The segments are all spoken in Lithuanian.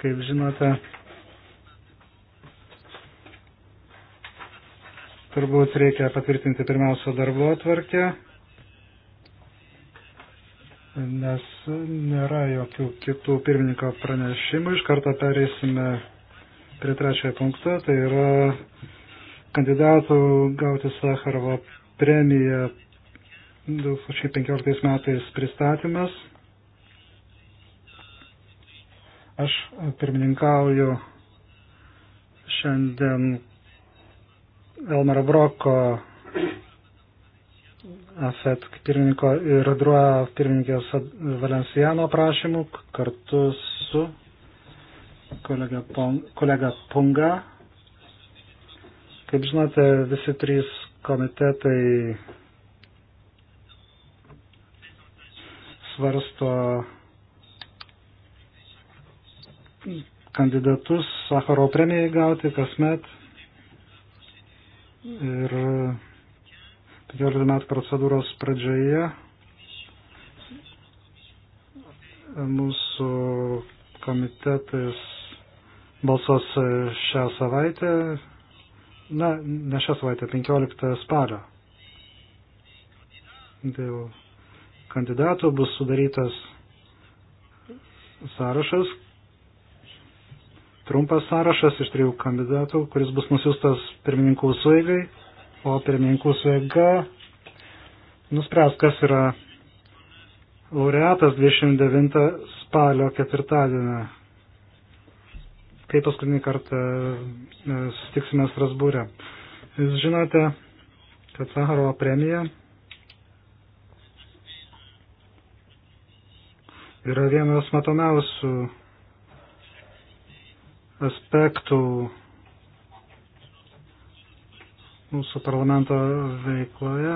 Kaip žinote, turbūt reikia patvirtinti pirmiausia darbo atvarkę, nes nėra jokių kitų pirmininko pranešimų. Iš karto pereisime prie trečiojo punkto, tai yra kandidatų gauti Sakarovo premiją 2015 metais pristatymas. Aš pirmininkauju šiandien Elmaro Broko AFET pirmininko ir Druo pirmininkės Valenciano prašymų kartu su kolega, Pong, kolega Punga. Kaip žinote, visi trys komitetai svarsto kandidatus Sakaro premijai gauti kasmet. Ir 15 metų procedūros pradžioje mūsų komitetas balsos šią savaitę, na, ne šią savaitę, 15 spalio. Dėl kandidatų bus sudarytas sąrašas, trumpas sąrašas iš trijų kandidatų, kuris bus nusiustas pirmininkų suėgai, o pirmininkų suėga nuspręs, kas yra laureatas 29 spalio ketvirtadienį, kai paskutinį kartą e, sustiksime Strasbūrę. Jūs žinote, kad Saharovo premija yra vienas matomiausių aspektų mūsų parlamento veikloje,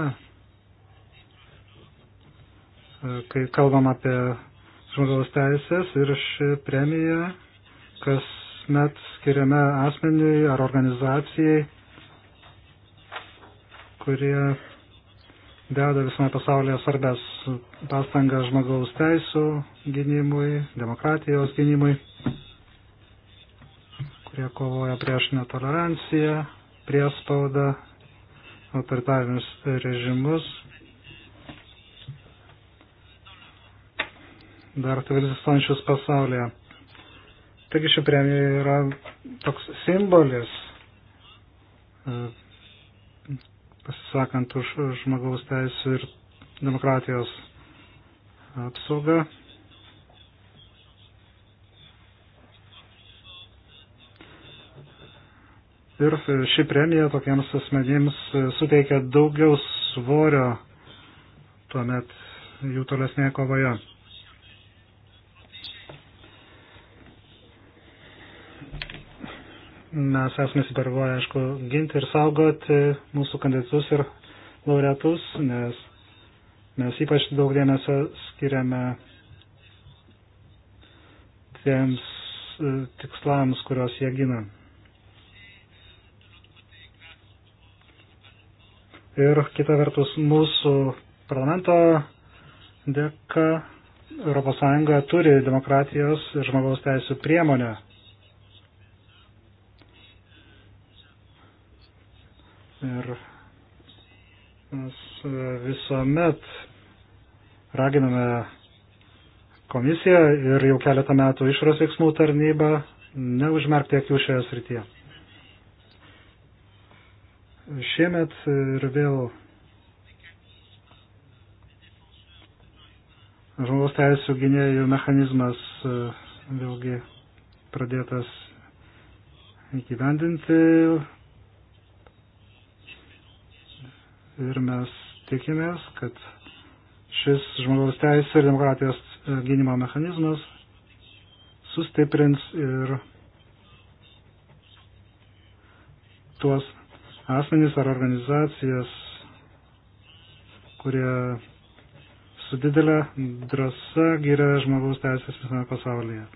kai kalbam apie žmogaus teisės ir ši premija, kas met skiriame asmeniui ar organizacijai, kurie deda visame pasaulyje svarbės pastangas žmogaus teisų gynimui, demokratijos gynimui kurie kovoja prieš netoleranciją, priespaudą, autoritarinius režimus. dar tvirtistančius pasaulyje. Taigi ši premija yra toks simbolis, pasisakant už žmogaus teisų ir demokratijos apsaugą. Ir ši premija tokiems asmenims suteikia daugiau svorio tuomet jų tolesnėje kovoje. Mes esame įsipareigoję, aišku, ginti ir saugoti mūsų kandidatus ir laureatus, nes mes ypač daug dėmesio skiriame tiems e, tikslams, kuriuos jie gina. ir kita vertus mūsų parlamento dėka ES turi demokratijos ir žmogaus teisų priemonę. Ir mes visuomet raginame komisiją ir jau keletą metų išras veiksmų tarnybą neužmerkti akių šioje srityje šiemet ir vėl žmogaus teisų gynėjų mechanizmas e, vėlgi pradėtas įgyvendinti ir mes tikimės, kad šis žmogaus teisų ir demokratijos e, gynimo mechanizmas sustiprins ir tuos asmenys ar organizacijas, kurie su didelė drąsa gyrė žmogaus teisės visame pasaulyje.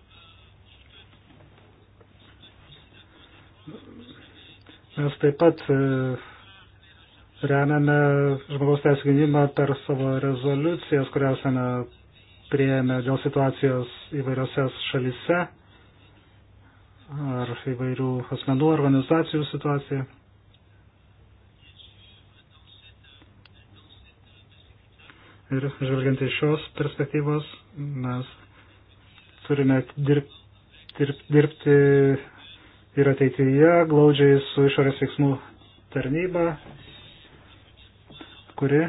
Mes taip pat e, remiame žmogaus teisų gynimą per savo rezoliucijas, kuriuose prieėmė dėl situacijos įvairiose šalise ar įvairių asmenų organizacijų situaciją. Ir žvelgiant iš šios perspektyvos, mes turime dirb, dirb, dirbti ir ateityje glaudžiai su išorės veiksmų tarnyba, kuri,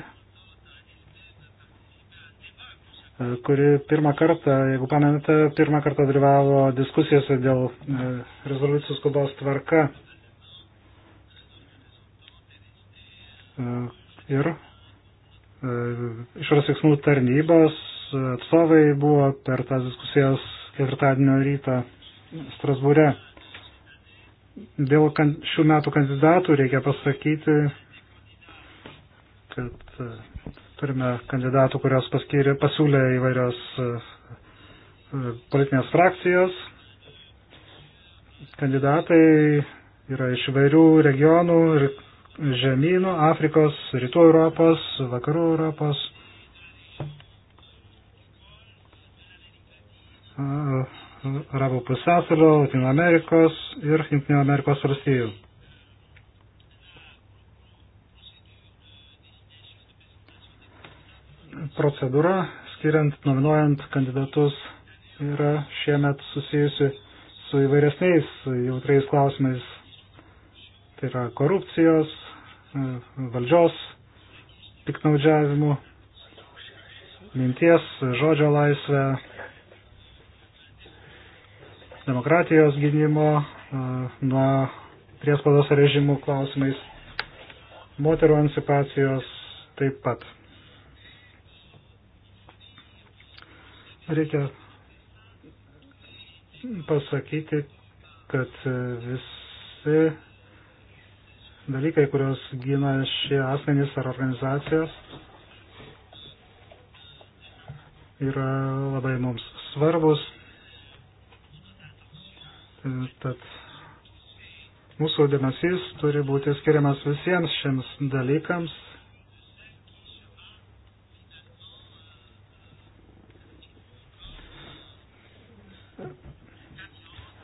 kuri pirmą kartą, jeigu pamenate, pirmą kartą dalyvavo diskusijose dėl e, rezoliucijų skubos tvarka. E, ir E, išorės veiksmų tarnybos atstovai buvo per tas diskusijas ketvirtadienio rytą Strasbūre. Dėl šių metų kandidatų reikia pasakyti, kad e, turime kandidatų, kurios paskyrė, pasiūlė įvairios e, politinės frakcijos. Kandidatai yra iš įvairių regionų ir žemynų - Afrikos, Rytų Europos, Vakarų Europos. Arabų pusėsalio, Latino Amerikos ir Junktinio Amerikos valstybių. Procedūra, skiriant, nominuojant kandidatus, yra šiemet susijusi su įvairesniais jautriais klausimais. Tai yra korupcijos, valdžios piknaudžiavimu, minties, žodžio laisvę, demokratijos gynimo nuo priespaudos režimų klausimais, moterų emancipacijos taip pat. Reikia pasakyti, kad visi dalykai, kurios gina šie asmenys ar organizacijos, yra labai mums svarbus. Tad mūsų dėmesys turi būti skiriamas visiems šiems dalykams.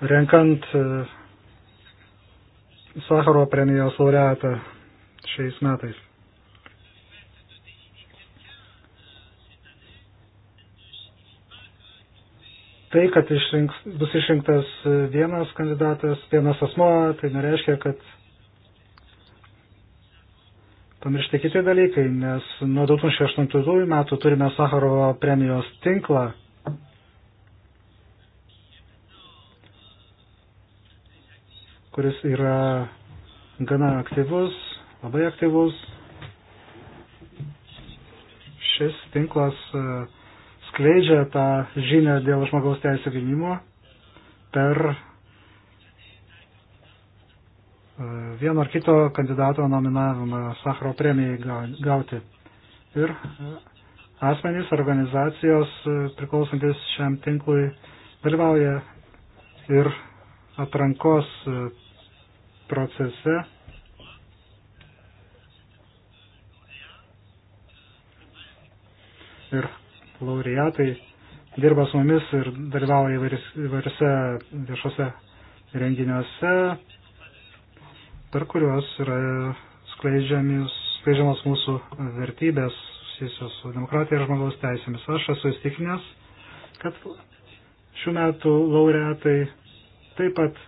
Renkant Sakaro premijos laureatą šiais metais. tai, kad išrinks, bus išrinktas vienas kandidatas, vienas asmo, tai nereiškia, kad pamiršti kiti dalykai, nes nuo 2008 metų turime Sakarovo premijos tinklą, kuris yra gana aktyvus, labai aktyvus. Šis tinklas e, skleidžia tą žinią dėl žmogaus teisų gynimo per e, vieno ar kito kandidato nominavimą Sakro premijai gauti. Ir e, asmenys, organizacijos priklausantis šiam tinklui dalyvauja ir atrankos procese. Ir laureatai dirba su mumis ir dalyvauja įvairiose viešose renginiuose, per kuriuos yra skleidžiamos mūsų vertybės susijusios su demokratija ir žmogaus teisėmis. Aš esu įstikinęs, kad šių metų laureatai taip pat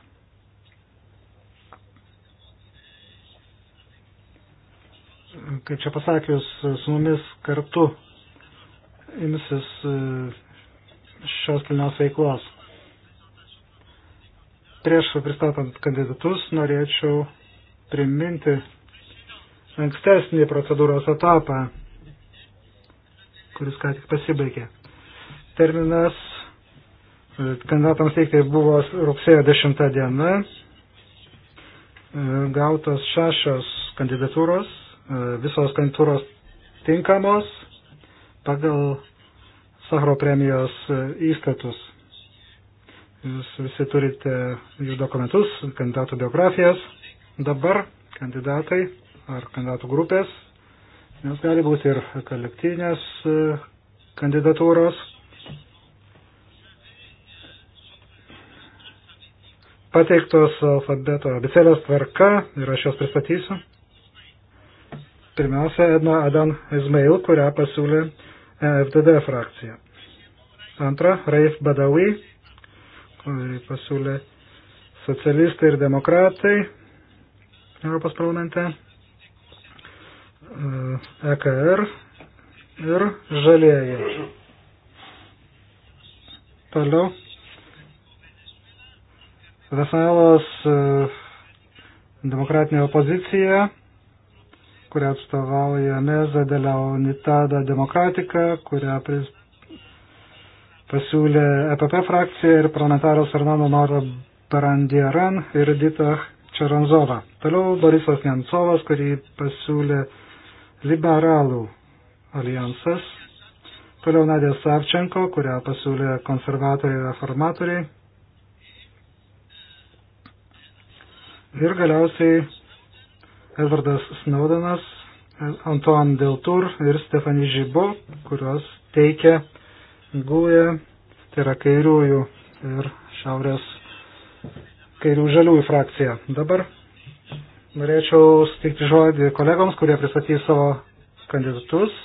kaip čia pasakius, su mumis kartu imsis e, šios kilnios veiklos. Prieš pristatant kandidatus norėčiau priminti ankstesnį procedūros etapą, kuris ką tik pasibaigė. Terminas e, kandidatams teikti buvo rugsėjo 10 diena, e, gautos šešios kandidatūros E, visos kantūros tinkamos pagal Sahro premijos e, įstatus. Jūs visi turite jų dokumentus, kandidatų biografijas. Dabar kandidatai ar kandidatų grupės, nes gali būti ir kolektyvinės e, kandidatūros. Pateiktos alfabeto abicelės tvarka ir aš jos pristatysiu. Pirmiausia, Edna Adan Izmail, kurią pasiūlė e, FDD frakcija. Antra, Raif Badawi, kurį pasiūlė socialistai ir demokratai Europos parlamente, EKR e ir žalieji. Toliau. Venezuelos e, demokratinė opozicija kurią atstovauja Meza de la Unitada Demokratika, kurią pris... pasiūlė EPP frakcija ir parlamentaras Arnano Nora Barandieran ir Dita Čeranzova. Toliau Borisas Nemcovas, kurį pasiūlė liberalų alijansas. Toliau Nadė Savčenko, kurią pasiūlė konservatoriai ir reformatoriai. Ir galiausiai Edvardas Snowdenas, Antoine Deltour ir Stefanie Žibo, kurios teikia GUE, tai yra kairiųjų ir šiaurės kairių žaliųjų frakcija. Dabar norėčiau sutikti žodį kolegoms, kurie pristatys savo kandidatus.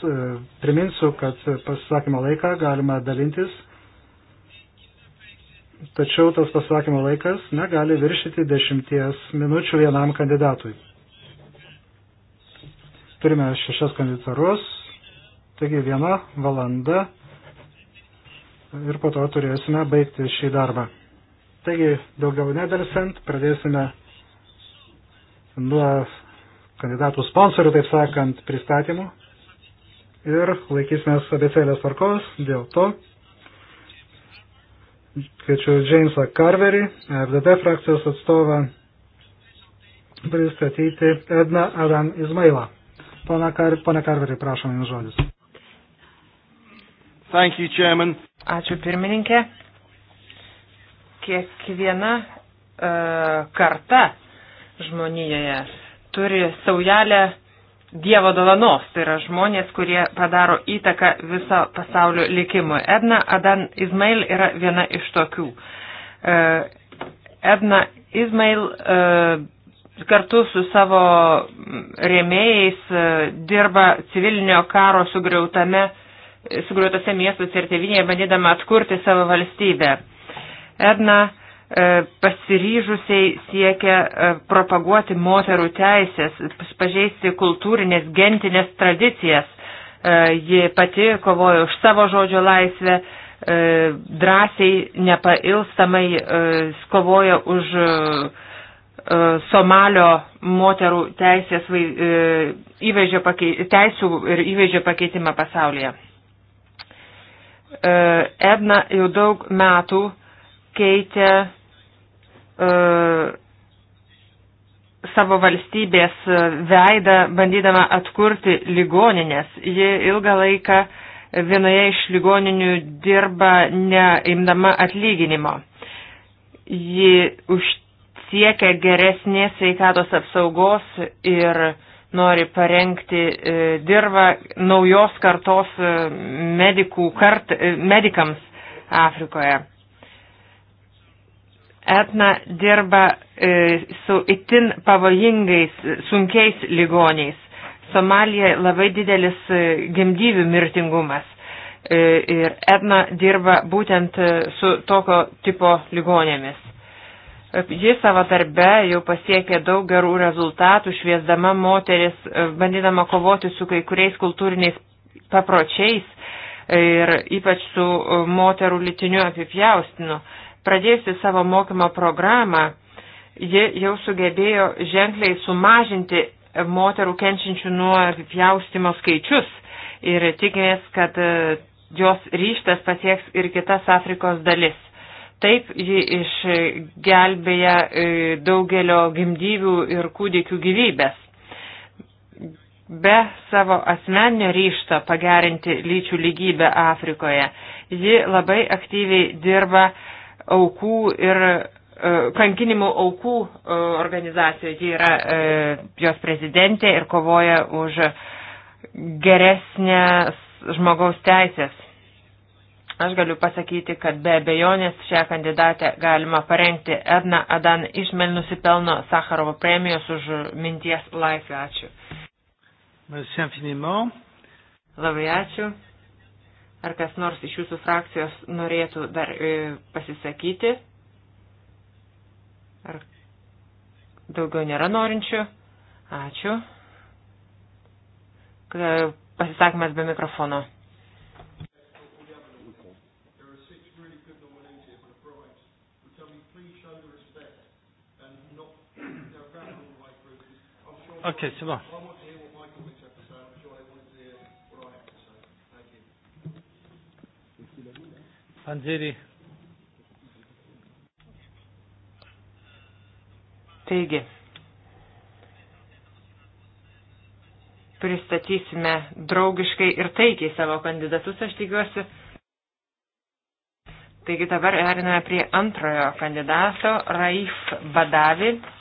Priminsiu, kad pasisakymo laiką galima dalintis, tačiau tas pasisakymo laikas negali viršyti dešimties minučių vienam kandidatui. Turime šešias kandidatarus, taigi viena valanda ir po to turėsime baigti šį darbą. Taigi, daugiau nedelsant, pradėsime nuo kandidatų sponsorių, taip sakant, pristatymų ir laikysime abecėlės tvarkos, dėl to kviečiu Jamesą Carverį, FDD frakcijos atstovą, pristatyti Edna Adam Izmailą. Pone Kar Karverį, prašom Jums žodis. Thank you, Chairman. Ačiū pirmininkė. Kiekviena uh, karta žmonijoje turi saujelę Dievo dovanos, tai yra žmonės, kurie padaro įtaką viso pasaulio likimui. Edna Adan Izmail yra viena iš tokių. Uh, Edna Izmail uh, kartu su savo rėmėjais e, dirba civilinio karo sugriautame, sugriautose miestuose ir tevinėje, bandydama atkurti savo valstybę. Edna e, pasiryžusiai siekia e, propaguoti moterų teisės, pažeisti kultūrinės, gentinės tradicijas. Ji pati kovoja už savo žodžio laisvę, drąsiai, nepailstamai kovoja už E, Somalio moterų teisės e, įvaizdžio pakei, teisų ir įvaizdžio pakeitimą pasaulyje. E, Edna jau daug metų keitė savo valstybės veidą, bandydama atkurti ligoninės. Ji ilgą laiką vienoje iš ligoninių dirba neimdama atlyginimo. Ji užtikrinti siekia geresnės sveikatos apsaugos ir nori parengti e, dirbą naujos kartos e, medikų kart, e, medikams Afrikoje. Etna dirba su itin pavojingais, sunkiais ligoniais. Somalija labai didelis gimdyvių mirtingumas. Ir Etna dirba būtent su tokio tipo ligonėmis Ji savo darbe jau pasiekė daug gerų rezultatų, šviesdama moteris, e, bandydama kovoti su kai kuriais kultūriniais papročiais ir ypač su e, moterų litiniu apipjaustinu. Pradėjusi savo mokymo programą, ji jau sugebėjo ženkliai sumažinti moterų kenčiančių nuo apipjaustimo skaičius ir tikimės, kad e, jos ryštas pasieks ir kitas Afrikos dalis. Taip, ji išgelbėja e, daugelio gimdyvių ir kūdikių gyvybės. Be savo asmeninio ryšto pagerinti lyčių lygybę Afrikoje, ji labai aktyviai dirba aukų ir e, kankinimų aukų e, organizacijoje. Ji yra jos prezidentė ir kovoja už geresnės žmogaus teisės Aš galiu pasakyti, kad be abejonės šią kandidatę galima parengti. Edna Adan išmel nusipelno Sakarovo premijos už minties laisvę. Ačiū. Merci infiniment. Labai ačiū. Ar kas nors iš jūsų frakcijos norėtų dar e, pasisakyti? Ar daugiau nėra norinčių? Ačiū. Pasisakymas be mikrofono. Ok, c'est bon. Panzeri. Taigi, pristatysime draugiškai ir taikiai savo kandidatus, aš tikiuosi. Taigi dabar eriname prie antrojo kandidato, Raif Badavid.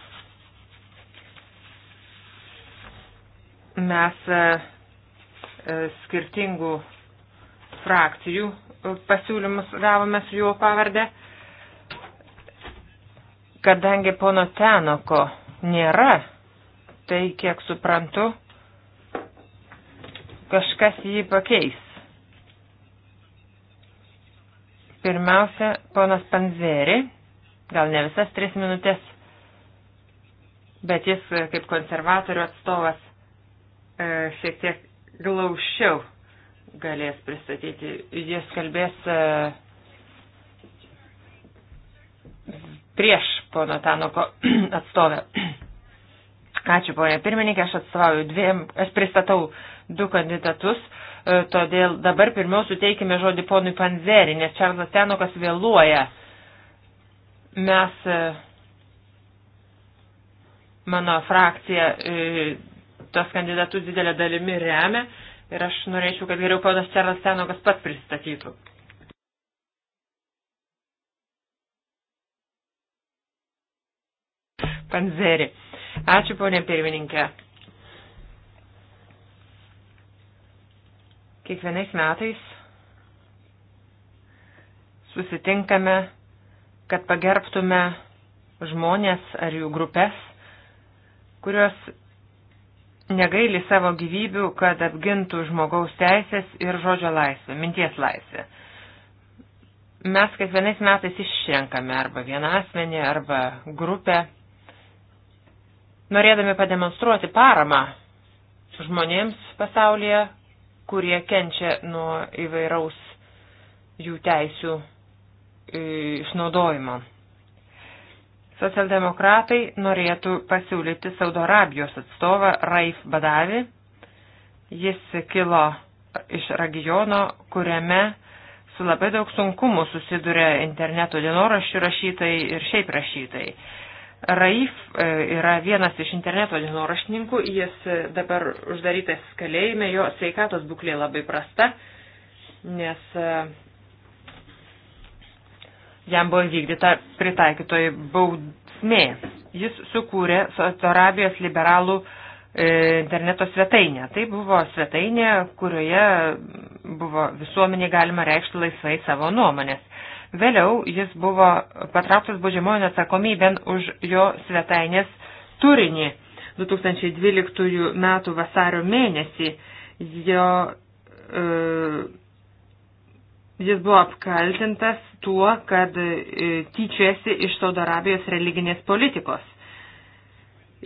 mes e, e, skirtingų frakcijų e, pasiūlymus gavome su jo pavardė. Kadangi pono Tenoko nėra, tai kiek suprantu, kažkas jį pakeis. Pirmiausia, ponas Panzeri, gal ne visas tris minutės, bet jis kaip konservatorių atstovas E, šiek tiek glaušiau galės pristatyti. Jis kalbės e, prieš pono Tanoko atstovę. Ačiū, ponė pirmininkė, aš atstovauju dviem, aš pristatau du kandidatus, e, todėl dabar pirmiau suteikime žodį ponui Panzerį, nes Čarlas Tenokas vėluoja. Mes, mano frakcija, tas kandidatus didelė dalimi remia ir aš norėčiau, kad geriau ponas Černas Tenokas pat pristatytų. Panzeri. Ačiū, ponė pirmininkė. Kiekvienais metais susitinkame, kad pagerbtume žmonės ar jų grupės, kurios negaili savo gyvybių, kad apgintų žmogaus teisės ir žodžio laisvę, minties laisvę. Mes kiekvienais metais išrenkame arba vieną asmenį, arba grupę, norėdami pademonstruoti paramą žmonėms pasaulyje, kurie kenčia nuo įvairaus jų teisių e, išnaudojimo. Socialdemokratai norėtų pasiūlyti Saudo Arabijos atstovą Raif Badavi. Jis kilo iš regiono, kuriame su labai daug sunkumų susiduria interneto dienoraščių rašytai ir šiaip rašytai. Raif e, yra vienas iš interneto dienoraštininkų, jis dabar uždarytas kalėjime, jo sveikatos būklė labai prasta, nes e, jam buvo įvykdyta pritaikytoji bausmė. Jis sukūrė Saudo Arabijos liberalų e, interneto svetainę. Tai buvo svetainė, kurioje buvo visuomenė galima reikšti laisvai savo nuomonės. Vėliau jis buvo patrauktas baudžiamojo atsakomybėn už jo svetainės turinį. 2012 m. vasario mėnesį jo e, Jis buvo apkaltintas tuo, kad e, tyčiasi iš Saudo Arabijos religinės politikos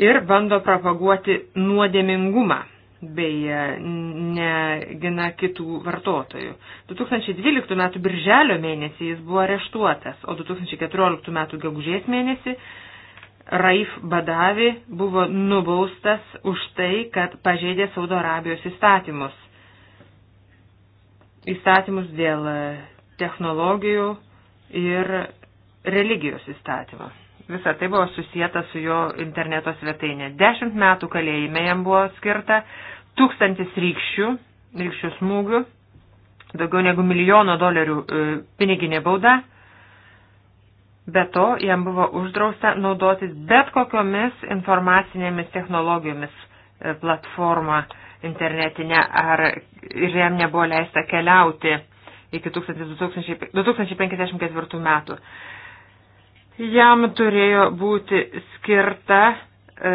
ir bando propaguoti nuodėmingumą bei e, negina kitų vartotojų. 2012 m. birželio mėnesį jis buvo areštuotas, o 2014 m. gegužės mėnesį Raif Badavi buvo nubaustas už tai, kad pažeidė Saudo Arabijos įstatymus įstatymus, dėl e, technologijų ir religijos įstatymą. Visa tai buvo susijęta su jo interneto svetainė. Dešimt metų kalėjime jam buvo skirta, tūkstantis rykščių, rykščių smūgių, daugiau negu milijono dolerių e, piniginė bauda. Be to, jam buvo uždrausta naudotis bet kokiomis informacinėmis technologijomis e, platformą internetinę ar ir jam nebuvo leista keliauti iki 2054 metų. Jam turėjo būti skirta e,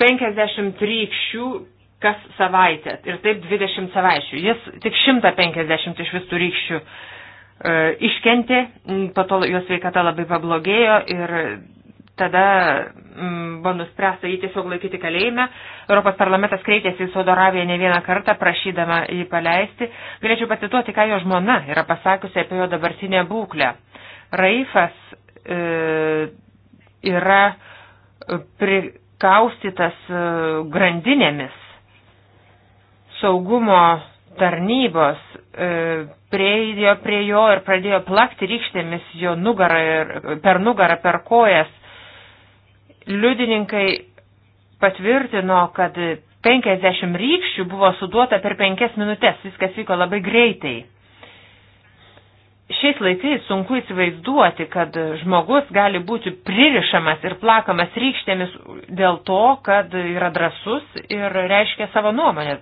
50 rykščių kas savaitę ir taip 20 savaičių. Jis tik 150 iš visų rykščių e, iškentė, po to jo sveikata labai pablogėjo ir tada mm, buvo nuspręsta jį tiesiog laikyti kalėjime. Europos parlamentas kreitėsi į Saudo Arabiją ne vieną kartą, prašydama jį paleisti. Galėčiau pacituoti, ką jo žmona yra pasakiusi apie jo dabartinę būklę. Raifas e, yra prikaustytas e, grandinėmis saugumo tarnybos e, priejo prie jo ir pradėjo plakti rykštėmis jo nugarą ir, per nugarą, per kojas Liudininkai patvirtino, kad 50 rykščių buvo suduota per 5 minutės, viskas vyko labai greitai. Šiais laikais sunku įsivaizduoti, kad žmogus gali būti pririšamas ir plakamas rykštėmis dėl to, kad yra drasus ir reiškia savo nuomonę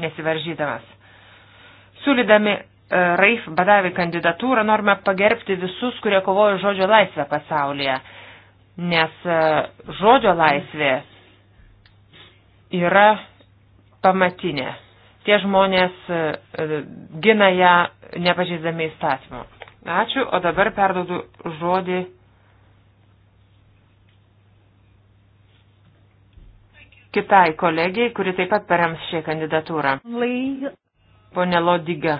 nesivaržydamas. Siūlydami e, Raif Badavi kandidatūrą norime pagerbti visus, kurie kovojo žodžio laisvę pasaulyje nes e, žodžio laisvė yra pamatinė. Tie žmonės e, e, gina ją nepažeisdami įstatymų. Ačiū, o dabar perdodu žodį. Kitai kolegijai, kuri taip pat parems šią kandidatūrą. Pone Lodiga,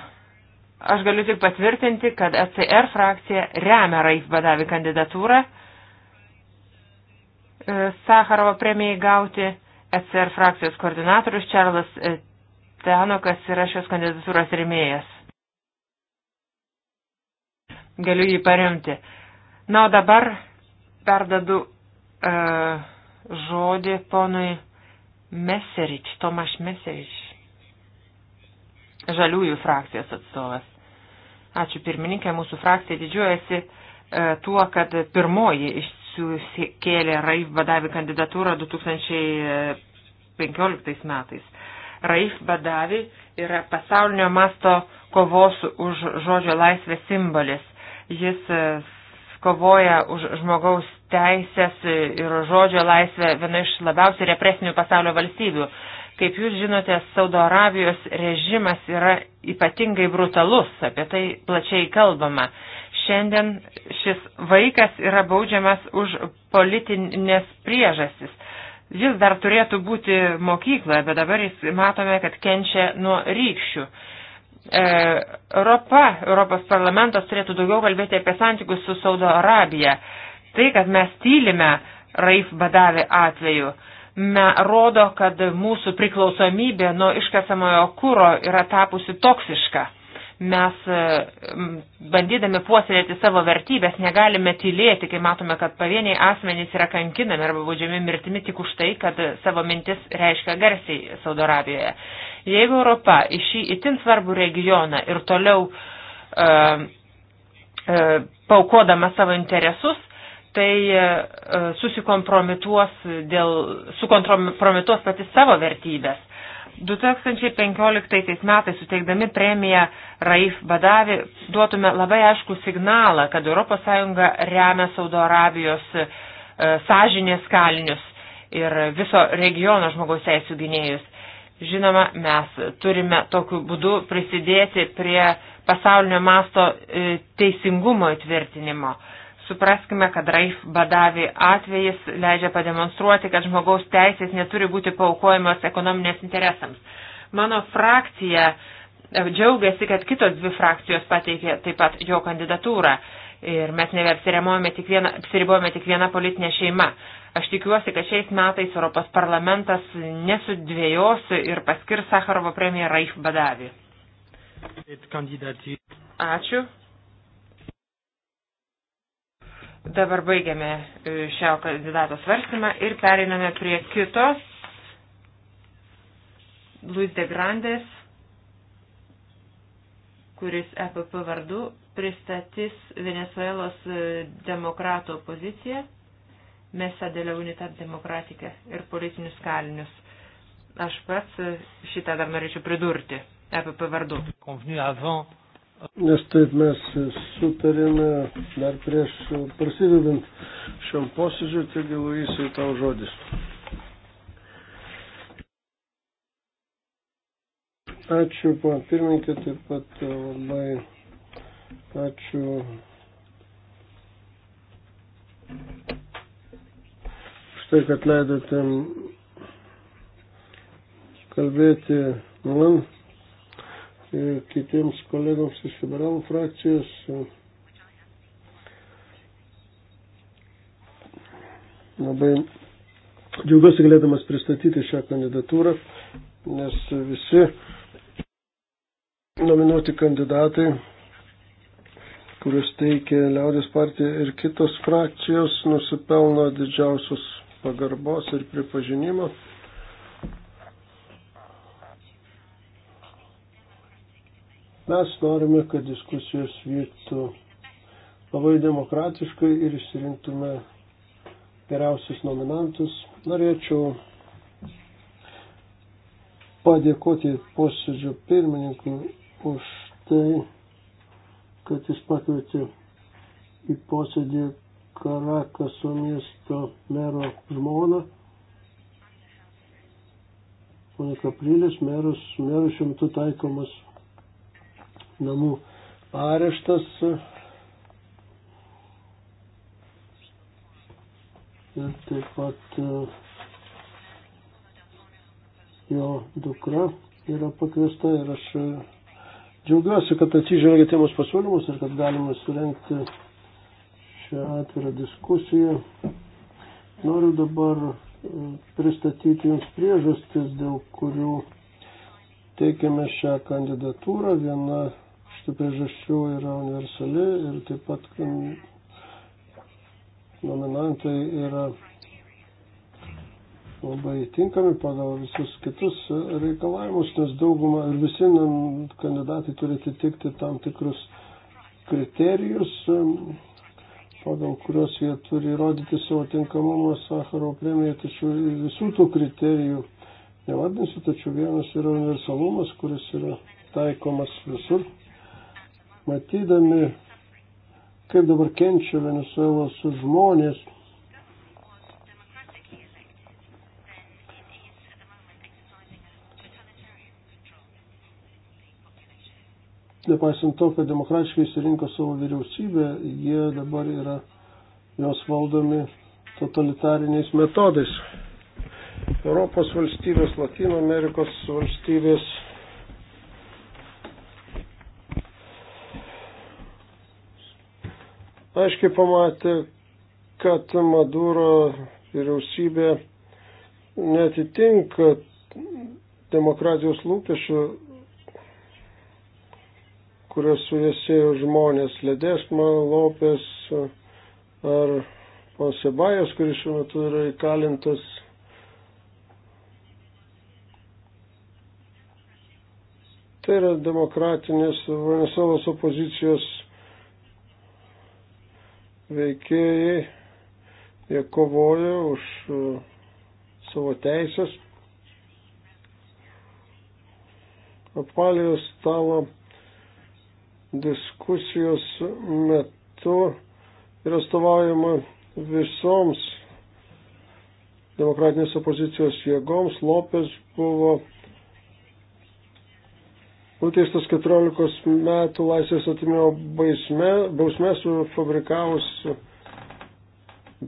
aš galiu tik patvirtinti, kad ECR frakcija remia Raif Badavi kandidatūrą. E, Sakarovo premijai gauti. SR frakcijos koordinatorius Čarlas e, Tenokas yra šios kandidatūros rėmėjas. Galiu jį paremti. Na, o dabar perdadu uh, e, žodį ponui Meserič, Tomaš Meserič, žaliųjų frakcijos atstovas. Ačiū pirmininkė, mūsų frakcija didžiuojasi uh, tuo, kad pirmoji iš kėlė Raif Badavi kandidatūrą 2015 metais. Raif Badavi yra pasaulinio masto kovos už žodžio laisvę simbolis. Jis e, kovoja už žmogaus teisės ir žodžio laisvę viena iš labiausiai represinių pasaulio valstybių. Kaip jūs žinote, Saudo Arabijos režimas yra ypatingai brutalus, apie tai plačiai kalbama. Šiandien šis vaikas yra baudžiamas už politinės priežastis. Jis dar turėtų būti mokykloje, bet dabar jis matome, kad kenčia nuo rykščių. E, Europa, Europos parlamentas turėtų daugiau kalbėti apie santykius su Saudo Arabija. Tai, kad mes tylime Raif Badavi atveju, me rodo, kad mūsų priklausomybė nuo iškasamojo kūro yra tapusi toksiška. Mes, e, bandydami puoselėti savo vertybės, negalime tylėti, kai matome, kad pavieniai asmenys yra kankinami arba baudžiami mirtimi tik už tai, kad savo mintis reiškia garsiai Saudo Arabijoje. Jeigu Europa į šį itin svarbų regioną ir toliau uh, uh, paukodama savo interesus, tai susikompromituos dėl, sukompromituos pati savo vertybės. 2015 metais suteikdami premiją Raif Badavi duotume labai aišku signalą, kad ES remia Saudo Arabijos e, sąžinės kalinius ir viso regiono žmogaus teisų gynėjus. Žinoma, mes turime tokiu būdu prisidėti prie pasaulinio masto e, teisingumo įtvirtinimo. E, Supraskime, kad Raif Badavi atvejis leidžia pademonstruoti, kad žmogaus teisės neturi būti paukojamos ekonominės interesams. Mano frakcija e, džiaugiasi, kad kitos dvi frakcijos pateikė taip pat jo kandidatūrą ir mes nebeapsiribojame tik, vieną, tik vieną politinę šeimą. Aš tikiuosi, kad šiais metais Europos parlamentas nesudvėjos ir paskirs Sakarovo premiją Raif Badavi. Ačiū. Dabar baigiame e, šio kandidato svarstymą ir pereiname prie kitos. Luis de Grandes, kuris EPP vardu pristatys Venezuelos e, demokratų opoziciją, Mesa de la Unitat Demokratikę ir politinius kalinius. Aš pats e, šitą dar norėčiau pridurti EPP vardu. Convenu avant Nes taip mes sutarėme dar prieš prasidedant šiam posėdžiui, taigi Luisai tau žodis. Ačiū, pan pirmininkė, taip pat labai ačiū. Štai, kad leidote kalbėti man kitiems kolegoms iš liberalų frakcijos. Labai džiaugiuosi galėdamas pristatyti šią kandidatūrą, nes visi nominuoti kandidatai, kuriuos teikia Liaudės partija ir kitos frakcijos, nusipelno didžiausios pagarbos ir pripažinimo. Mes norime, kad diskusijos vyktų labai demokratiškai ir išsirinktume geriausius nominantus. Norėčiau padėkoti posėdžio pirmininkui už tai, kad jis pakvietė į posėdį Karakaso miesto mero žmoną. Monika Prilis, merus, merus šiuo metu taikomas namų areštas. Ir taip pat e, jo dukra yra pakviesta ir aš e, džiaugiuosi, kad atsižvelgėte mūsų pasiūlymus ir kad galima surenkti šią atvirą diskusiją. Noriu dabar e, pristatyti Jums priežastis, dėl kurių teikiame šią kandidatūrą. Viena šių priežasčių yra universali ir taip pat mm, nominantai yra labai tinkami pagal visus kitus reikalavimus, nes dauguma ir visi kandidatai turi atitikti tam tikrus kriterijus, mm, pagal kuriuos jie turi įrodyti savo tinkamumą Sakaro premiją, tačiau visų tų kriterijų nevadinsiu, tačiau vienas yra universalumas, kuris yra taikomas visur matydami, kaip dabar kenčia Venezuelos žmonės. Nepaisant to, kad demokratiškai įsirinko savo vyriausybę, jie dabar yra jos valdomi totalitariniais metodais. Europos valstybės, Latino Amerikos valstybės aiškiai pamatė, kad Maduro vyriausybė netitinka demokratijos lūkesčių, kurios suvėsėjo žmonės, Ledesma, Lopės ar Ponsebajas, kuris šiuo metu yra įkalintas. Tai yra demokratinės Venezuelos opozicijos veikėjai, jie kovoja už uh, savo teisės. Apalijos stalo diskusijos metu yra stovaujama visoms demokratinės opozicijos jėgoms. Lopes buvo nuteistas 14 metų laisvės atimimo bausme, bausme sufabrikavus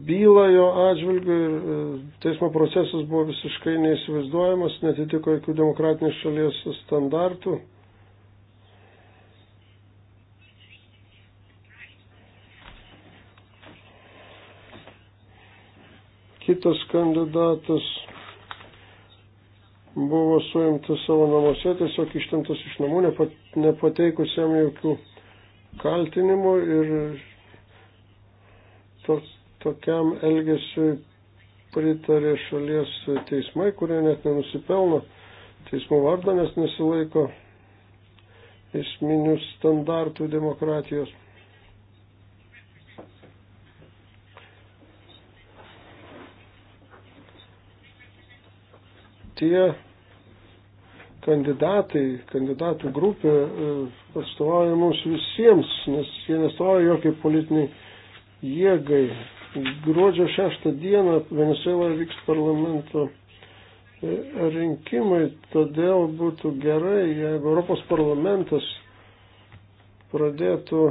bylą jo atžvilgiu ir e, teismo procesas buvo visiškai neįsivaizduojamas, netitiko jokių demokratinės šalies standartų. Kitas kandidatas buvo suimtas savo namuose, tiesiog ištemtas iš namų, nepateikus jam jokių kaltinimų ir to, tokiam elgesiu pritarė šalies teismai, kurie net nenusipelno teismų vardą, nes nesilaiko esminių standartų demokratijos. Tie kandidatai, kandidatų grupė e, atstovauja mums visiems, nes jie nestovauja jokiai politiniai jėgai. Gruodžio 6 dieną Venezueloje vyks parlamento e, rinkimai, todėl būtų gerai, jeigu Europos parlamentas pradėtų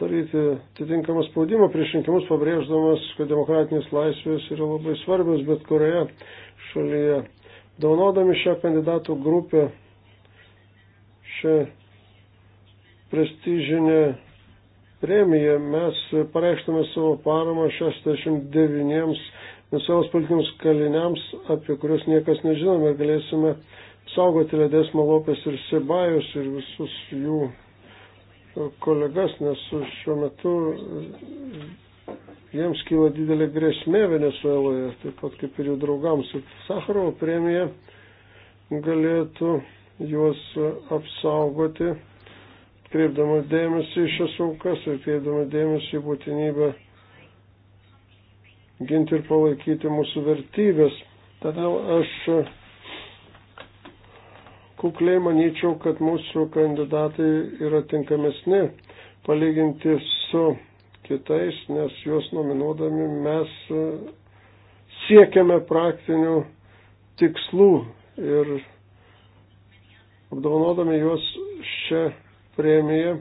daryti atitinkamą spaudimą prieš rinkimus, pabrėždamas, kad demokratinės laisvės yra labai svarbios bet kurioje šalyje. Daunodami šią kandidatų grupę, šią prestižinę premiją, mes pareikštume savo paramą 69 visoms politiniams kaliniams, apie kuriuos niekas nežinome, galėsime saugoti Ledesmo Lopės ir Sebajus ir visus jų kolegas, nes šiuo metu jiems kyla didelė grėsmė Venezueloje, taip pat kaip ir jų draugams. Sakarovo premija galėtų juos apsaugoti, kreipdama dėmesį į šias aukas ir kreipdama dėmesį į būtinybę ginti ir palaikyti mūsų vertybės. Todėl aš kukliai manyčiau, kad mūsų kandidatai yra tinkamesni palyginti su kitais, nes juos nominuodami mes e, siekiame praktinių tikslų ir apdovanodami juos šią premiją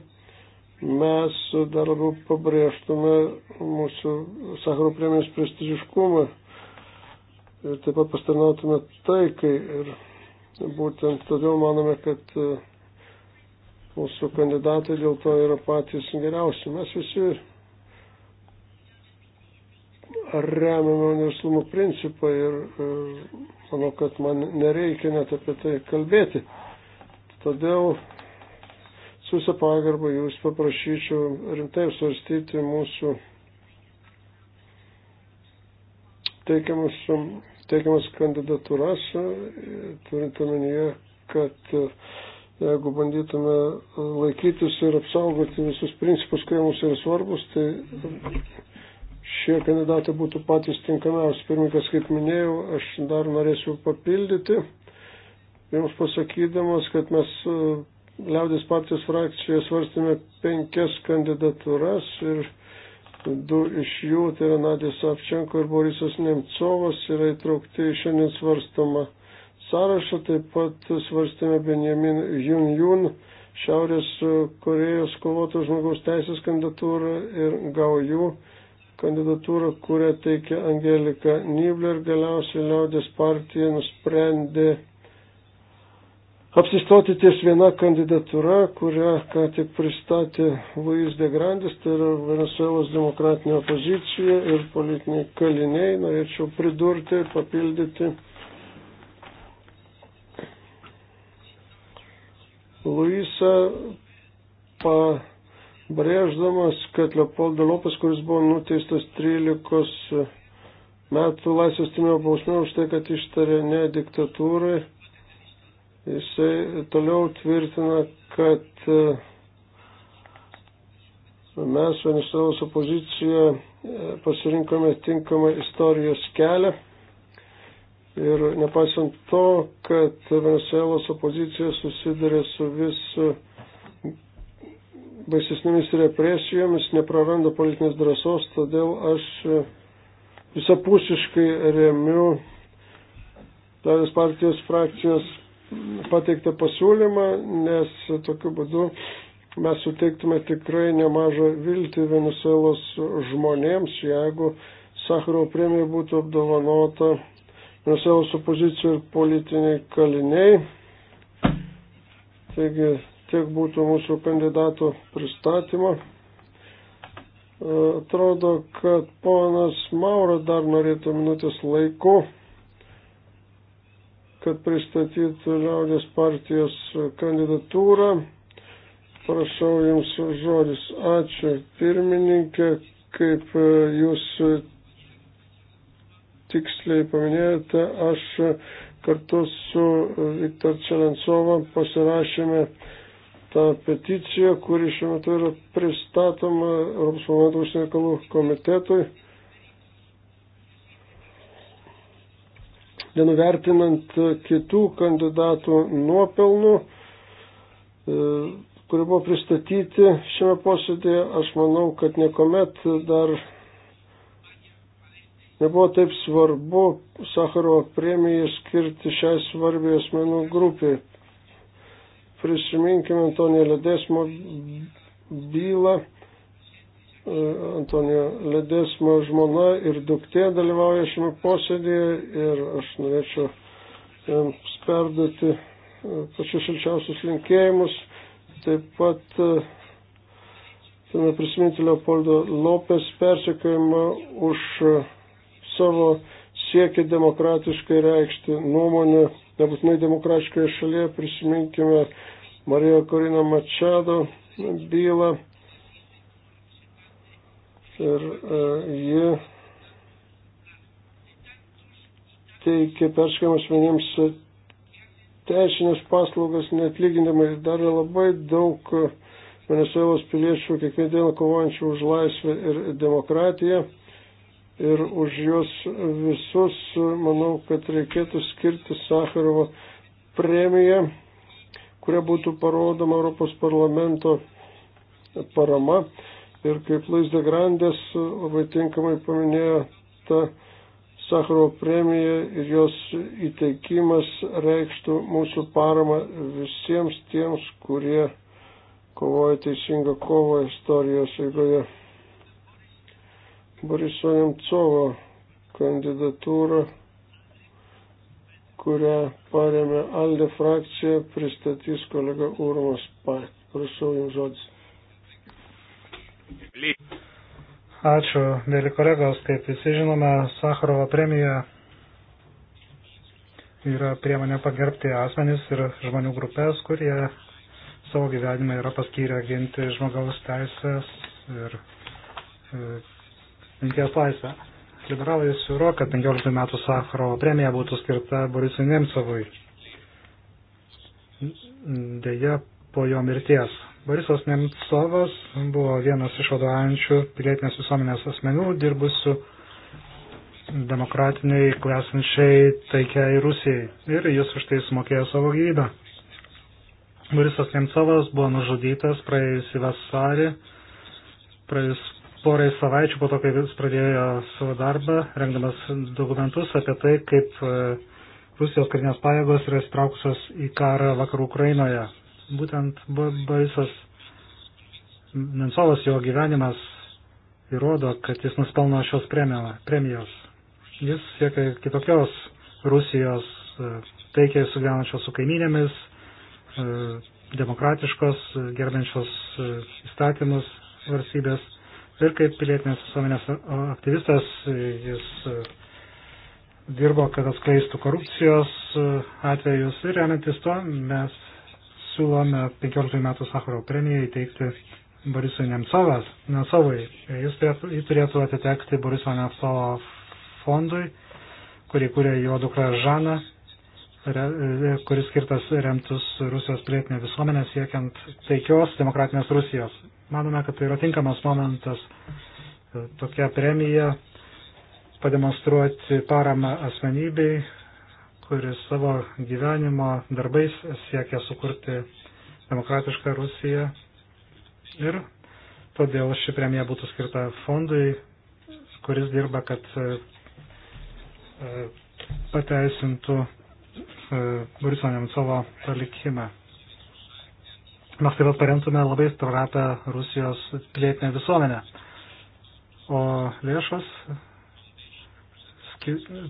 mes dar labiau pabrėžtume mūsų Sakaro premijos prestižiškumą ir taip pat pastarnautume taikai ir būtent todėl manome, kad e, mūsų kandidatai dėl to yra patys geriausi. Mes visi remiama verslumo principai ir, ir e, manau, kad man nereikia net apie tai kalbėti. Todėl su visą pagarbą jūs paprašyčiau rimtai svarstyti mūsų teikiamus, teikiamas kandidatūras, e, turint omenyje, kad e, jeigu bandytume laikytis ir apsaugoti visus principus, kurie mums yra svarbus, tai šie kandidatai būtų patys tinkamiausi. Pirmininkas, kaip minėjau, aš dar norėsiu papildyti, jums pasakydamas, kad mes e, Liaudės partijos frakcijoje svarstėme penkias kandidatūras ir du iš jų, tai yra Nadės Savčenko ir Borisas Nemcovas, yra įtraukti į šiandien svarstamą sąrašą. Taip pat svarstėme Benjamin Jun Jun, Šiaurės Korejos kovoto žmogaus teisės kandidatūrą ir Gaujų. Jų kandidatūrą, kurią teikia Angelika Nibler, galiausiai liaudės partija nusprendė apsistoti ties viena kandidatūra, kurią ką tik pristatė Luis de Grandis, tai yra Venezuelos demokratinė opozicija ir politiniai kaliniai. Norėčiau pridurti, papildyti. Luisa pa brėždamas, kad Leopoldo Lopes, kuris buvo nuteistas 13 metų laisvės timio bausmė už tai, kad ištarė ne diktatūrai, jisai toliau tvirtina, kad e, mes Venezuelos opozicija e, pasirinkome tinkamą istorijos kelią. Ir nepaisant to, kad Venezuelos opozicija susiduria su vis baisesnėmis represijomis, nepraranda politinės drąsos, todėl aš e, visapusiškai remiu Liaudės partijos frakcijos pateiktą pasiūlymą, nes tokiu būdu mes suteiktume tikrai nemažą viltį Venezuelos žmonėms, jeigu Sakharovo premija būtų apdovanota Venezuelos opozicijų ir politiniai kaliniai. Taigi Tiek būtų mūsų kandidato pristatymo. Atrodo, kad ponas Mauro dar norėtų minutės laiko, kad pristatytų liaudės partijos kandidatūrą. Prašau Jums žodis. Ačiū pirmininkė, kaip Jūs tiksliai paminėjote, aš kartu su Viktor Čelensova pasirašėme tą peticiją, kuri šiuo metu yra pristatoma Europos parlamento užsienio reikalų komitetui. Nenuvertinant kitų kandidatų nuopelnų, e, kurie buvo pristatyti šiame posėdėje, aš manau, kad niekuomet dar nebuvo taip svarbu Sakharovo premijai skirti šiai svarbiai asmenų grupiai. Prisiminkime Antonijo Ledesmo bylą. E, Antonijo Ledesmo žmona ir duktė dalyvauja šiame posėdėje ir aš norėčiau jiems perduoti e, pačius šilčiausius linkėjimus. Taip pat e, turime prisiminti Leopoldo Lopes persekiojimą už savo siekį demokratiškai reikšti nuomonę nebūtinai demokratiškoje šalyje, prisiminkime Marijo Korino Mačado bylą. Ir e, ji teikia perškiamas vieniems teisinės paslaugas neatlyginimai. Dar yra labai daug Venezuelos piliečių kiekvieną dieną kovojančių už laisvę ir demokratiją ir už juos visus manau, kad reikėtų skirti Sakarovo premiją, kuria būtų parodoma Europos parlamento parama. Ir kaip Luis de Grandes labai tinkamai paminėjo, ta Sakarovo premija ir jos įteikimas reikštų mūsų paramą visiems tiems, kurie kovoja teisingą kovą istorijos eigoje. Boriso Nemcovo kandidatūrą, kurią paremė Alde frakcija, pristatys kolega Urmas Pat. Prašau jums žodis. Ačiū, mėly kolegos, kaip visi žinome, Sakarovo premija yra priemonė pagerbti asmenys ir žmonių grupės, kurie savo gyvenimą yra paskyrę ginti žmogaus teisės ir e, minties laisvę. Liberalai siūro, kad 15 metų Sakharovo premija būtų skirta Borisui Nemcovui. Deja, po jo mirties. Borisas Nemcovas buvo vienas iš vadovaujančių pilietinės visuomenės asmenų, dirbusių demokratiniai, klesančiai taikiai Rusijai. Ir jis už tai sumokėjo savo gyvybę. Borisas Nemcovas buvo nužudytas praėjusį vasarį, praėjus porai savaičių po to, kai jis pradėjo savo darbą, rengdamas dokumentus apie tai, kaip e, Rusijos karinės pajėgos yra įstraukusios į karą vakarų Ukrainoje. Būtent Borisas Nemcovas, jo gyvenimas įrodo, kad jis nuspelno šios premijos. Jis siekia kitokios Rusijos, e, taikiai sugyvenančios su kaiminėmis, e, demokratiškos, gerbiančios įstatymus valstybės ir kaip pilietinės visuomenės aktyvistas jis e, dirbo, kad atskleistų korupcijos e, atvejus ir remiantis tuo mes siūlome 15 metų Sakaro premiją įteikti Borisui Nemcovas, Nemcovui. Jis turėtų, jį turėtų atitekti Boriso Nemcovo fondui, kurį kūrė jo dukra Žana, e, kuris skirtas remtus Rusijos pilietinę visuomenę siekiant taikios demokratinės Rusijos. Manome, kad tai yra tinkamas momentas tokia premija pademonstruoti paramą asmenybei, kuris savo gyvenimo darbais siekia sukurti demokratišką Rusiją. Ir todėl ši premija būtų skirta fondui, kuris dirba, kad e, pateisintų e, Boriso Nemcovo palikimą mes taip pat paremtume labai praratą Rusijos pilietinę visuomenę. O lėšos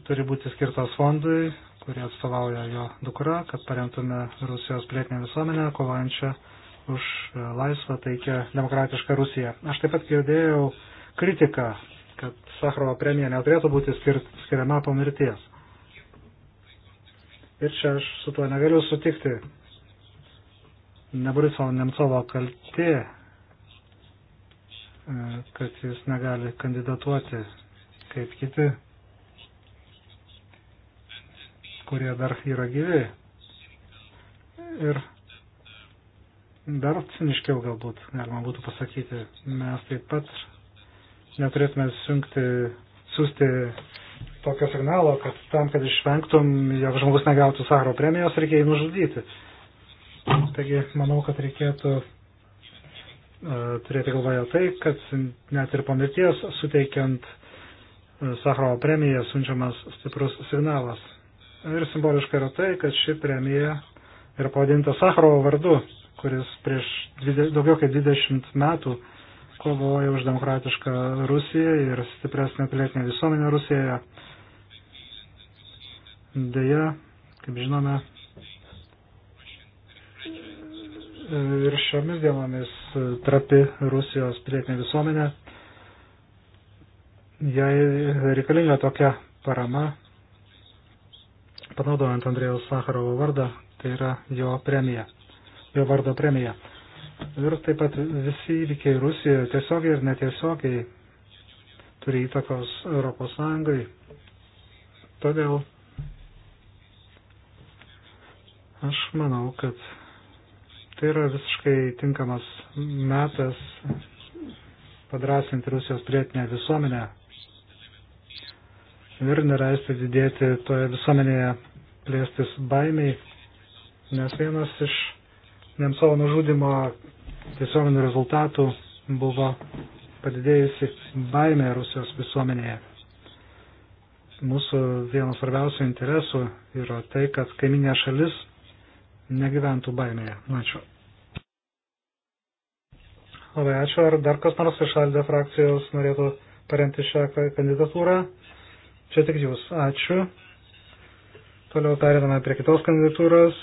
turi būti skirtos fondui, kurie atstovauja jo dukra, kad paremtume Rusijos pilietinę visuomenę, kovojančią už e, laisvą, taikę, demokratišką Rusiją. Aš taip pat girdėjau kritiką, kad Sakrovo premija neturėtų būti skir skiriama po mirties. Ir čia aš su tuo negaliu sutikti. Neboriso Nemcovo kaltė, e, kad jis negali kandidatuoti kaip kiti, kurie dar yra gyvi. Ir dar ciniškiau galbūt galima būtų pasakyti, mes taip pat neturėtume siunkti, siūsti tokio signalo, kad tam, kad išvengtum, jog žmogus negautų Saharo premijos, reikia jį nužudyti. Taigi, manau, kad reikėtų e, turėti galvoje tai, kad net ir po mirties suteikiant e, Sakrovo premiją siunčiamas stiprus signalas. Ir simboliška yra tai, kad ši premija yra pavadinta Sakrovo vardu, kuris prieš daugiau kaip 20 metų kovoja už demokratišką Rusiją ir stipresnę pilietinę visuomenę Rusijoje. Deja, kaip žinome, ir šiomis dienomis trapi Rusijos pilietinė visuomenė. Jai reikalinga tokia parama, panaudojant Andrėjaus Sakarovo vardą, tai yra jo premija, jo vardo premija. Ir taip pat visi įvykiai Rusijoje tiesiogiai ir netiesiogiai turi įtakos Europos Sąjungai. Todėl aš manau, kad Tai yra visiškai tinkamas metas padrasinti Rusijos prietinę visuomenę ir neleisti didėti toje visuomenėje plėstis baimiai, nes vienas iš Nemcovo nužudimo tiesioginių rezultatų buvo padidėjusi baimė Rusijos visuomenėje. Mūsų vienas svarbiausių interesų yra tai, kad kaiminė šalis negyventų baimėje. Ačiū. Labai ačiū. Ar dar kas nors iš Aldė frakcijos norėtų paremti šią kandidatūrą? Čia tik jūs. Ačiū. Toliau periname prie kitos kandidatūros.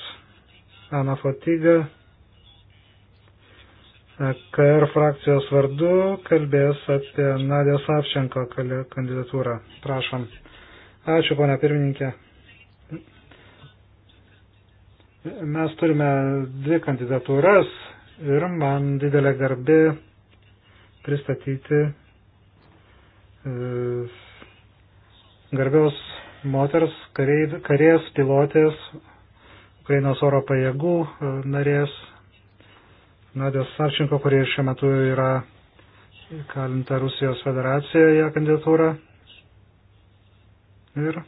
Ana Fotiga. KR frakcijos vardu kalbės apie Nadės Savčenko kandidatūrą. Prašom. Ačiū, ponia pirmininkė. Mes turime dvi kandidatūras ir man didelė garbi pristatyti e, garbiaus moters karės pilotės Ukrainos oro pajėgų e, narės Nadės Savčinko, kurie šiuo metu yra kalinta Rusijos federacijoje kandidatūra ir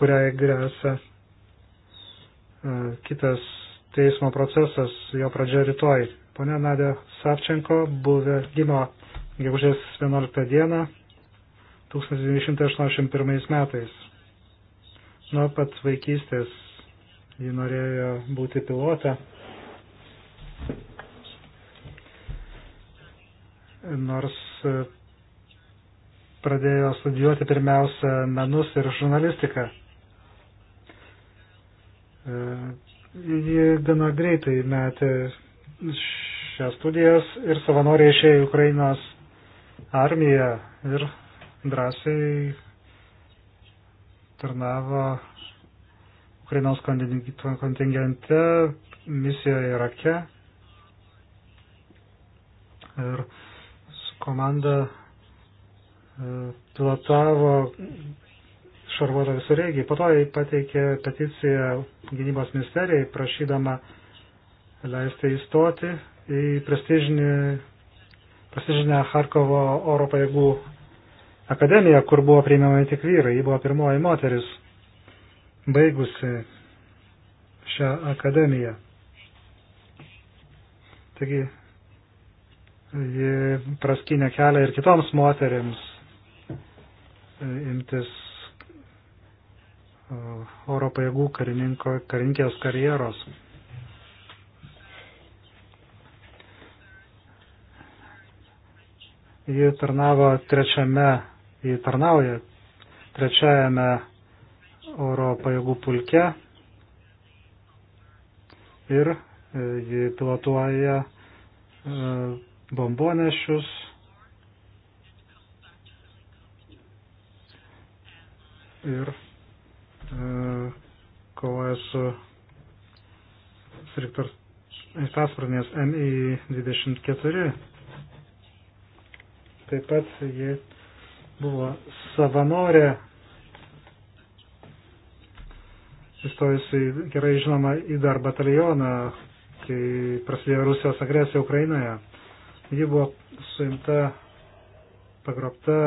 kuriai grėsia E, kitas teismo procesas, jo pradžia rytoj. Pone Nadė Savčenko buvę gimo gegužės 11 dieną 1981 metais. Nuo pat vaikystės ji norėjo būti pilotė. Nors e, pradėjo studijuoti pirmiausia menus ir žurnalistiką. E, ji gana greitai metė šias studijas ir savanoriai išėjo į Ukrainos armiją ir drąsiai tarnavo Ukrainos kontingente misijoje Irake. Ir su komanda e, pilotavo šarvuotą visureigį. Po to jai pateikė peticiją gynybos ministerijai, prašydama leisti įstoti į prestižinę Harkovo oro pajėgų akademiją, kur buvo priimami tik vyrai. Ji buvo pirmoji moteris baigusi šią akademiją. Taigi, ji praskinė kelią ir kitoms moterims e, imtis Uh, oro pajėgų karininkės karjeros. Ji tarnavo trečiame, ji tarnauja trečiajame oro pajėgų pulke ir e, ji pilotuoja e, bombonešius. Ir E, kovoja su sraigtasparnės MI24. Taip pat ji buvo savanorė įstojusi gerai žinoma į dar batalioną, kai prasidėjo Rusijos agresija Ukrainoje. Ji buvo suimta, pagrobta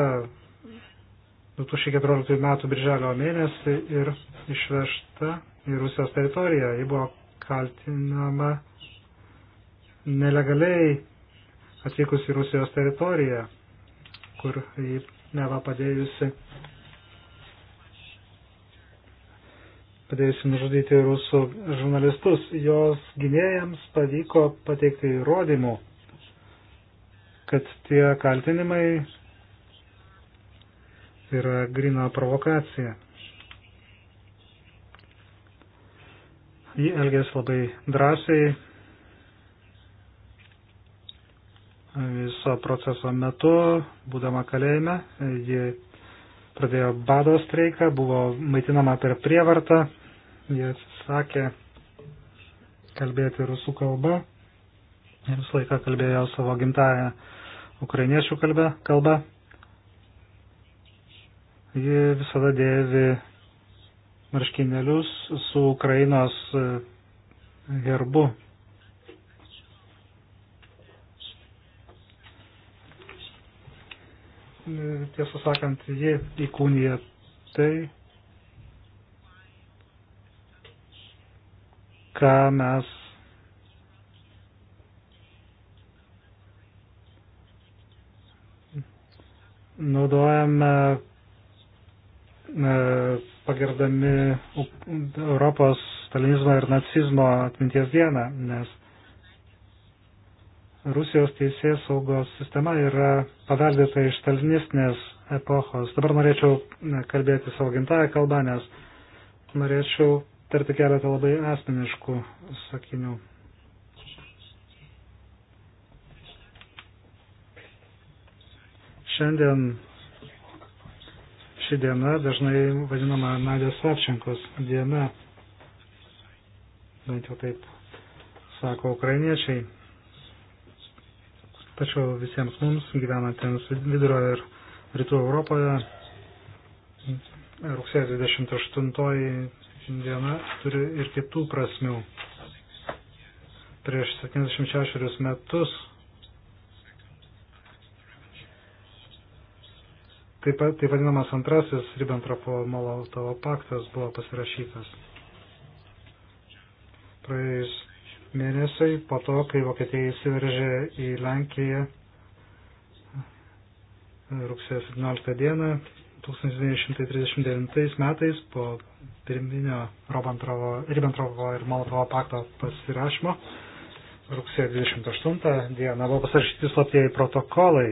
2014 m. birželio mėnesį ir išvežta į Rusijos teritoriją. Ji buvo kaltinama nelegaliai atvykus į Rusijos teritoriją, kur ji neva padėjusi, padėjusi nužudyti rusų žurnalistus. Jos gynėjams pavyko pateikti įrodymų, kad tie kaltinimai Tai yra grina provokacija. Ji elgės labai drąsiai viso proceso metu, būdama kalėjime, ji pradėjo bado streiką, buvo maitinama per prievartą, ji atsisakė kalbėti rusų kalbą ir visą laiką kalbėjo savo gimtają ukrainiečių kalbą. kalbą. Ji visada dėvi marškinėlius su Ukrainos gerbu. E, Tiesą sakant, ji įkūnija tai, ką mes naudojame E, pagirdami Europos stalinizmo ir nacizmo atminties dieną, nes Rusijos teisės saugos sistema yra paveldėta iš stalinistinės epochos. Dabar norėčiau e, kalbėti savo gimtają kalbą, nes norėčiau tarti keletą labai asmeniškų sakinių. Šiandien ši diena dažnai vadinama Nadės Savčenkos diena, bent jau taip sako ukrainiečiai. Tačiau visiems mums, gyvenantiems vidurio ir rytų Europoje, rugsėjo 28 diena turi ir kitų prasmių. Prieš 76 metus Taip pat, taip vadinamas antrasis Ribbentropo-Molotovo paktas buvo pasirašytas. Praėjus mėnesiai po to, kai Vokietija įsiveržė į Lenkiją rugsėjo 17 dieną 1939 metais po pirminio Ribbentropo ir Molotovo pakto pasirašymo rugsėjo 28 dieną buvo pasirašyti slaptieji protokolai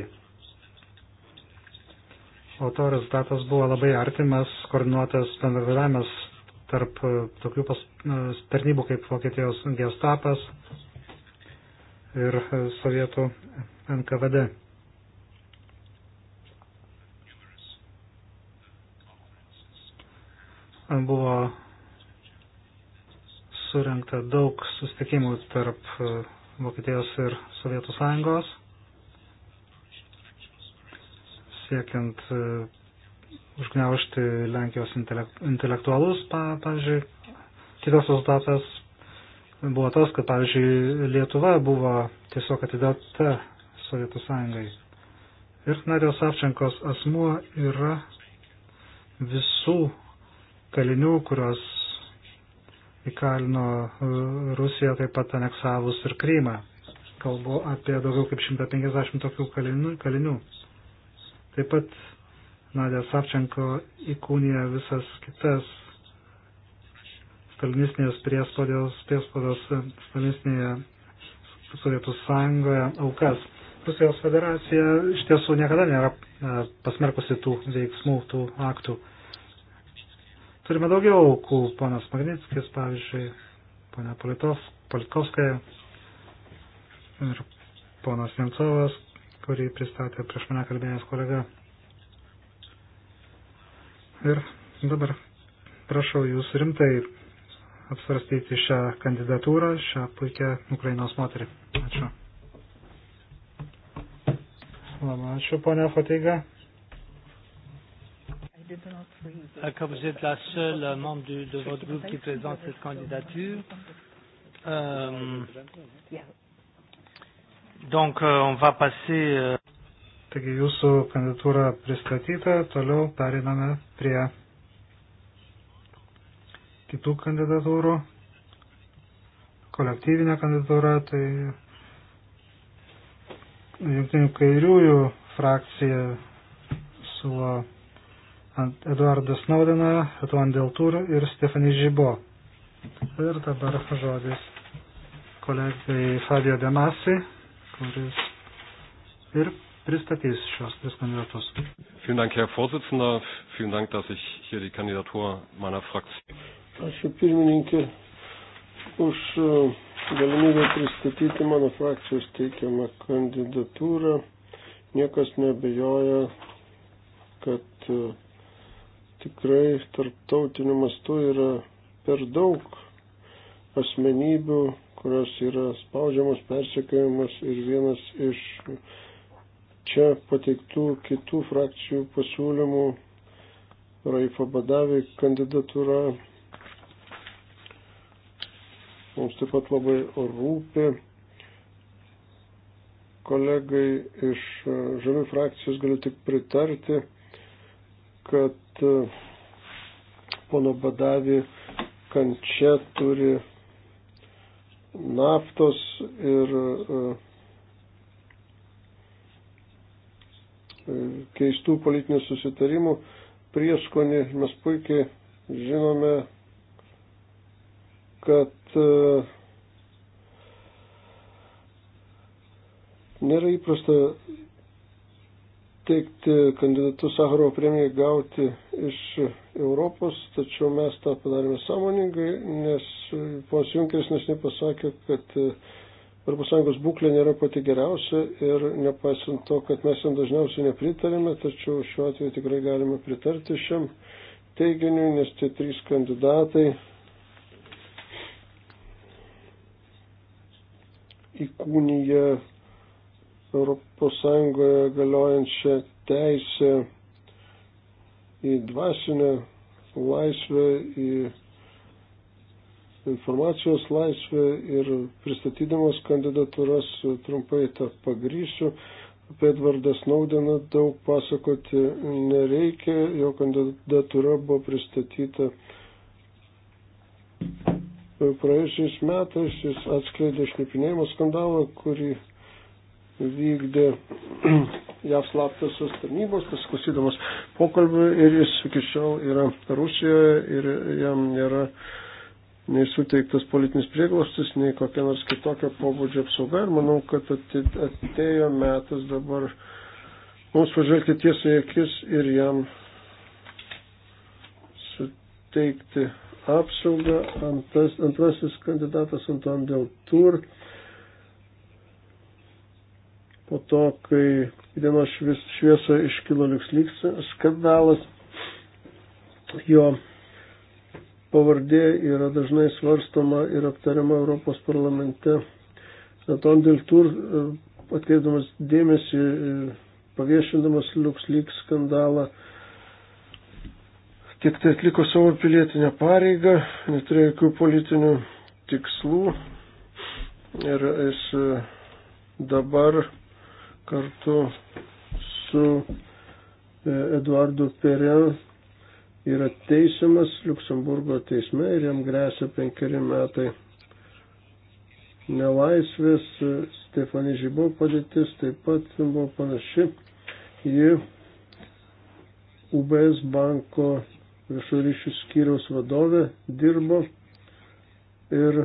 o to rezultatas buvo labai artimas, koordinuotas bendradarbiavimas tarp e, tokių pas, e, tarnybų kaip Vokietijos gestapas ir e, sovietų NKVD. Buvo surinkta daug sustikimų tarp Vokietijos ir Sovietų sąjungos. siekiant e, užgneušti Lenkijos intelektualus, pavyzdžiui. Kitas rezultatas buvo tas, kad, pavyzdžiui, Lietuva buvo tiesiog atidėta Sovietų sąjungai. Ir Narios Savčenkos asmuo yra visų kalinių, kurios įkalino e, Rusiją, taip pat aneksavus ir Krymą. Kalbu apie daugiau kaip 150 tokių kalinių. kalinių. Taip pat Nadė Savčenko įkūnija visas kitas stalinistinės priespaudos, priespaudos stalinistinėje Sovietų sąjungoje aukas. Rusijos federacija iš tiesų niekada nėra e, pasmerkusi tų veiksmų, tų aktų. Turime daugiau aukų, ponas Magnitskis, pavyzdžiui, ponia Politkovskaja ir ponas Nemcovas, kurį pristatė prieš mane kalbėjęs kolega. Ir dabar prašau jūs rimtai apsvarstyti šią kandidatūrą, šią puikią Ukrainos moterį. Ačiū. Labai ačiū, ponia Fatiga. Comme vous êtes la seule membre de, de votre groupe qui présente cette candidature, euh, Donc, euh, on va passer. Euh, Taigi jūsų kandidatūra pristatyta, toliau periname prie kitų kandidatūrų. Kolektyvinė kandidatūra, tai Junktinių kairiųjų frakcija siūlo Eduardą Snaudeną, Etuan Deltur ir Stefanį Žibo. Ir dabar žodis kolegai Fabio Demasi kuris ir pristatys šios tris kandidatus. Vielen Dank, Herr Vorsitzender. Vielen Dank, dass ich hier die Kandidatur meiner Fraktion. Ačiū pirmininkė už e, galimybę pristatyti mano frakcijos teikiamą kandidatūrą. Niekas nebejoja, kad e, tikrai tarptautiniu mastu yra per daug asmenybių kurios yra spaudžiamos, persekiojamos ir vienas iš čia pateiktų kitų frakcijų pasiūlymų Raifo Badavį kandidatūra mums taip pat labai rūpi. Kolegai iš e, žalių frakcijos galiu tik pritarti, kad e, pono Badavį kančia turi naftos ir e, keistų politinių susitarimų prieskonį. Mes puikiai žinome, kad e, nėra įprasta teikti kandidatus Sakharovo premijai gauti iš Europos, tačiau mes tą padarėme sąmoningai, nes ponas Junkeris nesnei pasakė, kad ES būklė nėra pati geriausia ir nepaisant to, kad mes jam dažniausiai nepritarėme, tačiau šiuo atveju tikrai galime pritarti šiam teiginiui, nes tie trys kandidatai įkūnyje Europos Sąjungoje galiojančią teisę į dvasinę laisvę, į informacijos laisvę ir pristatydamas kandidatūras trumpai tą pagrysiu. Apie Edvardą Snaudeną daug pasakoti nereikia, jo kandidatūra buvo pristatyta praėjusiais metais, jis atskleidė šnipinėjimo skandalą, kurį vykdė JAV slaptosios tarnybos, tas klausydamas pokalbių ir jis iki šiol yra Rusijoje ir jam nėra nei suteiktas politinis prieglostis, nei kokia nors kitokia pobūdžio apsauga ir manau, kad atėjo metas dabar mums pažvelgti tiesiai akis ir jam suteikti apsaugą. Antras, antrasis kandidatas Anton Deltur. Tur po to, kai dienos šviesą iškilo liuksliks skandalas, jo pavardė yra dažnai svarstoma ir aptariama Europos parlamente. Ton dėl tur e, atkreipdamas dėmesį, e, paviešindamas liuksliks skandalą, tik tai atliko savo pilietinę pareigą, neturėjo jokių politinių tikslų ir jis e, dabar kartu su e, Eduardu Perel yra teisiamas Luksemburgo teisme ir jam grėsia penkeri metai nelaisvės. Stefani Žybo padėtis taip pat buvo panaši. Ji UBS banko viešų ryšių skyriaus vadovė dirbo ir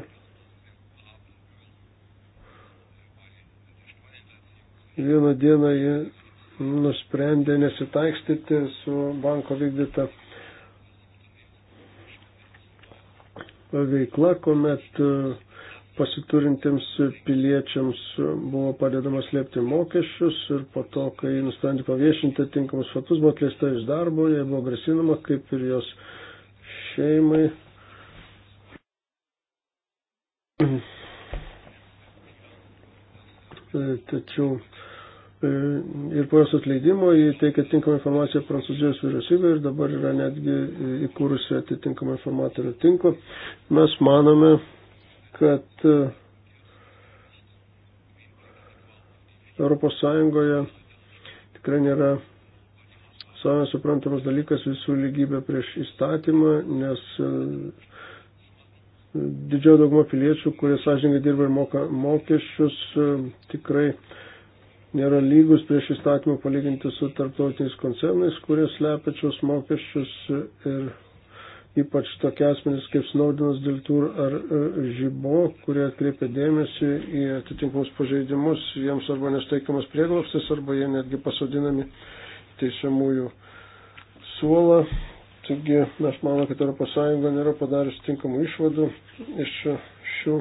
Vieną dieną ji nusprendė nesitaikstyti su banko vykdyta veikla, kuomet e, pasiturintiems piliečiams buvo padedama slėpti mokesčius ir po to, kai nusprendė paviešinti tinkamus faktus, buvo atleista iš darbo, jai buvo grasinama kaip ir jos šeimai. E, tačiau Tai ir po jos atleidimo jį teikia tinkamą informaciją Prancūzijos vyriausybė ir dabar yra netgi įkūrusi atitinkamą informatorių tinklą. Mes manome, kad e, Europos Sąjungoje tikrai nėra savai suprantamas dalykas visų lygybė prieš įstatymą, nes e, didžioji dauguma piliečių, kurie sąžininkai dirba ir moka mokesčius, e, tikrai uh, nėra lygus prieš įstatymą palyginti su tarptautiniais koncernais, kurie slepia šios mokesčius ir ypač tokie asmenys kaip Snaudinas Diltur ar e, Žybo, kurie kreipia dėmesį į atitinkamus pažeidimus, jiems arba nesteikamas prieglopstis, arba jie netgi pasodinami teisiamųjų suolą. Taigi mes manome, kad ES nėra padarius tinkamų išvadų iš šių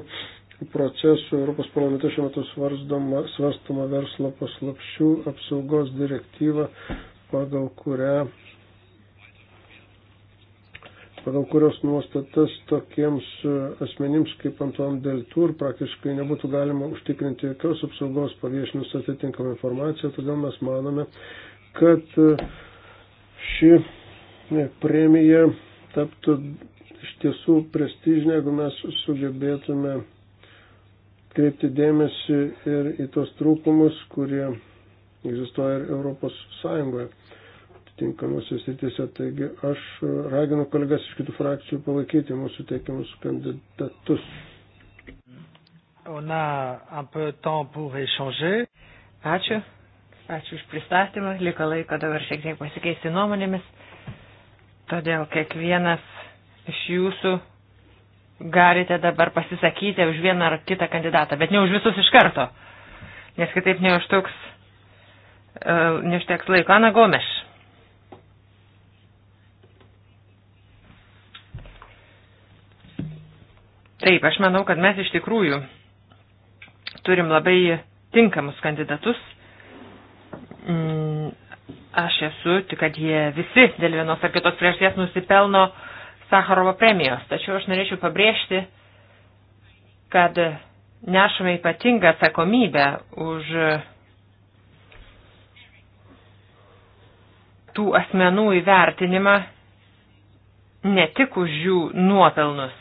procesų Europos parlamente šiuo metu svarstoma, svarstoma verslo paslapčių apsaugos direktyva, pagal kurią pagal kurios nuostatas tokiems asmenims kaip Anton Deltur praktiškai nebūtų galima užtikrinti jokios apsaugos paviešinus atitinkamą informaciją, todėl mes manome, kad ši premija taptų iš tiesų prestižinė, jeigu mes sugebėtume kreipti dėmesį ir į tos trūkumus, kurie egzistuoja ir Europos Sąjungoje atitinkamuose sritise. Taigi aš raginu kolegas iš kitų frakcijų palaikyti mūsų teikiamus kandidatus. On a un peu temps pour échanger. Ačiū. Ačiū už pristatymą. Liko laiko dabar šiek tiek pasikeisti nuomonėmis. Todėl kiekvienas iš jūsų galite dabar pasisakyti už vieną ar kitą kandidatą, bet ne už visus iš karto, nes kitaip neužtuks, e, neužteks laiko. Ana Gomeš. Taip, aš manau, kad mes iš tikrųjų turim labai tinkamus kandidatus. Mm, aš esu, tik kad jie visi dėl vienos ar kitos priežasties nusipelno uh, Sakarovo premijos. Tačiau aš norėčiau pabrėžti, kad nešame ypatingą atsakomybę už tų asmenų įvertinimą ne tik už jų nuopelnus.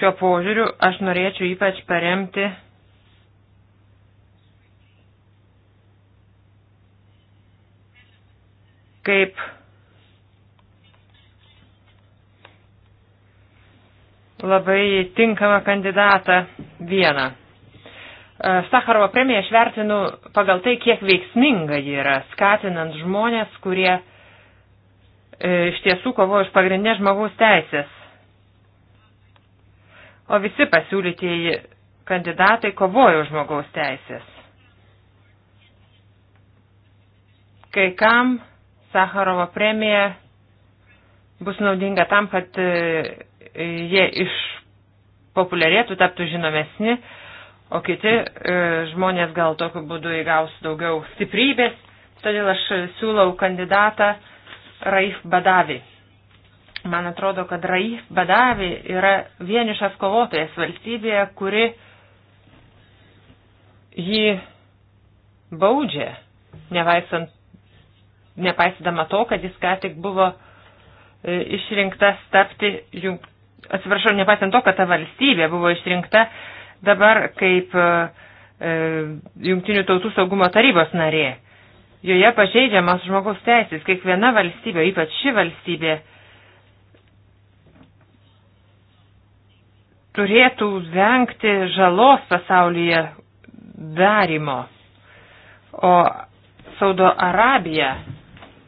Šiuo požiūriu aš norėčiau ypač paremti kaip labai tinkamą kandidatą vieną. E, Sakarovo premiją aš vertinu pagal tai, kiek veiksminga ji yra, skatinant žmonės, kurie e, iš tiesų kovoja už pagrindinės žmogaus teisės. O visi pasiūlytieji kandidatai kovoja už žmogaus teisės. Kai kam Sakarovo premija bus naudinga tam, kad e, jie išpopuliarėtų, taptų žinomesni, o kiti e, žmonės gal tokiu būdu įgaus daugiau stiprybės. Todėl aš siūlau kandidatą Raif Badavi. Man atrodo, kad Raif Badavi yra vienišas kovotojas valstybėje, kuri jį baudžia, nevaisant, nepaisydama to, kad jis ką tik buvo e, išrinktas tapti jungtinių atsiprašau, nepaisant to, kad ta valstybė buvo išrinkta dabar kaip e, e, Jungtinių tautų saugumo tarybos narė. Joje pažeidžiamas žmogaus teisės. Kiekviena valstybė, ypač ši valstybė, turėtų vengti žalos pasaulyje darimo. O Saudo Arabija,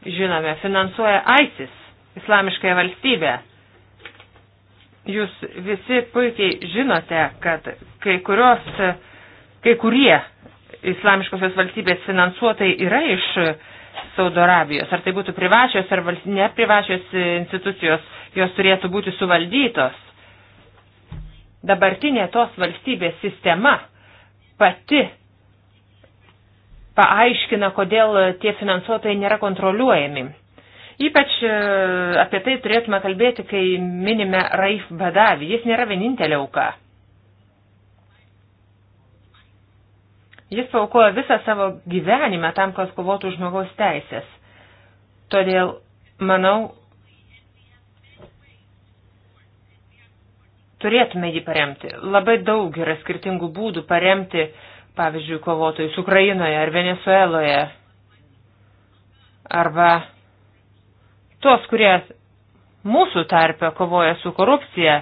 žinome, finansuoja ISIS, islamiškąją valstybę. Jūs visi puikiai žinote, kad kai, kurios, kai kurie islamiškosios valstybės finansuotai yra iš Saudo Arabijos. Ar tai būtų privačios ar neprivačios institucijos, jos turėtų būti suvaldytos. Dabartinė tos valstybės sistema pati paaiškina, kodėl tie finansuotojai nėra kontroliuojami. Ypač e, apie tai turėtume kalbėti, kai minime Raif Badavį. Jis nėra vienintelė auka. Jis paukojo visą savo gyvenimą tam, kas kovotų žmogaus teisės. Todėl, manau, turėtume jį paremti. Labai daug yra skirtingų būdų paremti, pavyzdžiui, kovotojus Ukrainoje ar Venezueloje arba tuos, kurie mūsų tarpe kovoja su korupcija.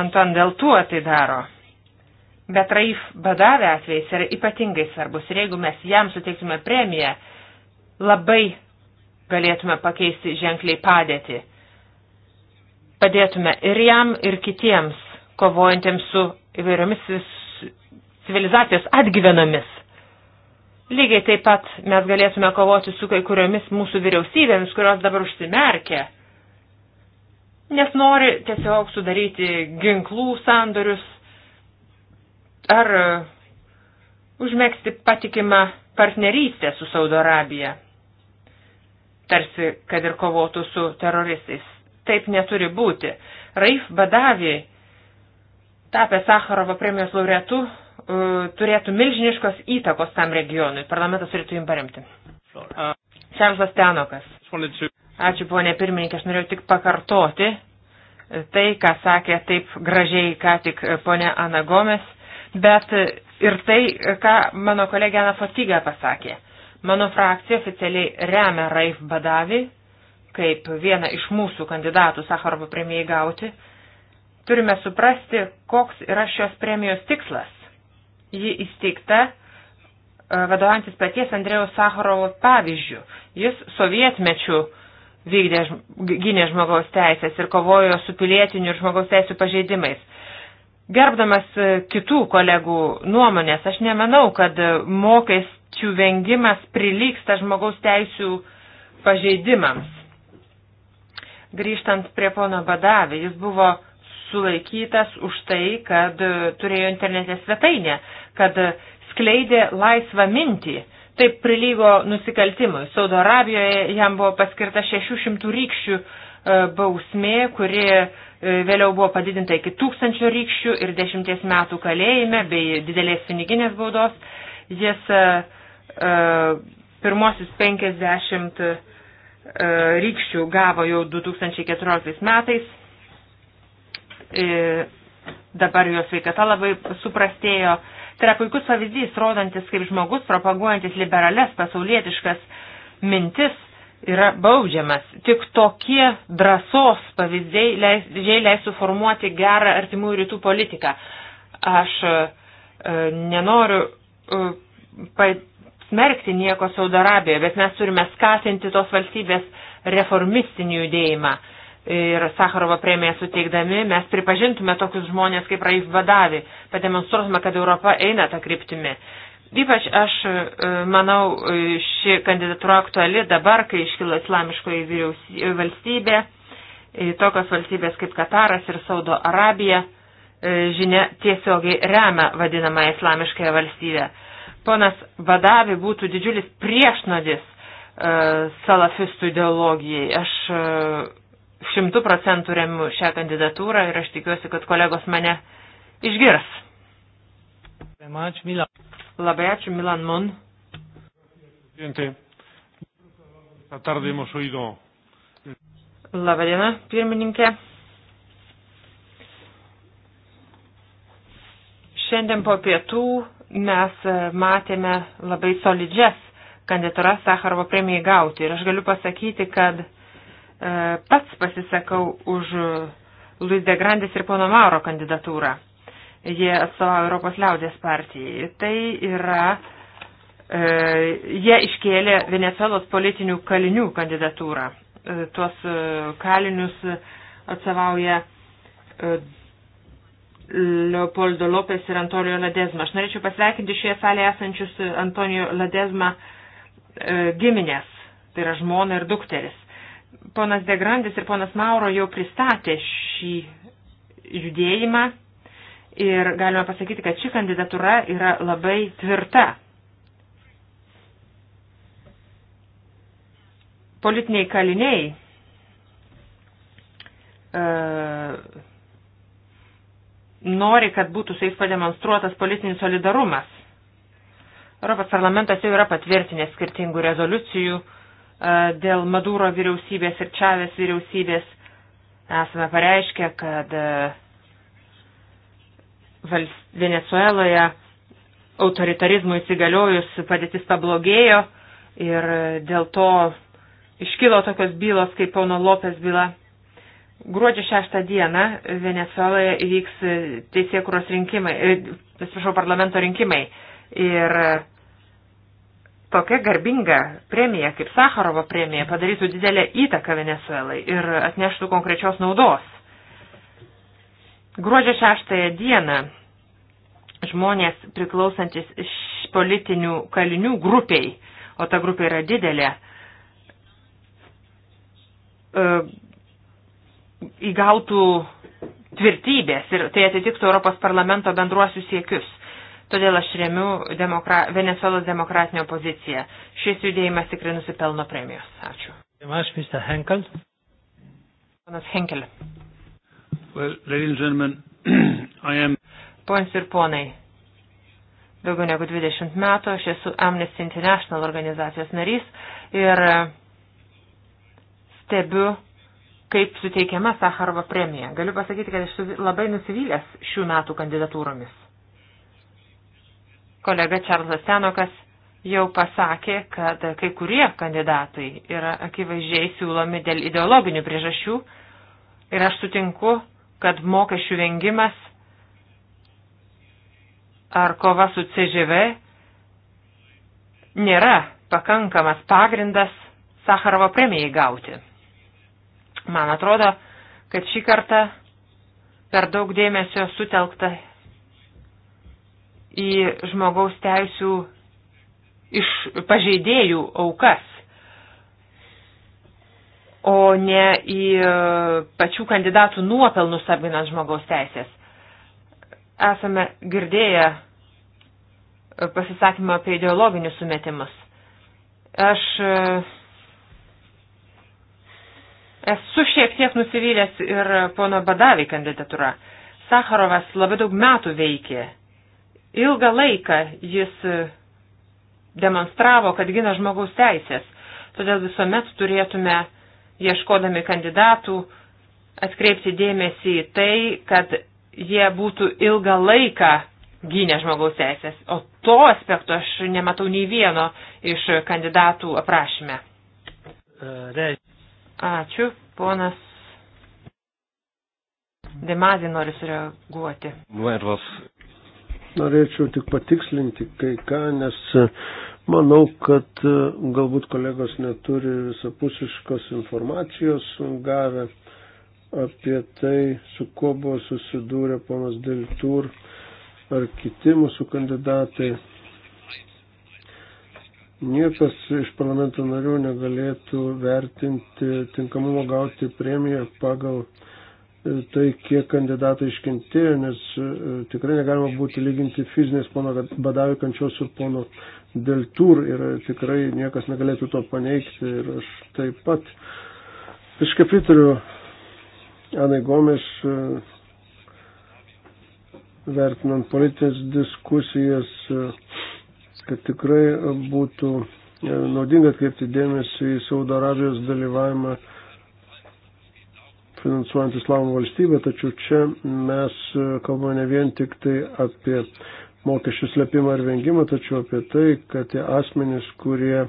Anton dėl tuo tai daro. Bet Raif badavė atvejais yra ypatingai svarbus ir jeigu mes jam suteiktume premiją, labai galėtume pakeisti ženkliai padėtį. Padėtume ir jam, ir kitiems, kovojantiems su įvairiomis civilizacijos atgyvenomis. Lygiai taip pat mes galėtume kovoti su kai kuriomis mūsų vyriausybėmis, kurios dabar užsimerkia, nes nori tiesiog sudaryti ginklų sandorius ar e, užmėgsti patikimą partnerystę su Saudo Arabija, tarsi, kad ir kovotų su teroristais. Taip neturi būti. Raif Badavi, tapęs Sakharovo premijos laureatu, E, turėtų milžiniškos įtakos tam regionui. Parlamentas turėtų jum paremti. Uh, Čarlzas Tenokas. Ačiū, ponė pirmininkė, aš norėjau tik pakartoti tai, ką sakė taip gražiai ką tik ponė Ana Gomes, bet ir tai, ką mano kolegė Ana Fatiga pasakė. Mano frakcija oficialiai remia Raif Badavi kaip vieną iš mūsų kandidatų Sakarovo premijai gauti. Turime suprasti, koks yra šios premijos tikslas Ji įsteigta e, vadovantis paties Andrėjaus Sakharovo pavyzdžių. Jis sovietmečių vykdė, gynė žmogaus teisės ir kovojo su pilietiniu žmogaus teisų pažeidimais. Gerbdamas e, kitų kolegų nuomonės, aš nemanau, kad e, mokesčių vengimas prilyksta žmogaus teisų pažeidimams. Grįžtant prie pono Badavį, jis buvo sulaikytas už tai, kad turėjo internetę svetainę kad skleidė laisvą mintį. Taip prilygo nusikaltimui. Saudo Arabijoje jam buvo paskirta 600 rykščių e, bausmė, kuri e, vėliau buvo padidinta iki 1000 rykščių ir 10 metų kalėjime bei didelės piniginės baudos. Jis e, pirmosius 50 rykščių gavo jau 2014 metais. Dabar jo sveikata labai suprastėjo Tai yra puikus pavyzdys, rodantis, kaip žmogus, propaguojantis liberales, pasaulietiškas mintis, yra baudžiamas. Tik tokie drąsos pavyzdžiai leis, leis suformuoti gerą artimų rytų politiką. Aš e, nenoriu e, pasmerkti nieko Saudo Arabijoje, bet mes turime skatinti tos valstybės reformistinį judėjimą. E, ir Sakarovo premiją suteikdami, mes pripažintume tokius žmonės kaip Raif Badavi, pademonstruotume, kad Europa eina tą kryptimį. Ypač aš e, manau, e, ši kandidatūra aktuali dabar, kai iškilo islamiškoji valstybė, e, tokios valstybės kaip Kataras ir Saudo Arabija, žinia, tiesiogiai remia vadinamą islamiškąją valstybę. Ponas Badavi būtų didžiulis priešnodis salafistų ideologijai. Aš šimtų procentų remiu šią kandidatūrą ir aš tikiuosi, kad kolegos mane išgirs. Labai ačiū, Milan Mun. Labadiena, pirmininkė. Šiandien po pietų mes e, matėme labai solidžias kandidatūras Sakarovo premijai gauti. Ir aš galiu pasakyti, kad pats pasisakau už Luis de Grandis ir pono Mauro kandidatūrą. Jie atstovauja Europos liaudės partijai. Tai yra, e, jie iškėlė Venezuelos politinių kalinių kandidatūrą. E, tuos e, kalinius atstovauja e, Leopoldo Lopes ir Antonijo Ladezma. Aš norėčiau pasveikinti šioje salėje esančius Antonijo Ladezma e, giminės, tai yra žmona ir dukteris. Ponas Degrandis ir ponas Mauro jau pristatė šį judėjimą ir galima pasakyti, kad ši kandidatūra yra labai tvirta. Politiniai kaliniai e, nori, kad būtų su jais pademonstruotas politinis solidarumas. Europos parlamentas jau yra patvirtinęs skirtingų rezoliucijų, e, dėl Maduro vyriausybės ir Čavės vyriausybės esame pareiškę, kad Venezueloje autoritarizmui įsigaliojus padėtis pablogėjo ir dėl to iškilo tokios bylos kaip Pauno Lopės byla. Gruodžio 6 dieną Venezueloje įvyks e, teisėkuros rinkimai, e, atsiprašau, parlamento rinkimai ir tokia garbinga premija kaip Sakarovo premija padarytų didelę įtaką Venezuelai ir atneštų konkrečios naudos. Gruodžio 6 dieną žmonės priklausantis politinių kalinių grupiai, o ta grupė yra didelė, e, įgautų tvirtybės ir tai atitiktų Europos parlamento bendruosius siekius. Todėl aš remiu demokra Venezuelos demokratinę opoziciją. Šis judėjimas tikrai nusipelno premijos. Ačiū. Aš, Mr. Henkel. Ponas Henkel. Well, ladies and gentlemen, I am... Ponas ir ponai, daugiau negu 20 metų aš esu Amnesty International organizacijos narys ir e, stebiu kaip suteikiama Sacharovo premija. Galiu pasakyti, kad aš labai nusivylęs šių metų kandidatūromis. Kolega Čarlzas Senokas jau pasakė, kad kai kurie kandidatai yra akivaizdžiai siūlomi dėl ideologinių priežasčių ir aš sutinku, kad mokesčių vengimas ar kova su CŽV nėra pakankamas pagrindas Sakarovo premijai gauti. Man atrodo, kad šį kartą per daug dėmesio sutelkta į žmogaus teisų iš pažeidėjų aukas, o ne į e, pačių kandidatų nuopelnus apginant žmogaus teisės. Esame girdėję e, pasisakymą apie ideologinius sumetimus. Aš e, esu šiek tiek nusivylęs ir pono Badavį kandidatūra. Sakarovas labai daug metų veikė Ilgą laiką jis e, demonstravo, kad gina žmogaus teisės, todėl visuomet turėtume, ieškodami kandidatų, atkreipti dėmesį į tai, kad jie būtų ilgą laiką gynę žmogaus teisės, o to aspekto aš nematau nei vieno iš kandidatų aprašyme. Ačiū, ponas Demazin nori sureaguoti. Norėčiau tik patikslinti kai ką, nes e, manau, kad e, galbūt kolegos neturi visapusiškos informacijos gavę apie tai, su kuo buvo susidūrę ponas Deltur ar kiti mūsų kandidatai. Niekas iš parlamento narių negalėtų vertinti tinkamumo gauti premiją pagal tai, kiek kandidatai iškentėjo, nes e, tikrai negalima būti lyginti fizinės pono badavio kančios ir pono Deltur ir e, tikrai niekas negalėtų to paneigti ir aš taip pat visiškai pritariu Anai Gomes e, vertinant politinės diskusijas, kad tikrai būtų naudinga atkreipti dėmesį į Saudo Arabijos dalyvavimą finansuojant Islamo valstybę, tačiau čia mes e, kalbame ne vien tik tai apie mokesčių slėpimą ir vengimą, tačiau apie tai, kad tie asmenys, kurie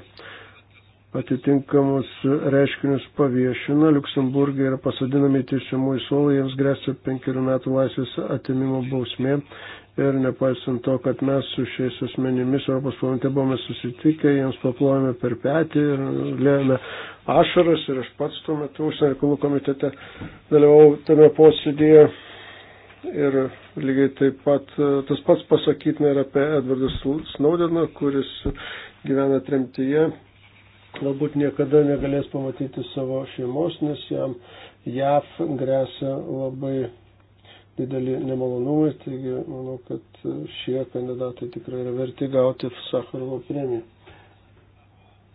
atitinkamus reiškinius paviešina. Luksemburgai yra pasadinami teisiamų į suolą, jiems grėsia penkerių metų laisvės atimimo bausmė. Ir nepaisant to, kad mes su šiais asmenimis Europos parlamente buvome susitikę, jiems paplojame per petį ir lėjome ašaras ir aš pats tuo metu užsienio reikalų komitete dalyvau tame posėdėje. Ir lygiai taip pat e, tas pats pasakytina ir apie Edvardą Snowdeną, kuris gyvena tremtyje galbūt niekada negalės pamatyti savo šeimos, nes jam JAV grėsia labai didelį nemalonumą, taigi manau, kad šie kandidatai tikrai yra verti gauti Sakarovo premiją.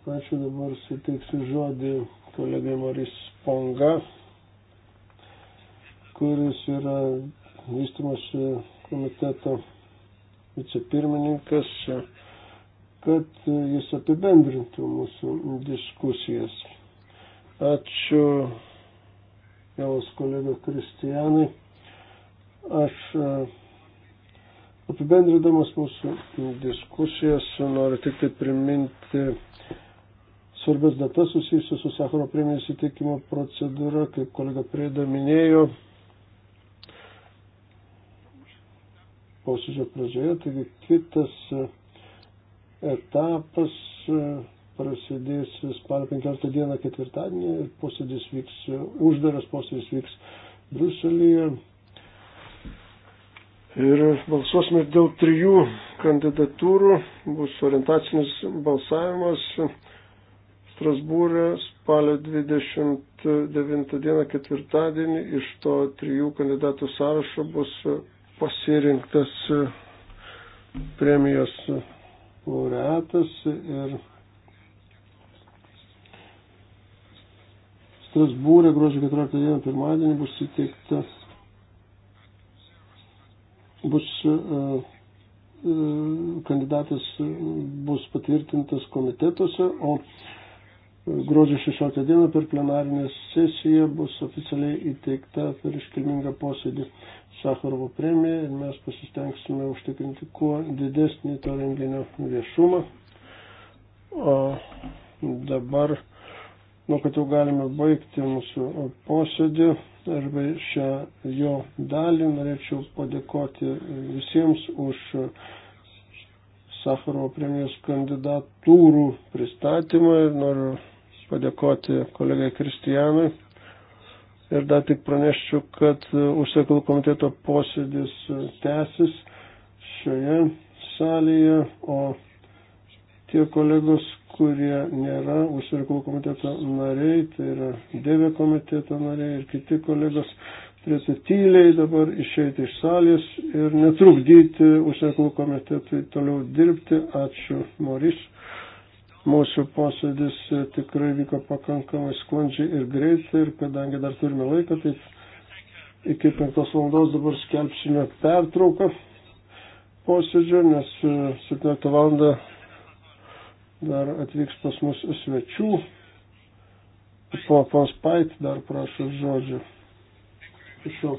Ačiū dabar suteiksiu žodį kolegai Maris Ponga, kuris yra vystimosi komiteto vicepirmininkas kad e, jis apibendrintų mūsų diskusijas. Ačiū, mielas kolega Kristijanai. Aš e, apibendrinamas mūsų diskusijas noriu tik tai priminti svarbias datas susijusius su Sakaro premijos įteikimo procedūra, kaip kolega Prėda minėjo. Posėdžio pradžioje, taigi kitas etapas e, prasidės spalio 15 dieną ketvirtadienį ir posėdis vyks, e, uždaras posėdis vyks Bruselėje. Ir balsuosime dėl trijų kandidatūrų, bus orientacinis balsavimas Strasbūrė spalio 29 dieną ketvirtadienį iš to trijų kandidatų sąrašo bus pasirinktas e, premijos laureatas ir Strasbūrė gruodžio 14 dieną pirmadienį bus suteikta, bus uh, kandidatas bus patvirtintas komitetuose, o gruodžio 16 dieną per plenarinę sesiją bus oficialiai įteikta per iškilmingą posėdį Sakarovo premija ir mes pasistengsime užtikrinti kuo didesnį to renginio viešumą. O dabar, nu kad jau galime baigti mūsų posėdį arba šią jo dalį, norėčiau padėkoti visiems už Sakarovo premijos kandidatūrų pristatymą ir noriu padėkoti kolegai Kristijanui. Ir dar tik praneščiau, kad e, užsiekalų komiteto posėdis e, tęsis šioje salėje, o tie kolegos, kurie nėra užsiekalų komiteto nariai, tai yra dėvė komiteto nariai ir kiti kolegos, turėtų tyliai dabar išeiti iš salės ir netrukdyti užsiekalų komitetui toliau dirbti. Ačiū, Moris mūsų posėdis e, tikrai vyko pakankamai sklandžiai ir greitai ir kadangi dar turime laiko, tai iki 5 valandos dabar skelbsime pertrauką posėdžio, nes 17 e, valandą dar atvyks pas mus svečių. Po pons Pait dar prašau žodžio. Prašau.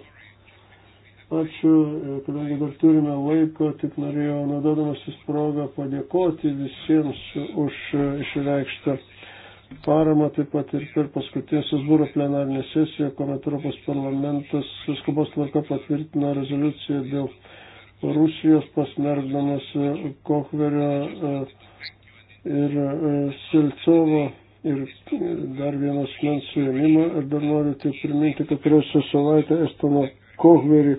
Ačiū, e, kadangi dar turime laiko, tik norėjau, naudodamas į sprogą, padėkoti visiems už e, išreikštą paramą, taip pat ir per paskutinę Sasbūro plenarinę sesiją, kuomet Europos parlamentas skubos tvarka patvirtino rezoliuciją dėl Rusijos pasmergdamas e, Kochverio ir Silcovo ir dar vienas mens suėmimą. Ir dar noriu tik priminti, kad praėjusią savaitę Estono Kohmerį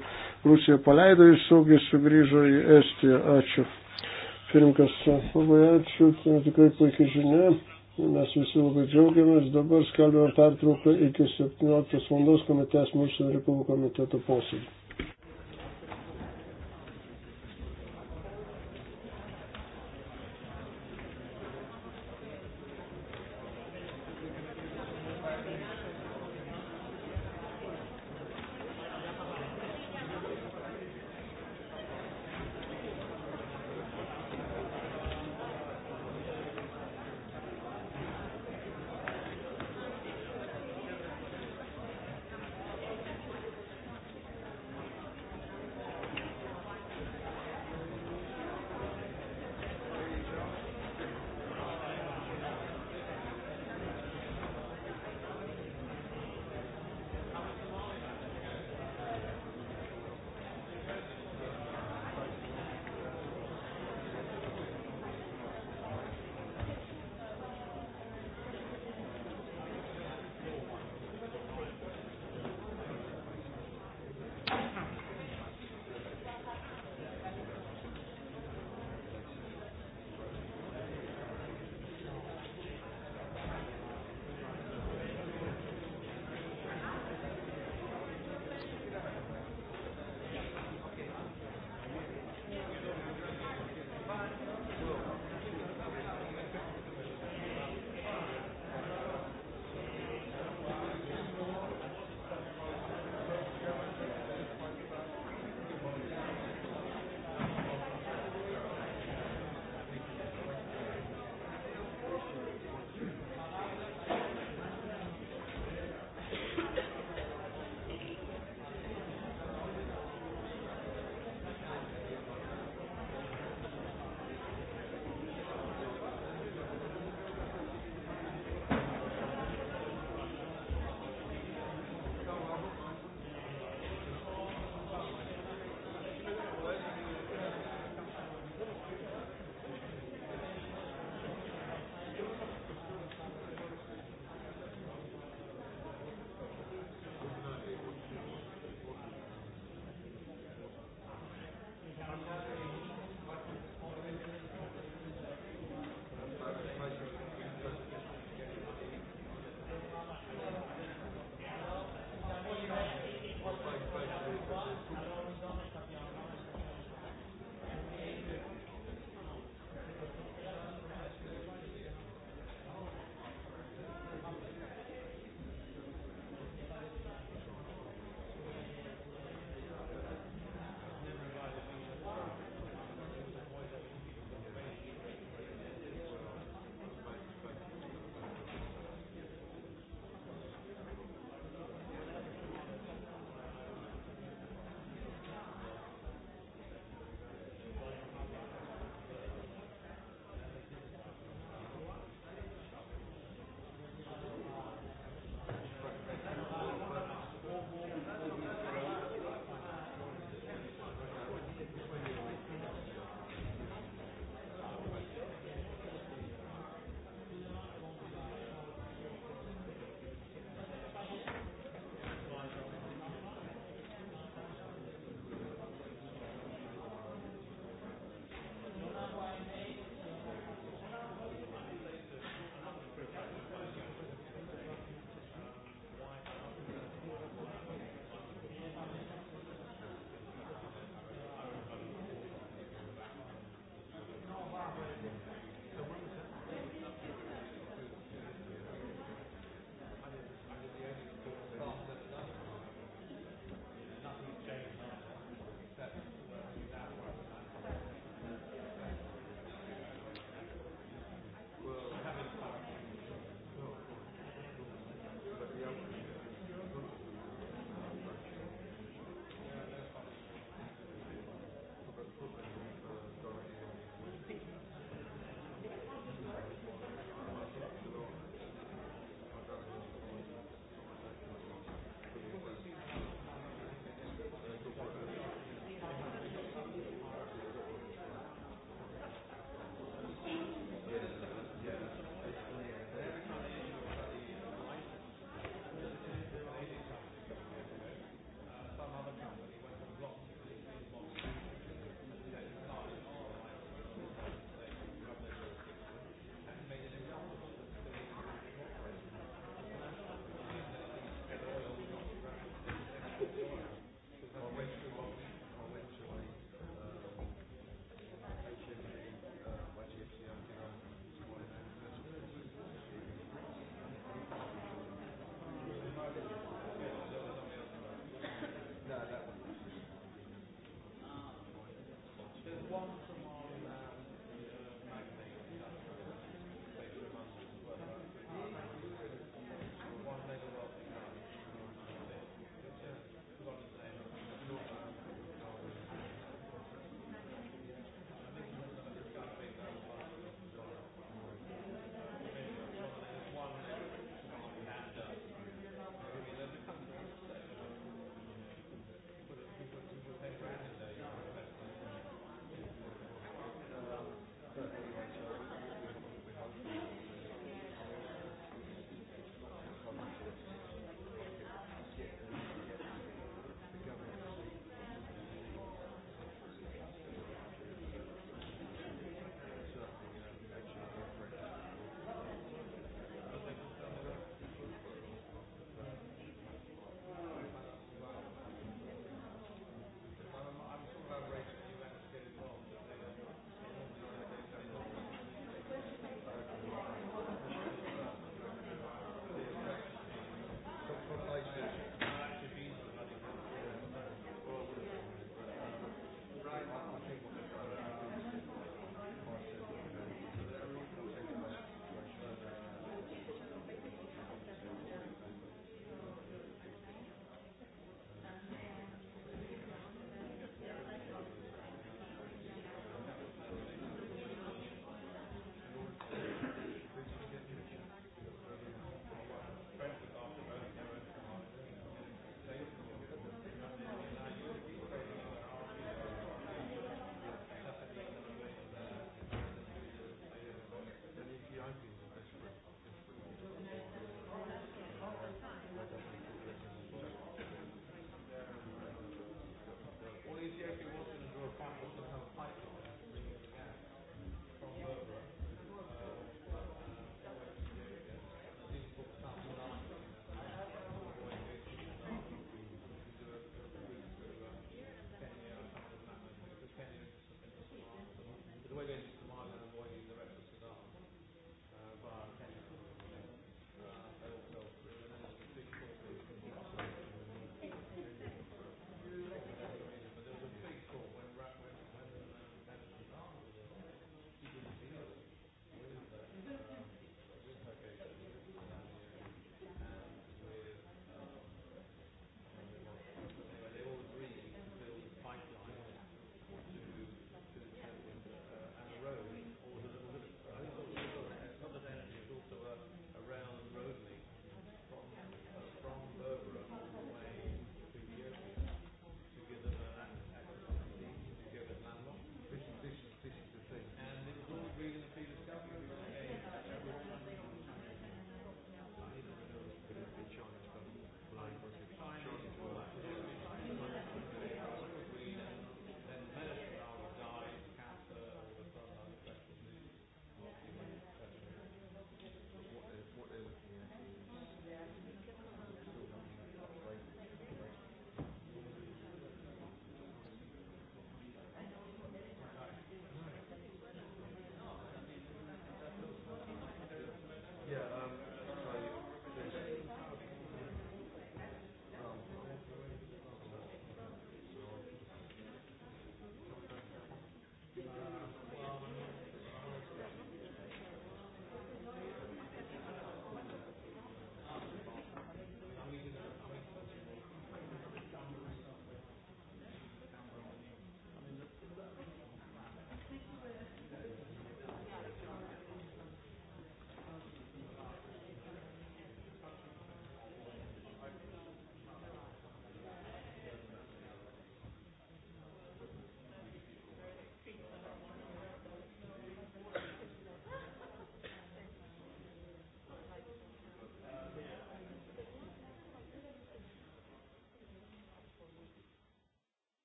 Rusija paleido ir saugiai sugrįžo į Estiją. Ačiū. Pirmkas, labai ačiū, tai tikrai puikiai žinia. Mes visi labai džiaugiamės. Dabar skalbėm pertrauką iki 17 val. komitės mūsų reikalų komiteto posėdį.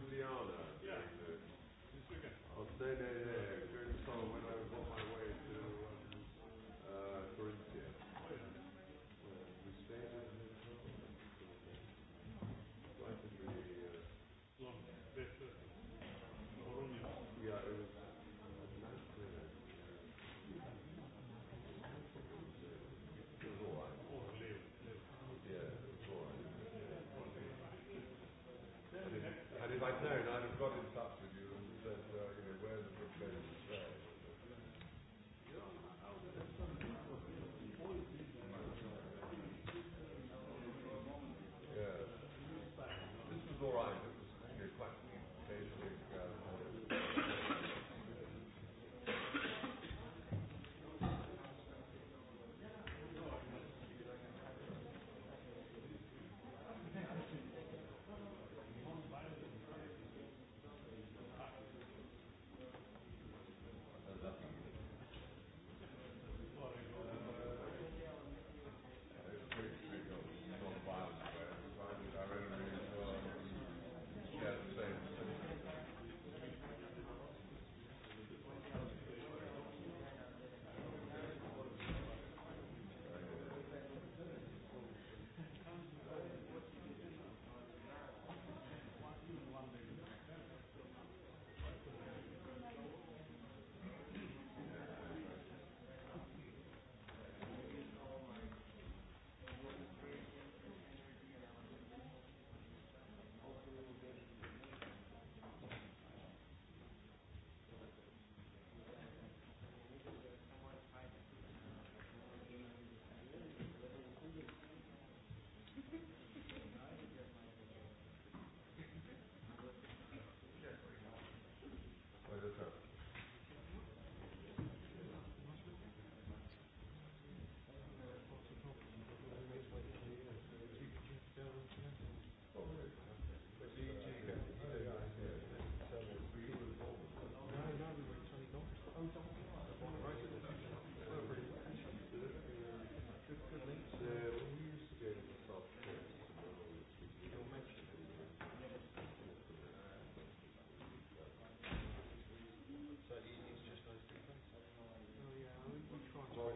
Ljubljana. Ja. Od tebe je, kako so, No, no, I've got it.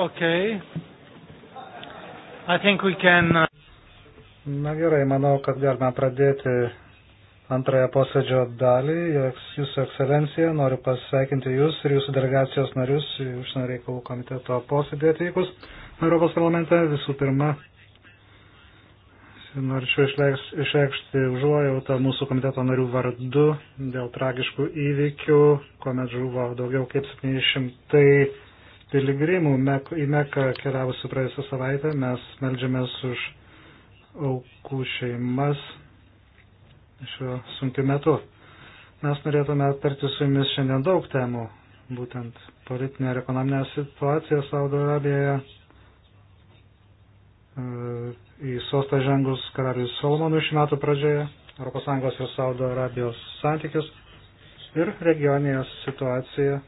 Okay. I think we can. Uh, Na gerai, manau, kad galime pradėti antrąją posėdžio dalį. Jūsų ekscelencija, noriu pasveikinti Jūs ir Jūsų delegacijos narius, užsienio reikalų komiteto posėdį atvykus Europos parlamente. Visų pirma, norėčiau išreikšti užuojautą mūsų komiteto narių vardu dėl tragiškų įvykių, kuomet žuvo daugiau kaip 700 piligrimų į Meką keliavusių praėjusią savaitę. Mes melžiamės už aukų šeimas šiuo sunkiu metu. Mes norėtume aptarti su jumis šiandien daug temų, būtent politinė ir ekonominė situacija Saudo Arabijoje. E, į sostą žengus karalius Solomonų šių metų pradžioje, ES ir Saudo Arabijos santykius ir regioninė situacija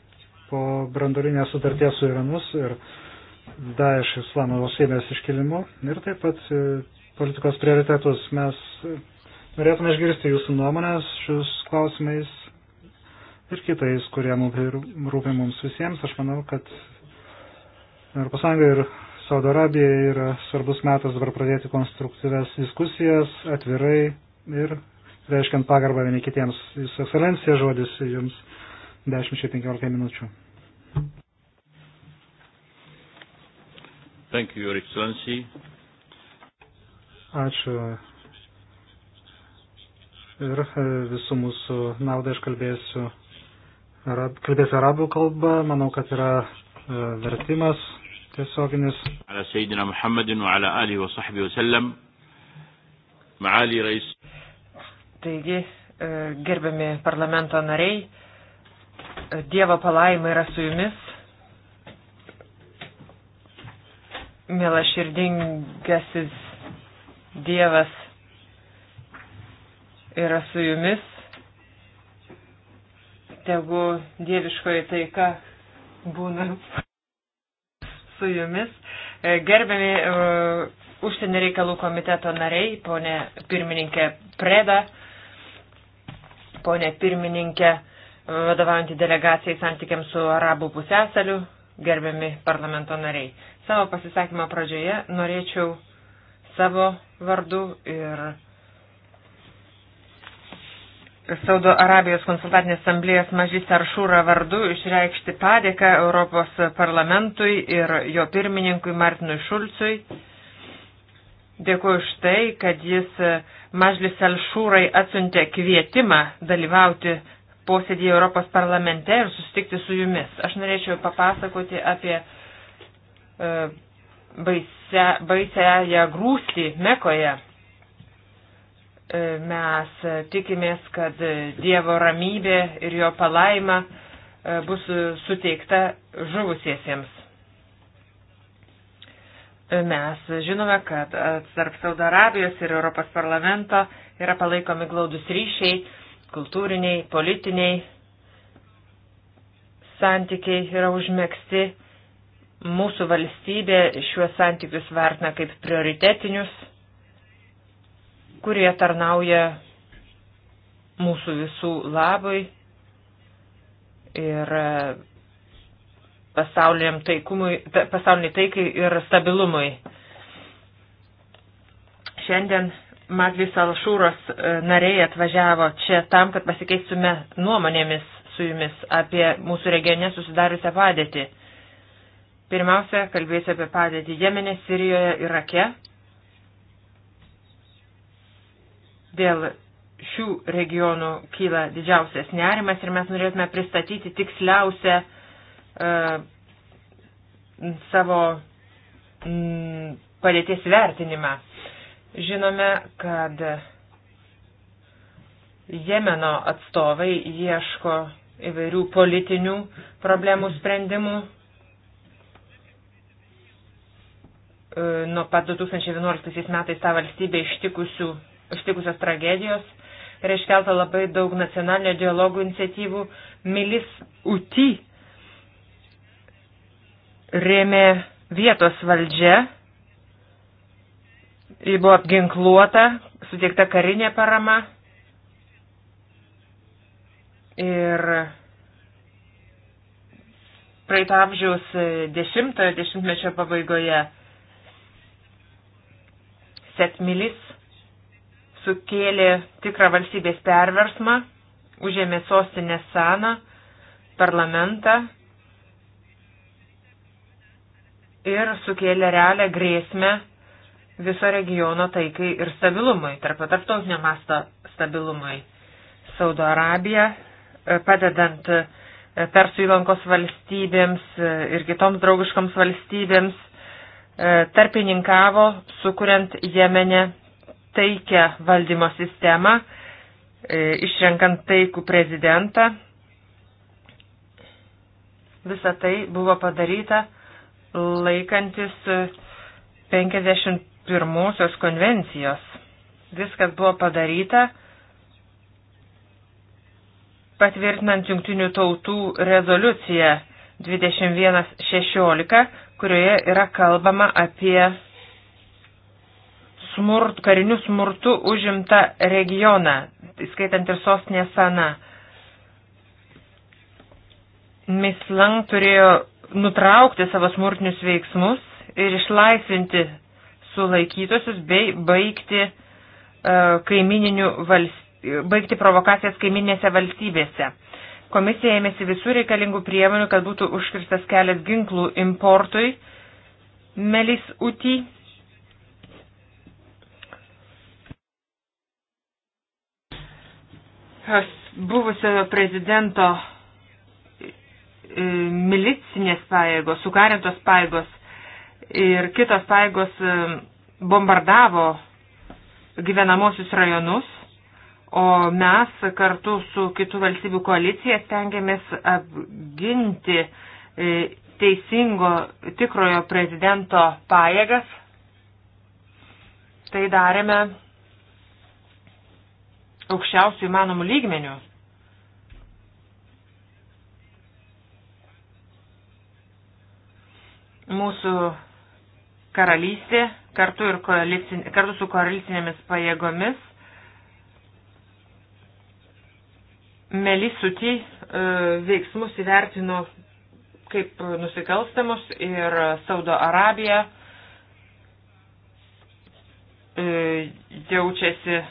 po brandolinės sutarties su Iranus ir Daesh islamo valstybės iškilimu ir taip pat e, politikos prioritetus. Mes e, norėtume išgirsti jūsų nuomonės šius klausimais ir kitais, kurie rūpi mums visiems. Aš manau, kad ES ir Saudo Arabija yra svarbus metas dabar pradėti konstruktyves diskusijas atvirai ir reiškiant pagarbą vieni kitiems. Jūsų ekscelencija žodis jums. 10-15 minučių. Thank you, Your Excellency. Ačiū. Ir e, visų mūsų naudai aš kalbėsiu, arab, kalbėsiu arabų kalbą. Manau, kad yra e, vertimas tiesioginis. Ala Seyyidina Muhammadin wa ala alihi wa sahbihi wa sallam. Ma'ali rais. Taigi, e, gerbiami parlamento nariai, Dievo palaima yra su jumis. Mėla širdingasis Dievas yra su jumis. Tegu dieviškoji taika būna su jumis. E, gerbiami uh, užsienio reikalų komiteto nariai, ponė pirmininkė Preda, ponė pirmininkė uh, vadovaujantį delegaciją į santykiams su Arabų pusėsaliu, gerbiami parlamento nariai. Savo pasisakymą pradžioje norėčiau savo vardu ir Saudo Arabijos konsultatinės asamblėjos mažys Aršūra vardu išreikšti padėką Europos parlamentui ir jo pirmininkui Martinui Šulcui. Dėkuoju už tai, kad jis Mažlis Alšūrai atsuntė kvietimą dalyvauti posėdį Europos parlamente ir susitikti su jumis. Aš norėčiau papasakoti apie baisę, e, baisęją grūstį Mekoje. E, mes tikimės, kad Dievo ramybė ir jo palaima e, bus suteikta žuvusiesiems. Mes žinome, kad tarp Saudo Arabijos ir Europos parlamento yra palaikomi glaudus ryšiai kultūriniai, politiniai santykiai yra užmėgsti. Mūsų valstybė šiuos santykius vertina kaip prioritetinius, kurie tarnauja mūsų visų labui ir e, pasauliniam taikumui, pasauliniai taikai ir stabilumui. Šiandien Madlis Alšūros e, nariai atvažiavo čia tam, kad pasikeistume nuomonėmis su jumis apie mūsų regione susidariusią padėtį. Pirmiausia, kalbėsiu apie padėtį Jemenė, Sirijoje, Irake. Dėl šių regionų kyla didžiausias nerimas ir mes norėtume pristatyti tiksliausią uh, savo mm, padėties vertinimą. Uh, Žinome, kad Jemeno atstovai ieško įvairių politinių problemų sprendimų. E, nuo pat 2011 metais tą valstybę ištikusios tragedijos yra iškelta labai daug nacionalinio dialogų iniciatyvų. Milis Uti rėmė vietos valdžia Ji buvo apginkluota, suteikta karinė parama ir praeito amžiaus dešimtojo dešimtmečio pabaigoje Setmilis sukėlė tikrą valstybės perversmą, užėmė sostinę Saną, parlamentą ir sukėlė realią grėsmę viso regiono taikai ir stabilumui, tarp tarptautinio masto stabilumui. Saudo Arabija, e, padedant e, Persų įlankos valstybėms e, ir kitoms draugiškoms valstybėms, tarpininkavo, sukuriant Jemene taikę valdymo sistemą, išrenkant taikų prezidentą. Visa tai buvo padaryta laikantis 50 pirmosios konvencijos. Viskas buvo padaryta patvirtinant jungtinių tautų rezoliuciją 2116, kurioje yra kalbama apie smurt, karinių smurtų užimtą regioną, skaitant ir sostinė sana. Mislang turėjo nutraukti savo smurtinius veiksmus ir išlaisvinti sulaikytosius bei baigti, e, valst... baigti provokacijas kaiminėse valstybėse. Komisija ėmėsi visų reikalingų priemonių, kad būtų užkirstas kelias ginklų importui. Melis Uti. Buvusio prezidento e, milicinės pajėgos, sukarintos pajėgos ir kitos paėgos e, bombardavo gyvenamosius rajonus, o mes kartu su kitų valstybių koalicija stengiamės apginti e, teisingo tikrojo prezidento pajėgas. Tai darėme aukščiausių įmanomų lygmenių. Mūsų karalystė kartu, ir koalicin, kartu su koalicinėmis pajėgomis Melisutį e, veiksmus įvertino kaip nusikalstamus ir Saudo Arabija e, jaučiasi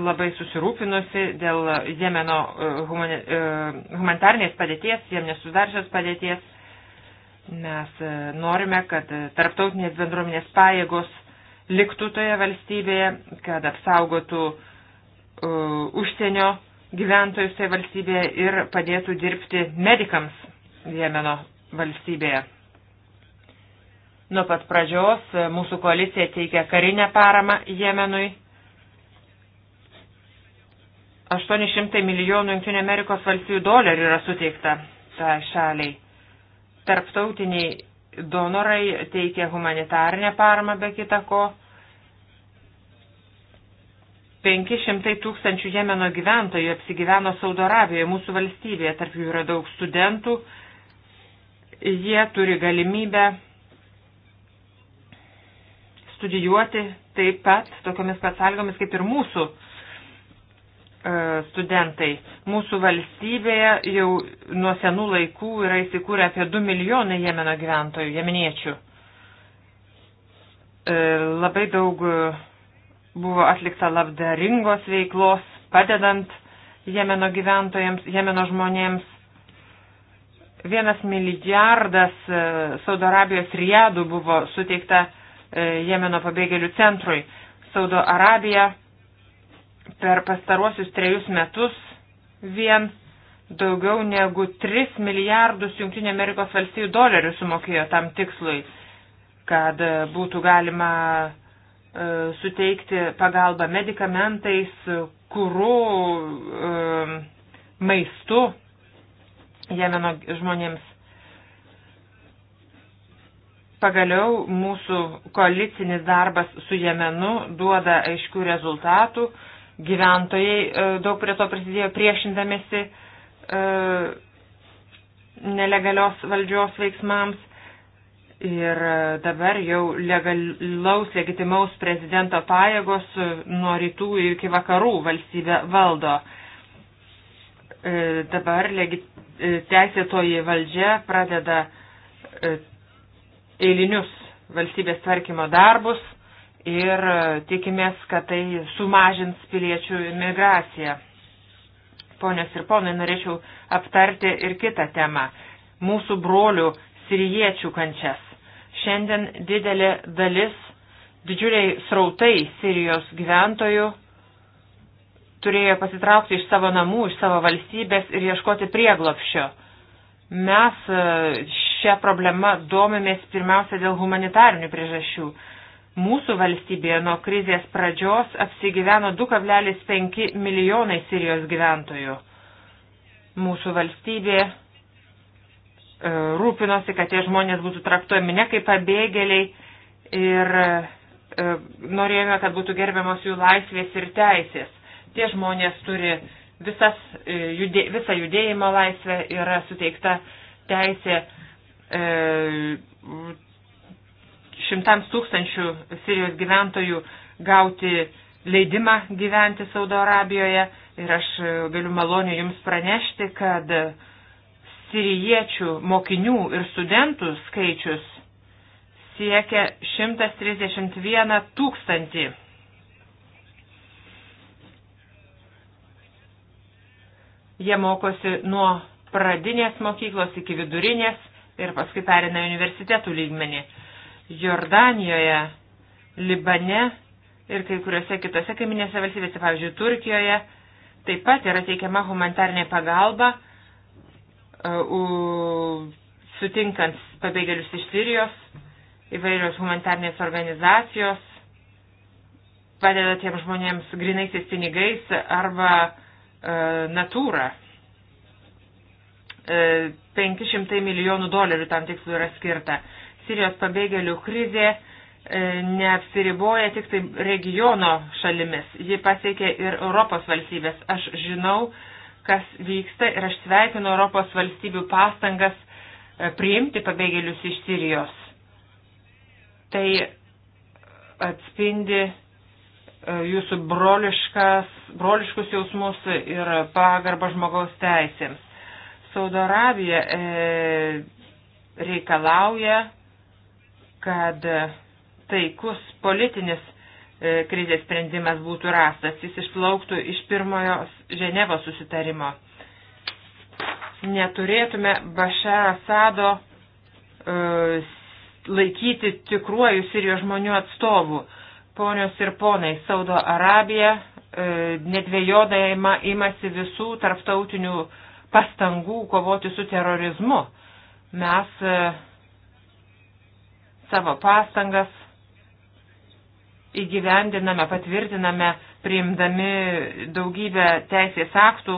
labai susirūpinusi dėl Jemeno e, e, humanitarnės padėties, jiem nesudaršios padėties Mes e, norime, kad e, tarptautinės bendruomenės pajėgos liktų toje valstybėje, kad apsaugotų uh, užsienio gyventojus toje valstybėje ir padėtų dirbti medikams Jemeno valstybėje. Nuo pat pradžios mūsų koalicija teikia karinę paramą Jemenui. 800 milijonų Junktinio Amerikos valstybių dolerių yra suteikta tai šaliai. Tarptautiniai donorai teikia humanitarinę paramą be kitako. 500 tūkstančių Jemeno gyventojų apsigyveno Saudo Arabijoje, mūsų valstybėje, tarp jų yra daug studentų. Jie turi galimybę studijuoti taip pat tokiamis pat sąlygomis kaip ir mūsų uh, E, studentai. Mūsų valstybėje jau nuo senų laikų yra įsikūrę apie 2 milijonai Jemeno gyventojų, jemeniečių. E, labai daug buvo atlikta labdaringos veiklos, padedant Jemeno gyventojams, Jemeno žmonėms. Vienas milijardas e, Saudo Arabijos riadų buvo suteikta Jemeno pabėgėlių centrui. Saudo Arabija Per pastaruosius trejus metus vien daugiau negu 3 milijardus Junktinė Amerikos valstybių dolerių sumokėjo tam tikslui, kad e, būtų galima e, suteikti pagalbą medikamentais, kūru, e, maistu Jemeno žmonėms. Pagaliau mūsų koalicinis darbas su Jemenu duoda aiškių rezultatų, Gyventojai e, daug prie to prisidėjo priešindamėsi e, nelegalios valdžios veiksmams. Ir e, dabar jau legalaus, legitimaus prezidento pajėgos nuo rytų iki vakarų valstybę valdo. Dabar teisėtoji valdžia pradeda eilinius valstybės tvarkymo darbus ir e, tikimės, kad tai sumažins piliečių imigraciją. Ponios ir ponai, norėčiau aptarti ir kitą temą - mūsų brolių siriečių kančias. Šiandien didelė dalis, didžiuliai srautai Sirijos gyventojų turėjo pasitraukti iš savo namų, iš savo valstybės ir ieškoti prieglopščio. Mes e, šią problemą domimės pirmiausia dėl humanitarnių priežasčių Mūsų valstybėje nuo krizės pradžios apsigyveno 2,5 milijonai Sirijos gyventojų. Mūsų valstybė e, rūpinosi, kad tie žmonės būtų traktuojami ne kaip pabėgėliai ir e, e, norėjome, kad būtų gerbiamos jų laisvės ir teisės. Tie žmonės turi visas, judė, visą judėjimo laisvę, yra suteikta teisė e, šimtams tūkstančių Sirijos gyventojų gauti leidimą gyventi Saudo Arabijoje ir aš e, galiu maloniai Jums pranešti, kad sirijiečių mokinių ir studentų skaičius siekia 131 tūkstantį. Jie mokosi nuo pradinės mokyklos iki vidurinės ir paskui perina universitetų lygmenį. Jordanijoje, Libane ir kai kuriuose kitose kaiminėse valstybėse, pavyzdžiui, Turkijoje, taip pat yra teikiama humanitarnė pagalba, e, sutinkant pabėgėlius iš Sirijos, įvairios humanitarnės organizacijos, padeda tiem žmonėms grinaisiais pinigais arba e, natūra. E, 500 milijonų dolerių tam tikslui yra skirta. Sirijos pabėgėlių krizė e, neapsiriboja tik tai regiono šalimis. Ji pasiekė ir Europos valstybės. Aš žinau, kas vyksta ir aš sveikinu Europos valstybių pastangas e, priimti pabėgėlius iš Sirijos. Tai atspindi e, jūsų broliškus jausmus ir pagarbą žmogaus teisėms. Saudo Arabija e, reikalauja kad e, taikus politinis e, krizės sprendimas būtų rastas, jis išplauktų iš pirmojo Ženevo susitarimo. Neturėtume Bašar Asado e, laikyti tikruoju Sirijos žmonių atstovų. Ponios ir ponai, Saudo Arabija e, nedvėjodai ima, imasi visų tarptautinių pastangų kovoti su terorizmu. Mes e, savo pastangas įgyvendiname, patvirtiname, priimdami daugybę teisės aktų,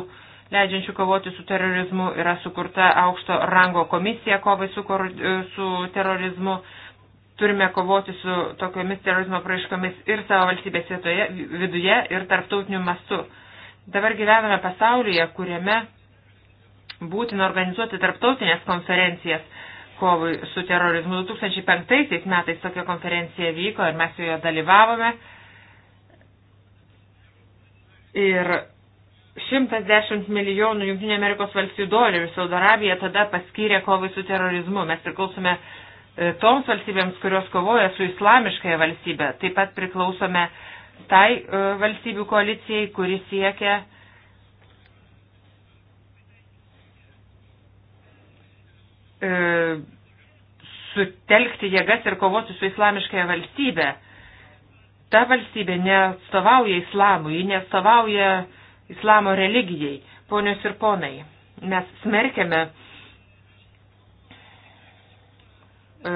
leidžiančių kovoti su terorizmu, yra sukurta aukšto rango komisija kovai su, kor, su terorizmu. Turime kovoti su tokiomis terorizmo praiškomis ir savo valstybės vietoje, viduje ir tarptautiniu mastu. Dabar gyvename pasaulyje, kuriame būtina organizuoti tarptautinės konferencijas, kovai su terorizmu. 2005 metais tokia konferencija vyko ir mes joje dalyvavome. Ir 110 milijonų Junktinė Amerikos valstybių dolerių Saudo Arabija tada paskyrė kovai su terorizmu. Mes priklausome e, toms valstybėms, kurios kovoja su islamiškąją valstybę. Taip pat priklausome tai e, valstybių koalicijai, kuri siekia uh, e, sutelkti jėgas ir kovoti su islamiškąją valstybę. Ta valstybė neatstovauja islamui, ji neatstovauja islamo religijai. Ponios ir ponai, mes smerkiame e,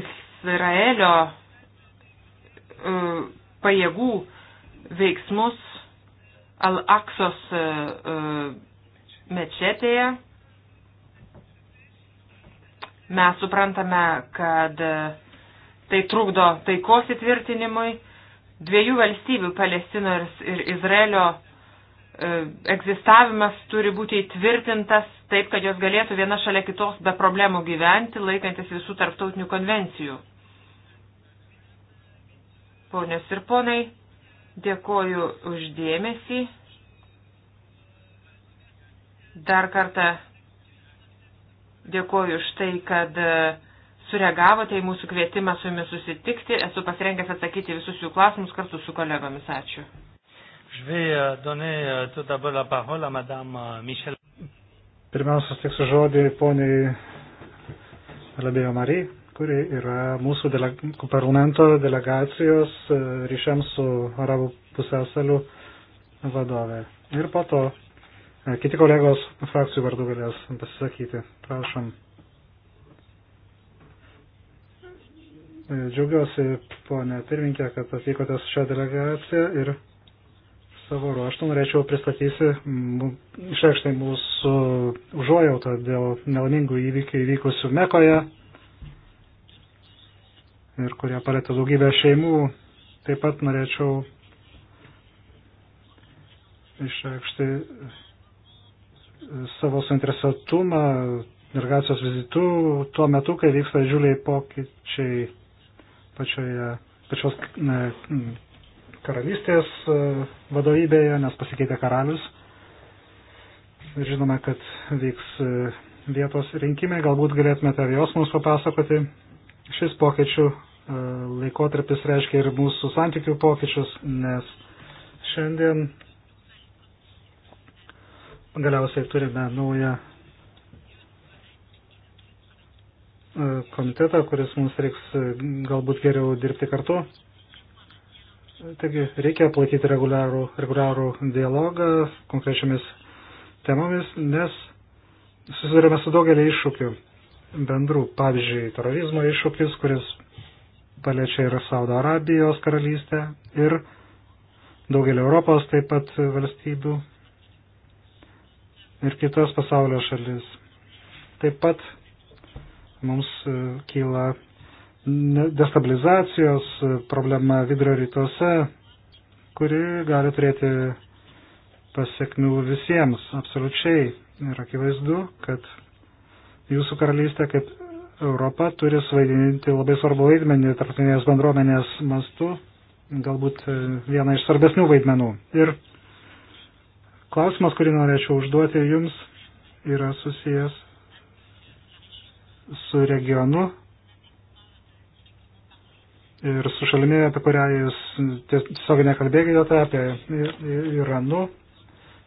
Izraelio e, pajėgų veiksmus Al-Aksos e, e, mečetėje Mes suprantame, kad tai trukdo taikos įtvirtinimui. Dviejų valstybių Palestinos ir Izraelio e, egzistavimas turi būti įtvirtintas taip, kad jos galėtų viena šalia kitos be problemų gyventi, laikantis visų tarptautinių konvencijų. Ponios ir ponai, dėkoju uždėmesį. Dar kartą Dėkuoju už tai, kad e, sureagavote į mūsų kvietimą su jumis susitikti. Esu pasirengęs atsakyti visus jų klausimus kartu su kolegomis. Ačiū. Euh, euh, euh, Pirmiausia, tiksiu žodį poniai Labėjo Marijai kuri yra mūsų deleg parlamento delegacijos e, ryšiams su Arabų pusėsaliu vadovė. Ir po to E, kiti kolegos frakcijų vardu galės pasisakyti. Prašom. E, džiaugiuosi, ponė pirminkė, kad atvykote su šią delegaciją ir savo ruoštų norėčiau pristatysi išreikštai mūsų užuojautą dėl nelamingų įvykių įvykusių Mekoje ir kurie palėtė daugybę šeimų. Taip pat norėčiau išreikšti savo suinteresuotumą delegacijos vizitu tuo metu, kai vyksta didžiuliai pokyčiai pačioje, pačios ne, karalystės e, vadovybėje, nes pasikeitė karalius. Ir žinome, kad vyks e, vietos rinkimai, galbūt galėtumėte apie jos mums papasakoti. Šis pokyčių e, laikotarpis reiškia ir mūsų santykių pokyčius, nes šiandien Galiausiai turime naują e, komitetą, kuris mums reiks e, galbūt geriau dirbti kartu. Taigi reikia palaikyti reguliarų, reguliarų dialogą konkrečiamis temomis, nes susidurime su daugelį iššūkių bendrų. Pavyzdžiui, terorizmo iššūkis, kuris paliečia ir Saudo Arabijos karalystę ir daugelį Europos taip pat valstybių ir kitas pasaulio šalis. Taip pat mums e, kyla destabilizacijos e, problema vidurio rytuose, kuri gali turėti pasiekmių visiems absoliučiai. Ir akivaizdu, kad jūsų karalystė kaip Europa turi svaidinti labai svarbu vaidmenį tarptautinės bendruomenės mastu, galbūt e, vieną iš svarbesnių vaidmenų. Ir Klausimas, kurį norėčiau užduoti jums, yra susijęs su regionu ir su šalimi, apie kurią jūs tiesiog nekalbėjote, apie Iranu.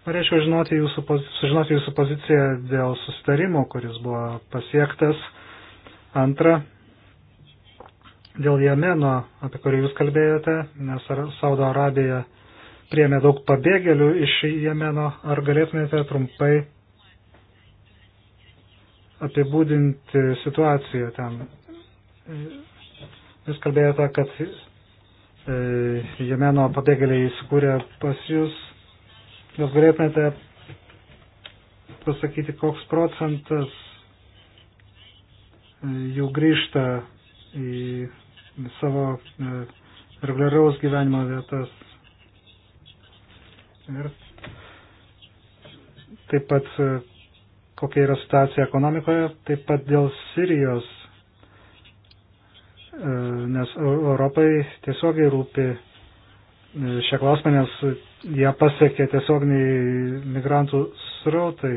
Norėčiau žinoti jūsų, sužinoti jūsų poziciją dėl susitarimo, kuris buvo pasiektas. Antra, dėl Jemeno, apie kurį jūs kalbėjote, nes Saudo Arabija priemė daug pabėgėlių iš Jemeno. Ar galėtumėte trumpai apibūdinti situaciją ten? Jūs kalbėjote, kad e, Jemeno pabėgėliai įsikūrė pas jūs. Jūs galėtumėte pasakyti, koks procentas e, jų grįžta į savo e, reguliaraus gyvenimo vietas ir taip pat e, kokia yra situacija ekonomikoje, taip pat dėl Sirijos, e, nes e, Europai tiesiogiai rūpi šią klausimą, nes ją pasiekė tiesioginiai migrantų srautai.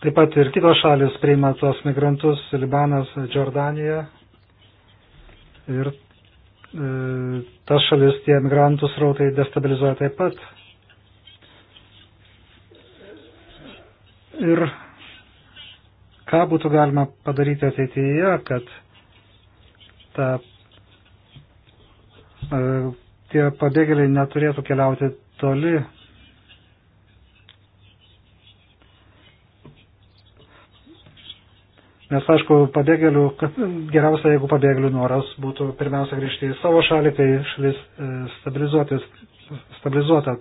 Taip pat ir kitos šalis priima tuos migrantus - Libanas, Jordanija. Ir E, tas šalis tie migrantų srautai destabilizuoja taip pat. Ir ką būtų galima padaryti ateityje, kad ta, e, tie pabėgėliai neturėtų keliauti toli Nes, aišku, pabėgėlių, geriausia, jeigu pabėgėlių noras būtų pirmiausia grįžti į savo šalį, kai šalis e, stabilizuota.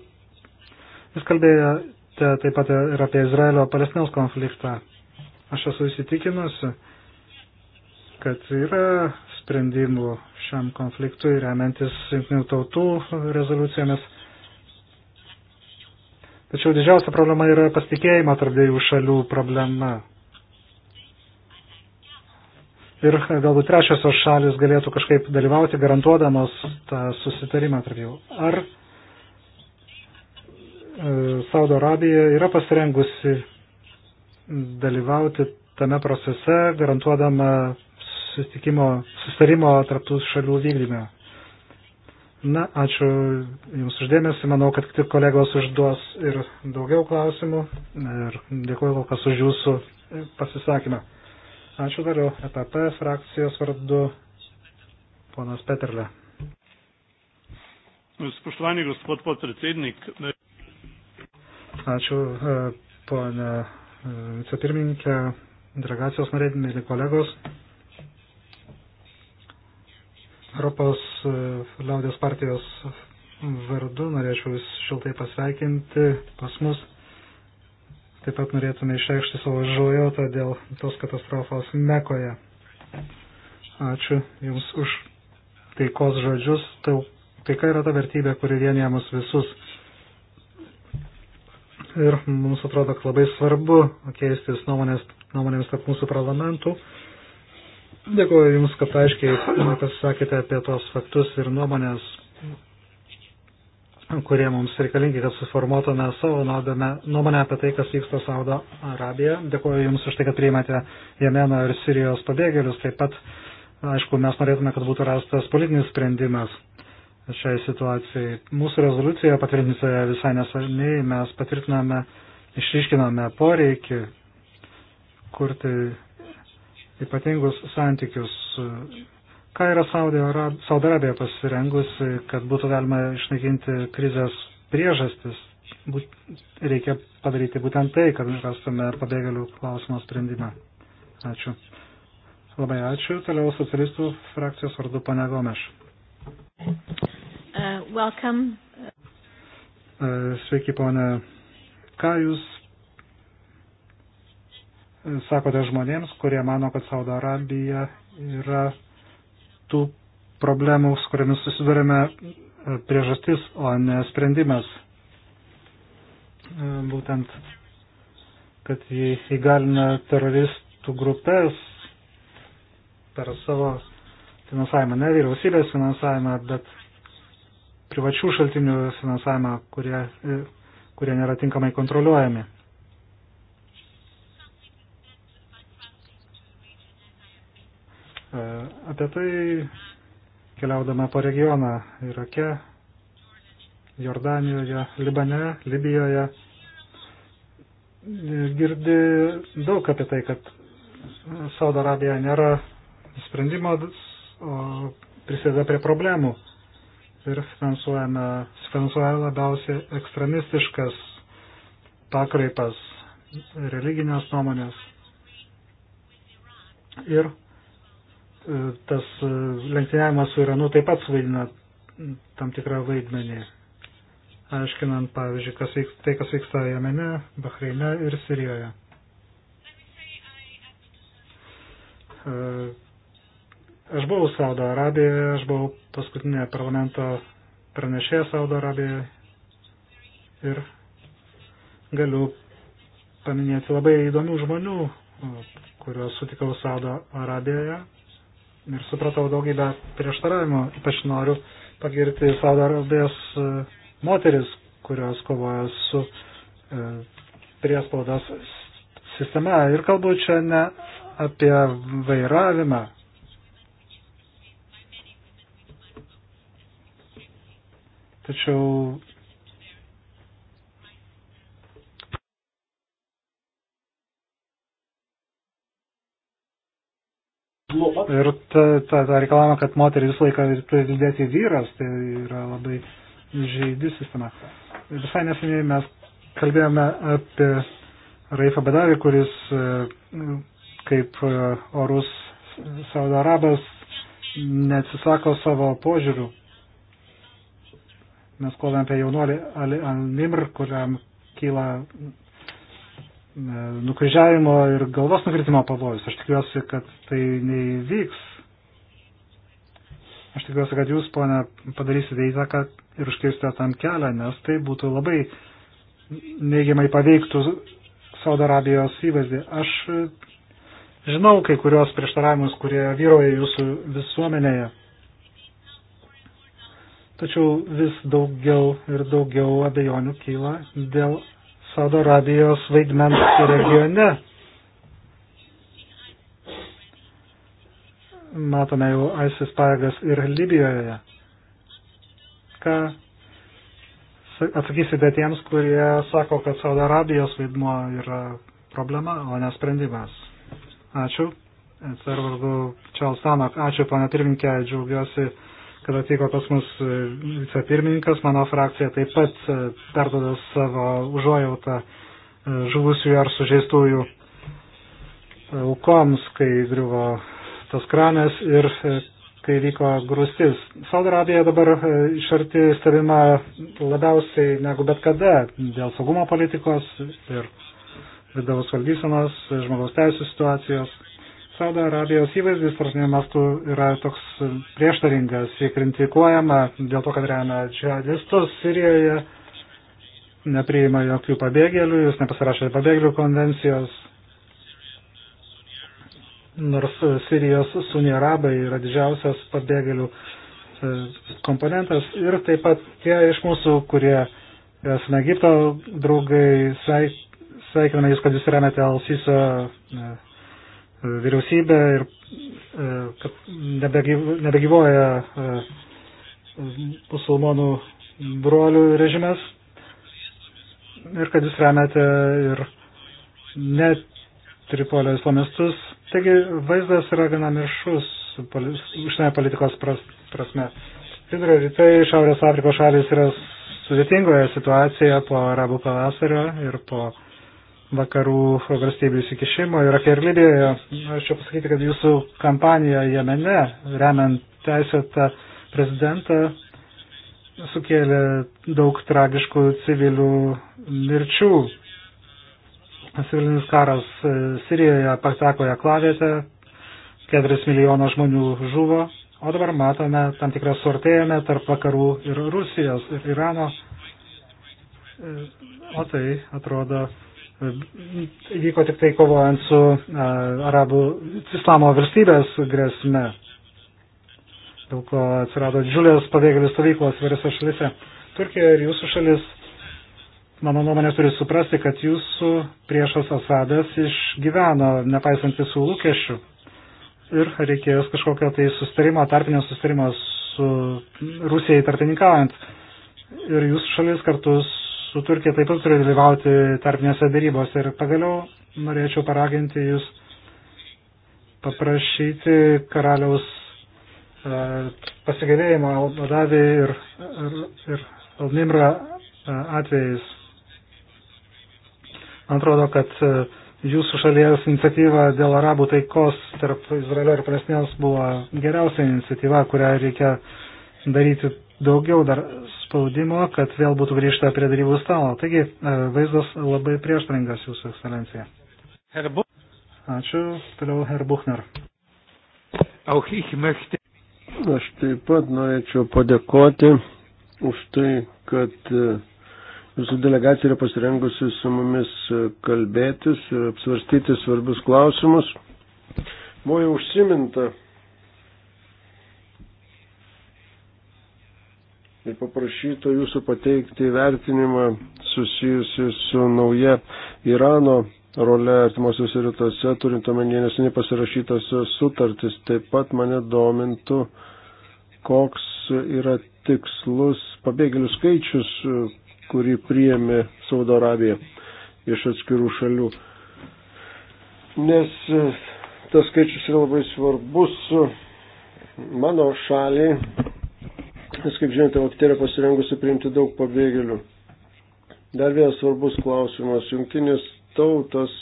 Jūs kalbėjote taip pat ir apie Izraelio-Palestinos konfliktą. Aš esu įsitikinusi, kad yra sprendimų šiam konfliktui remiantis jungtinių tautų rezoliucijomis. Tačiau didžiausia problema yra pasitikėjimo tarp dviejų šalių problema ir galbūt trečiosios šalis galėtų kažkaip dalyvauti, garantuodamos tą susitarimą tarp jų. Ar e, Saudo Arabija yra pasirengusi dalyvauti tame procese, garantuodama susitarimo tarptų šalių vykdymę? Na, ačiū Jums uždėmesi. Manau, kad kiti kolegos užduos ir daugiau klausimų. Ir dėkuoju kol kas už Jūsų pasisakymą. Ačiū toliau. EPP frakcijos vardu ponas Peterle. Spoštovani gospod podpredsednik. Ačiū, e, ponė e, vicepirmininkė, delegacijos nariai, mėly kolegos. Europos e, liaudės partijos vardu norėčiau Jūs šiltai pasveikinti pas mus Taip pat norėtume išreikšti savo žuojotą dėl tos katastrofos Mekoje. Ačiū Jums už taikos žodžius. Taika yra ta vertybė, kuri vienyje mus visus. Ir mums atrodo, kad labai svarbu keistis nuomonės, nuomonėms tarp mūsų parlamentų. Dėkuoju Jums, kad aiškiai pasisakėte apie tos faktus ir nuomonės kurie mums reikalingi, kad suformuotume savo nuomonę apie tai, kas vyksta Saudo Arabija. Dėkuoju Jums už tai, kad priimate Jemeno ir Sirijos pabėgėlius. Taip pat, aišku, mes norėtume, kad būtų rastas politinis sprendimas šiai situacijai. Mūsų rezoliucija patvirtinta visai nesvarniai, mes patvirtiname, išryškiname poreikį kurti ypatingus santykius Ką yra Saudo Arab, Arabija pasirengusi, kad būtų galima išnaikinti krizės priežastis? Būt, reikia padaryti būtent tai, kad rastume pabėgėlių klausimo sprendimą. Ačiū. Labai ačiū. Toliau socialistų frakcijos vardu pane Gomeš. Uh, welcome. Uh, sveiki, ponė. Ką jūs uh, sakote žmonėms, kurie mano, kad Saudo Arabija yra tų problemų, su kuriamis susidurime e, priežastis, o ne sprendimas. E, būtent, kad jį įgalina teroristų grupės per savo finansavimą, ne vyriausybės finansavimą, bet privačių šaltinių finansavimą, kurie, e, kurie nėra tinkamai kontroliuojami. E, apie tai keliaudama po regioną Irake, Jordanijoje, Libane, Libijoje, e, girdi daug apie tai, kad Saudo Arabija nėra sprendimo, o prisideda prie problemų ir finansuojame, finansuoja labiausiai ekstremistiškas pakraipas religinės nuomonės. Ir tas e, lenktyniavimas su Iranu taip pat suvaidina tam tikrą vaidmenį, aiškinant, pavyzdžiui, kas vyks, tai, kas vyksta Jemene, Bahreine ir Sirijoje. E, aš buvau Saudo Arabijoje, aš buvau paskutinė parlamento pranešėja Saudo Arabijoje ir galiu paminėti labai įdomių žmonių, kuriuos sutikau Saudo Arabijoje ir supratau daugybę prieštaravimų, ypač noriu pagirti Saudo Arabijos e, moteris, kurios kovoja su e, priespaudos sistema. Ir kalbu čia ne apie vairavimą. Tačiau Ir tą reikalavimą, kad moterį visą laiką turi lydėti vyras, tai yra labai žaidi sistema. Visai neseniai mes kalbėjome apie Raifą Bedavį, kuris e, kaip e, orus Saudo Arabas neatsisako savo požiūrių. Mes kalbame apie jaunuolį Al-Nimr, kuriam kyla nukryžiavimo ir galvos nukritimo pavojus. Aš tikiuosi, kad tai neįvyks. Aš tikiuosi, kad jūs, ponė, padarysite įtaką ir užkirsite tam kelią, nes tai būtų labai neigiamai paveiktų Saudo Arabijos įvaizdį. Aš e, žinau kai kurios prieštaravimus, kurie vyroja jūsų visuomenėje. Tačiau vis daugiau ir daugiau abejonių kyla dėl Saudo Arabijos vaidmens regione. Matome jau ISIS pajėgas ir Libijoje. Ką atsakysite tiems, kurie sako, kad Saudo Arabijos vaidmuo yra problema, o ne sprendimas? Ačiū. Atsarvardu Čelstanok. Ačiū, pana pirminkė, džiaugiuosi kad atvyko pas mus e, vicepirmininkas. Mano frakcija taip pat e, perdoda savo užuojautą e, žuvusiųjų ar sužeistųjų aukoms, kai griuvo tas kranas ir kai vyko grūstis. Saudo Arabija dabar iš arti stebima labiausiai negu bet kada dėl saugumo politikos ir vidaus valdysenos, žmogaus teisų situacijos. Saudo Arabijos įvaizdis tarptautiniu mastu yra toks prieštaringas, jie kritikuojama dėl to, kad remia džihadistus Sirijoje, nepriima jokių pabėgėlių, jūs nepasirašėte pabėgėlių konvencijos, nors Sirijos sunni arabai yra didžiausias pabėgėlių e, komponentas ir taip pat tie iš mūsų, kurie esame Egipto draugai, sveikiname jūs, kad jūs remiate Alsysio e, vyriausybė ir e, kad nebegyvoja e, musulmonų brolių režimas ir kad jūs remiate ir ne Tripolio islamistus. Taigi vaizdas yra gana mišrus užsienio politikos pras, prasme. Vidurio rytai Šiaurės Afrikos šalis yra sudėtingoje situacijoje po arabų pavasario ir po uh, vakarų valstybių įsikišimo Irake ir Libijoje. Norėčiau pasakyti, kad jūsų kampanija Jemene, remiant teisėtą prezidentą, sukėlė daug tragiškų civilių mirčių. Civilinis karas e, Sirijoje pateko į aklavietę, 4 milijono žmonių žuvo, o dabar matome tam tikrą suartėjimą tarp vakarų ir Rusijos ir Irano. E, o tai atrodo vyko tik tai kovojant su uh, arabų islamo valstybės grėsme, dėl ko atsirado didžiulės pabėgėlių stovyklos įvairiose šalise. Turkija ir jūsų šalis, mano nuomonė, turi suprasti, kad jūsų priešas Asadas išgyveno, nepaisant visų lūkesčių. Ir reikės kažkokio tai sustarimo, tarpinio sustarimo su Rusijai tarpininkaujant. Ir jūsų šalis kartu su Turkija taip pat turi dalyvauti tarpinėse darybos. Ir pagaliau norėčiau paraginti jūs paprašyti karaliaus e, pasigavėjimo Almadavį ir, ir, ir Almimra e, atvejais. Man atrodo, kad e, jūsų šalies iniciatyva dėl arabų taikos tarp Izraelio ir Palestinos buvo geriausia iniciatyva, kurią reikia daryti daugiau dar spaudimo, kad vėl būtų grįžta prie darybų stalo. Taigi, e, vaizdas labai prieštaringas Jūsų ekscelencija. Herbu. Ačiū. Toliau Herbuchner. Aš taip pat norėčiau padėkoti už tai, kad e, Jūsų delegacija yra pasirengusi su mumis e, kalbėtis ir apsvarstyti svarbius klausimus. Buvo jau užsiminta tai paprašyta jūsų pateikti vertinimą susijusi su nauja Irano role artimuosiuose rytuose, turint omenyje neseniai pasirašytas sutartis. Taip pat mane domintų, koks yra tikslus pabėgėlių skaičius, kurį priėmė Saudo Arabija iš atskirų šalių. Nes e, tas skaičius yra labai svarbus mano šaliai, Nes, kaip žinote, Vokietija yra pasirengusi priimti daug pabėgėlių. Dar vienas svarbus klausimas. Junktinės tautos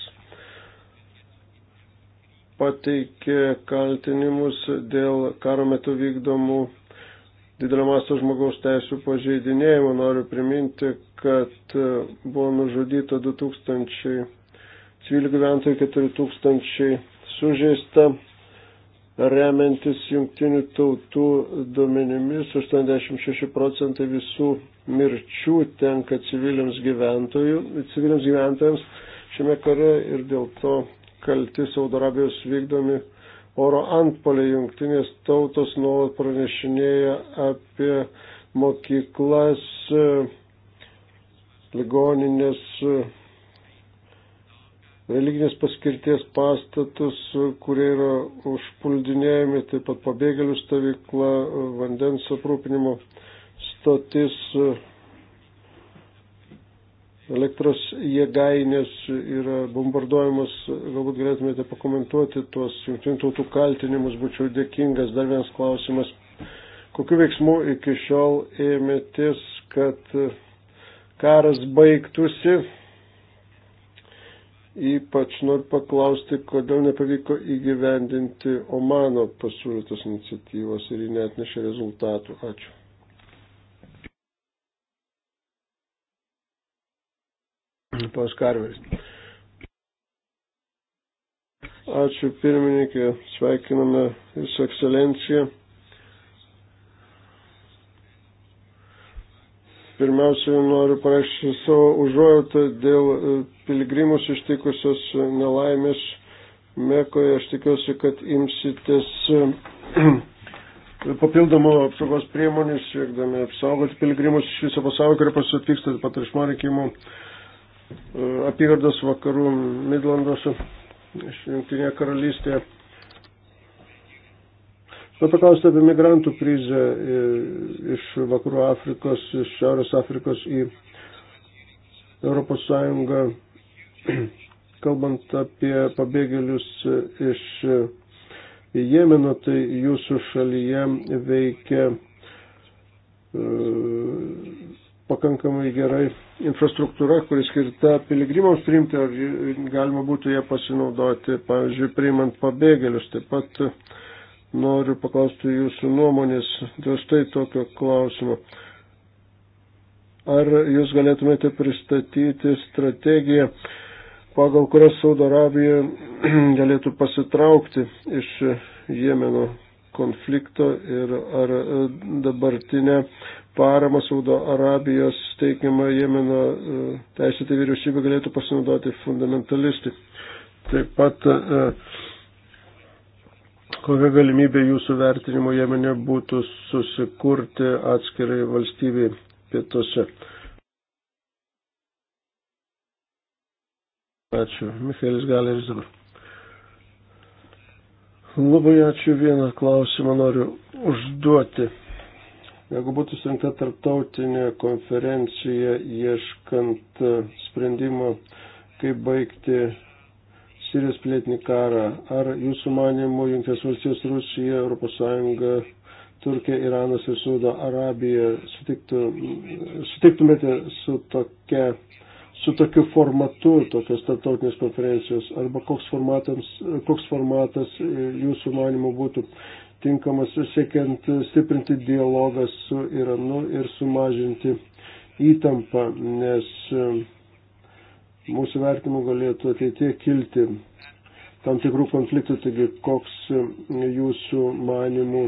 pateikė kaltinimus dėl karo metu vykdomų didelio masto žmogaus teisų pažeidinėjimų. Noriu priminti, kad buvo nužudyta 2000 civilių gyventojų, 4000 sužeista. Remiantis jungtinių tautų duomenimis, 86 procentai visų mirčių tenka civiliams, civiliams gyventojams šiame kare ir dėl to kalti Saudo Arabijos vykdomi oro antpoliai. Jungtinės tautos nuolat pranešinėja apie mokyklas, ligoninės religinės paskirties pastatus, kurie yra užpuldinėjami, taip pat pabėgėlių stovykla, vandens aprūpinimo stotis, elektros jėgainės yra bombarduojamas, galbūt galėtumėte pakomentuoti tuos jungtinių tautų kaltinimus, būčiau dėkingas. Dar vienas klausimas. Kokiu veiksmu iki šiol ėmėtis, kad karas baigtųsi? Ypač noriu paklausti, kodėl nepavyko įgyvendinti Omano pasiūlytos iniciatyvos ir ji net nešė rezultatų. Ačiū. Pas Karveris. Ačiū pirmininkė, sveikiname Jūsų ekscelenciją. Pirmiausia, noriu pareikšti savo užuojautą dėl e, piligrimus ištikusios nelaimės Mekoje. Aš tikiuosi, kad imsitės papildomų apsaugos priemonių, siekdami apsaugoti piligrimus iš viso pasaulio, kurie pasitiksta taip pat ir iš Marikimų e, apygardos vakarų Midlanduose, iš Junktinėje karalystėje. Nu, paklausti apie migrantų krizę e, iš vakarų Afrikos, iš Šiaurės Afrikos į Europos Sąjungą Kalbant apie pabėgėlius iš Jemeno, tai jūsų šalyje veikia e, pakankamai gerai infrastruktūra, kuri skirta piligrimams priimti, ar galima būtų ją pasinaudoti, pavyzdžiui, priimant pabėgėlius. Taip pat noriu paklausti jūsų nuomonės dėl štai tokio klausimo. Ar jūs galėtumėte pristatyti strategiją pagal kurias Saudo Arabija galėtų pasitraukti iš Jemeno konflikto ir ar e, dabartinė parama Saudo Arabijos teikiama Jemeno e, teisėtai vyriausybė galėtų pasinaudoti fundamentalistai. Taip pat e, kokia galimybė jūsų vertinimu Jemene būtų susikurti atskirai valstybei pietuose. Ačiū. Michaelis Galeris dabar. Labai ačiū. Vieną klausimą noriu užduoti. Jeigu būtų surinkta tarptautinė konferencija ieškant e, sprendimo, kaip baigti Sirijos plėtinį karą, ar jūsų manimų Junkės valstijos Rusija, ES, Turkija, Iranas ir Saudo Arabija sutiktų, sutiktumėte su tokia su tokiu formatu, tokios tarptautinės konferencijos, arba koks, koks formatas e, jūsų manimo būtų tinkamas, siekiant stiprinti dialogą su Iranu ir sumažinti įtampą, nes e, mūsų vertimu galėtų ateitie kilti tam tikrų konfliktų, taigi koks e, jūsų manimų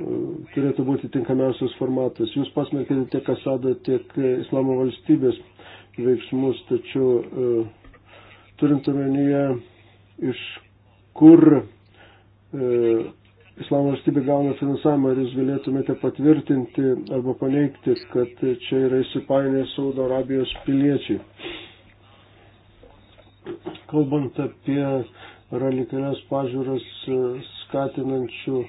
turėtų būti tinkamiausias formatas. Jūs pasmerkėte tiek Asadą, tiek Islamo valstybės veiksmus, tačiau e, turint omenyje, iš kur e, Islamo valstybė gauna finansavimą, ar jūs galėtumėte patvirtinti arba paneigti, kad čia yra įsipainioję Saudo Arabijos piliečiai. Kalbant apie radikalias pažiūras e, skatinančių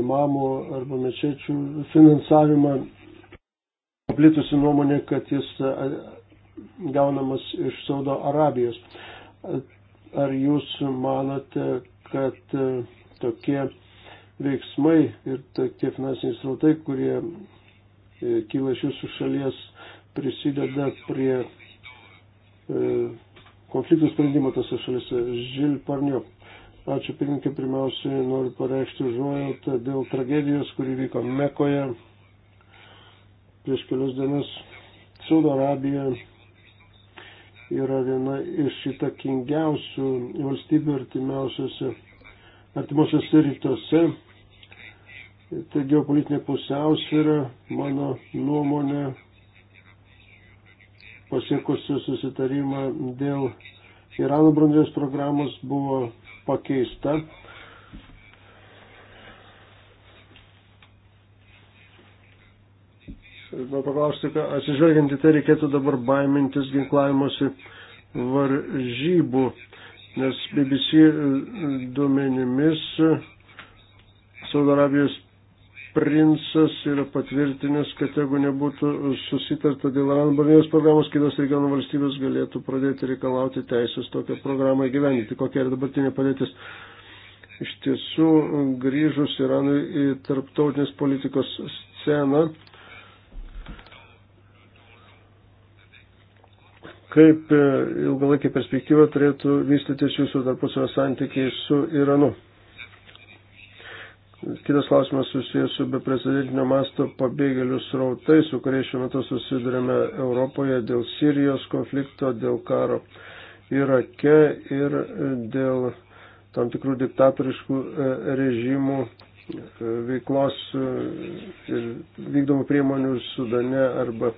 imamų arba mečečių finansavimą, paplitusi nuomonė, kad jis gaunamas iš Saudo Arabijos. Ar jūs manote, kad e, tokie veiksmai ir tokie finansiniai srautai, kurie e, kyla iš jūsų šalies, prisideda prie e, konfliktų sprendimo tose šalise? Žil Parnio. Ačiū pirmininkė, pirmiausiai noriu pareikšti užuojautą dėl tragedijos, kuri vyko Mekoje prieš kelias dienas. Saudo Arabija yra viena iš įtakingiausių valstybių artimiausiose, artimuosiuose rytuose. Tai geopolitinė pusiausvyrą, mano nuomonė, pasiekusių susitarimą dėl Irano brandžios programos buvo pakeista Noriu paklausti, atsižvelgiant į tai reikėtų dabar baimintis ginklavimuose varžybų, nes BBC e, duomenimis Saudo Arabijos princas yra patvirtinęs, kad jeigu nebūtų susitarta dėl Aranbavijos programos, kitos regionų valstybės galėtų pradėti reikalauti teisės tokią programą įgyvendinti. Kokia yra dabartinė padėtis? Iš tiesų, grįžus Iranui į tarptautinės politikos sceną, kaip e, ilgalaikį perspektyvą turėtų vystytis jūsų tarpusavio santykiai su Iranu. Kitas klausimas susijęs su beprecedentinio masto pabėgėlių srautai, su kuriais šiuo metu susidurėme Europoje dėl Sirijos konflikto, dėl karo Irake ir e, dėl tam tikrų diktatoriškų e, režimų veiklos ir vykdomų priemonių Sudane arba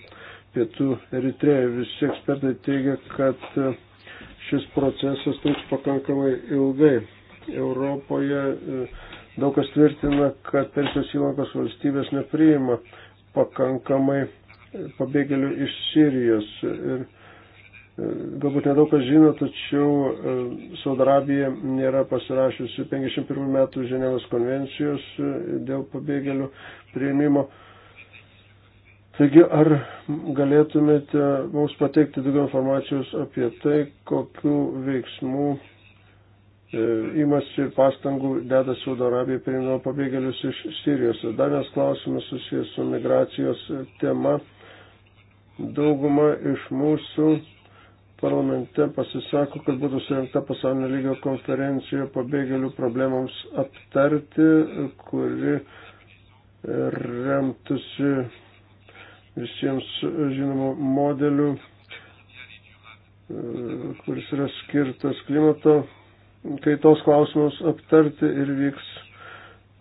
pietų Eritreja. Visi ekspertai teigia, kad e, šis procesas truks pakankamai ilgai. Europoje e, daug kas tvirtina, kad Persijos įlankos valstybės nepriima pakankamai e, pabėgėlių iš Sirijos. Ir galbūt nedaug kas žino, tačiau Saudarabija nėra pasirašiusi 51 metų Ženevos konvencijos dėl pabėgėlių prieimimo. Taigi, ar galėtumėte mums pateikti daugiau informacijos apie tai, kokiu veiksmu įmasi e, pastangų deda Saudo Arabija priimdama pabėgėlius iš Sirijos. Dar vienas klausimas susijęs su migracijos tema. Dauguma iš mūsų parlamente pasisako, kad būtų surinkta pasaulinio lygio konferencija pabėgėlių problemams aptarti, kuri remtųsi visiems žinomų modelių, e, kuris yra skirtas klimato kaitos klausimus aptarti ir vyks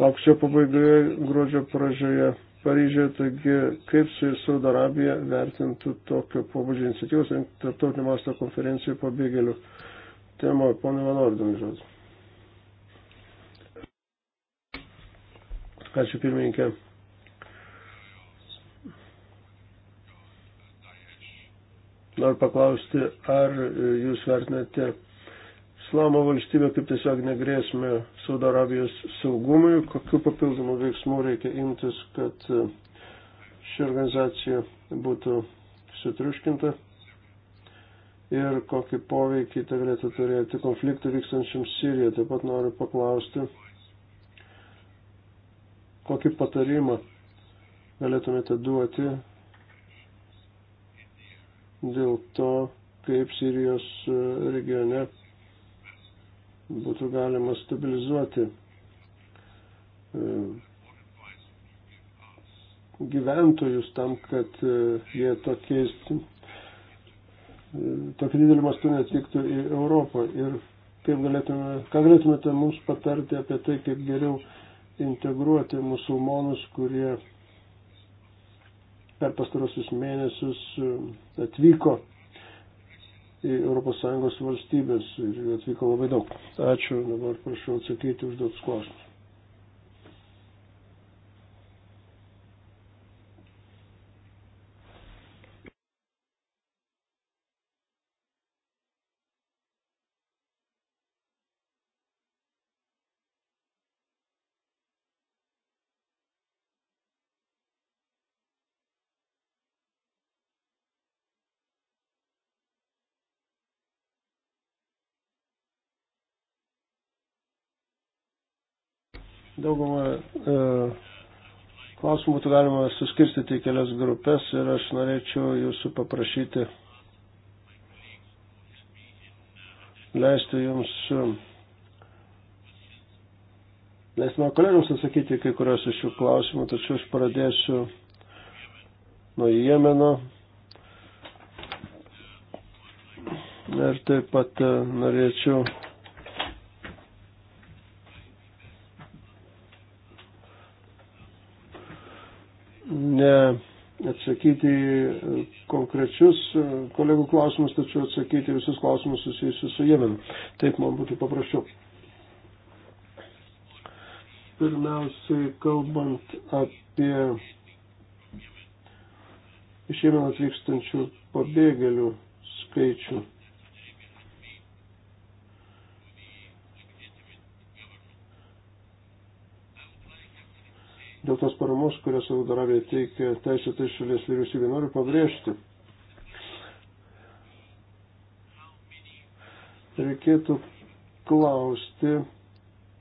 lapkričio pabaigoje, gruodžio pradžioje Paryžioje. Taigi, kaip su Saudo Arabija vertintų tokio pobūdžio iniciatyvos, tarptautinio masto konferencijų pabėgėlių temoje, ponė Vanordinai žodžiu. Ačiū pirmininkė. Noriu paklausti, ar jūs vertinate Islamo valstybę kaip tiesiog negrėsmę Saudo Arabijos saugumui, kokiu papildomu veiksmu reikia imtis, kad e, ši organizacija būtų sutriuškinta ir kokį poveikį tai galėtų turėti konfliktą vykstančiam Sirijoje. Taip pat noriu paklausti, kokį patarimą galėtumėte duoti dėl to, kaip Sirijos e, regione būtų galima stabilizuoti e, gyventojus tam, kad e, jie tokiais, tokį didelį mastų neatvyktų į Europą. Ir kaip galėtume, ką galėtumėte mums patarti apie tai, kaip geriau integruoti musulmonus, kurie per pastarosius mėnesius e, atvyko į ES valstybės ir atvyko labai daug. Ačiū, dabar prašau atsakyti užduotus klausimus. Daugumą e, klausimų būtų galima suskirstyti į kelias grupės ir aš norėčiau jūsų paprašyti leisti jums, leisti mano kolegams atsakyti kai kurios iš šių klausimų, tačiau aš pradėsiu nuo Jemeno. Ir taip pat e, norėčiau neatsakyti konkrečius e, kolegų klausimus, tačiau atsakyti visus klausimus susijusius su Jemenu. Taip man būtų paprasčiau. Pirmiausiai, kalbant apie iš Jemeno atvykstančių pabėgėlių skaičių. dėl tos paramos, kurią Saudo Arabija teikia teisėtai šalies vyriausybė. Noriu pabrėžti. Reikėtų klausti,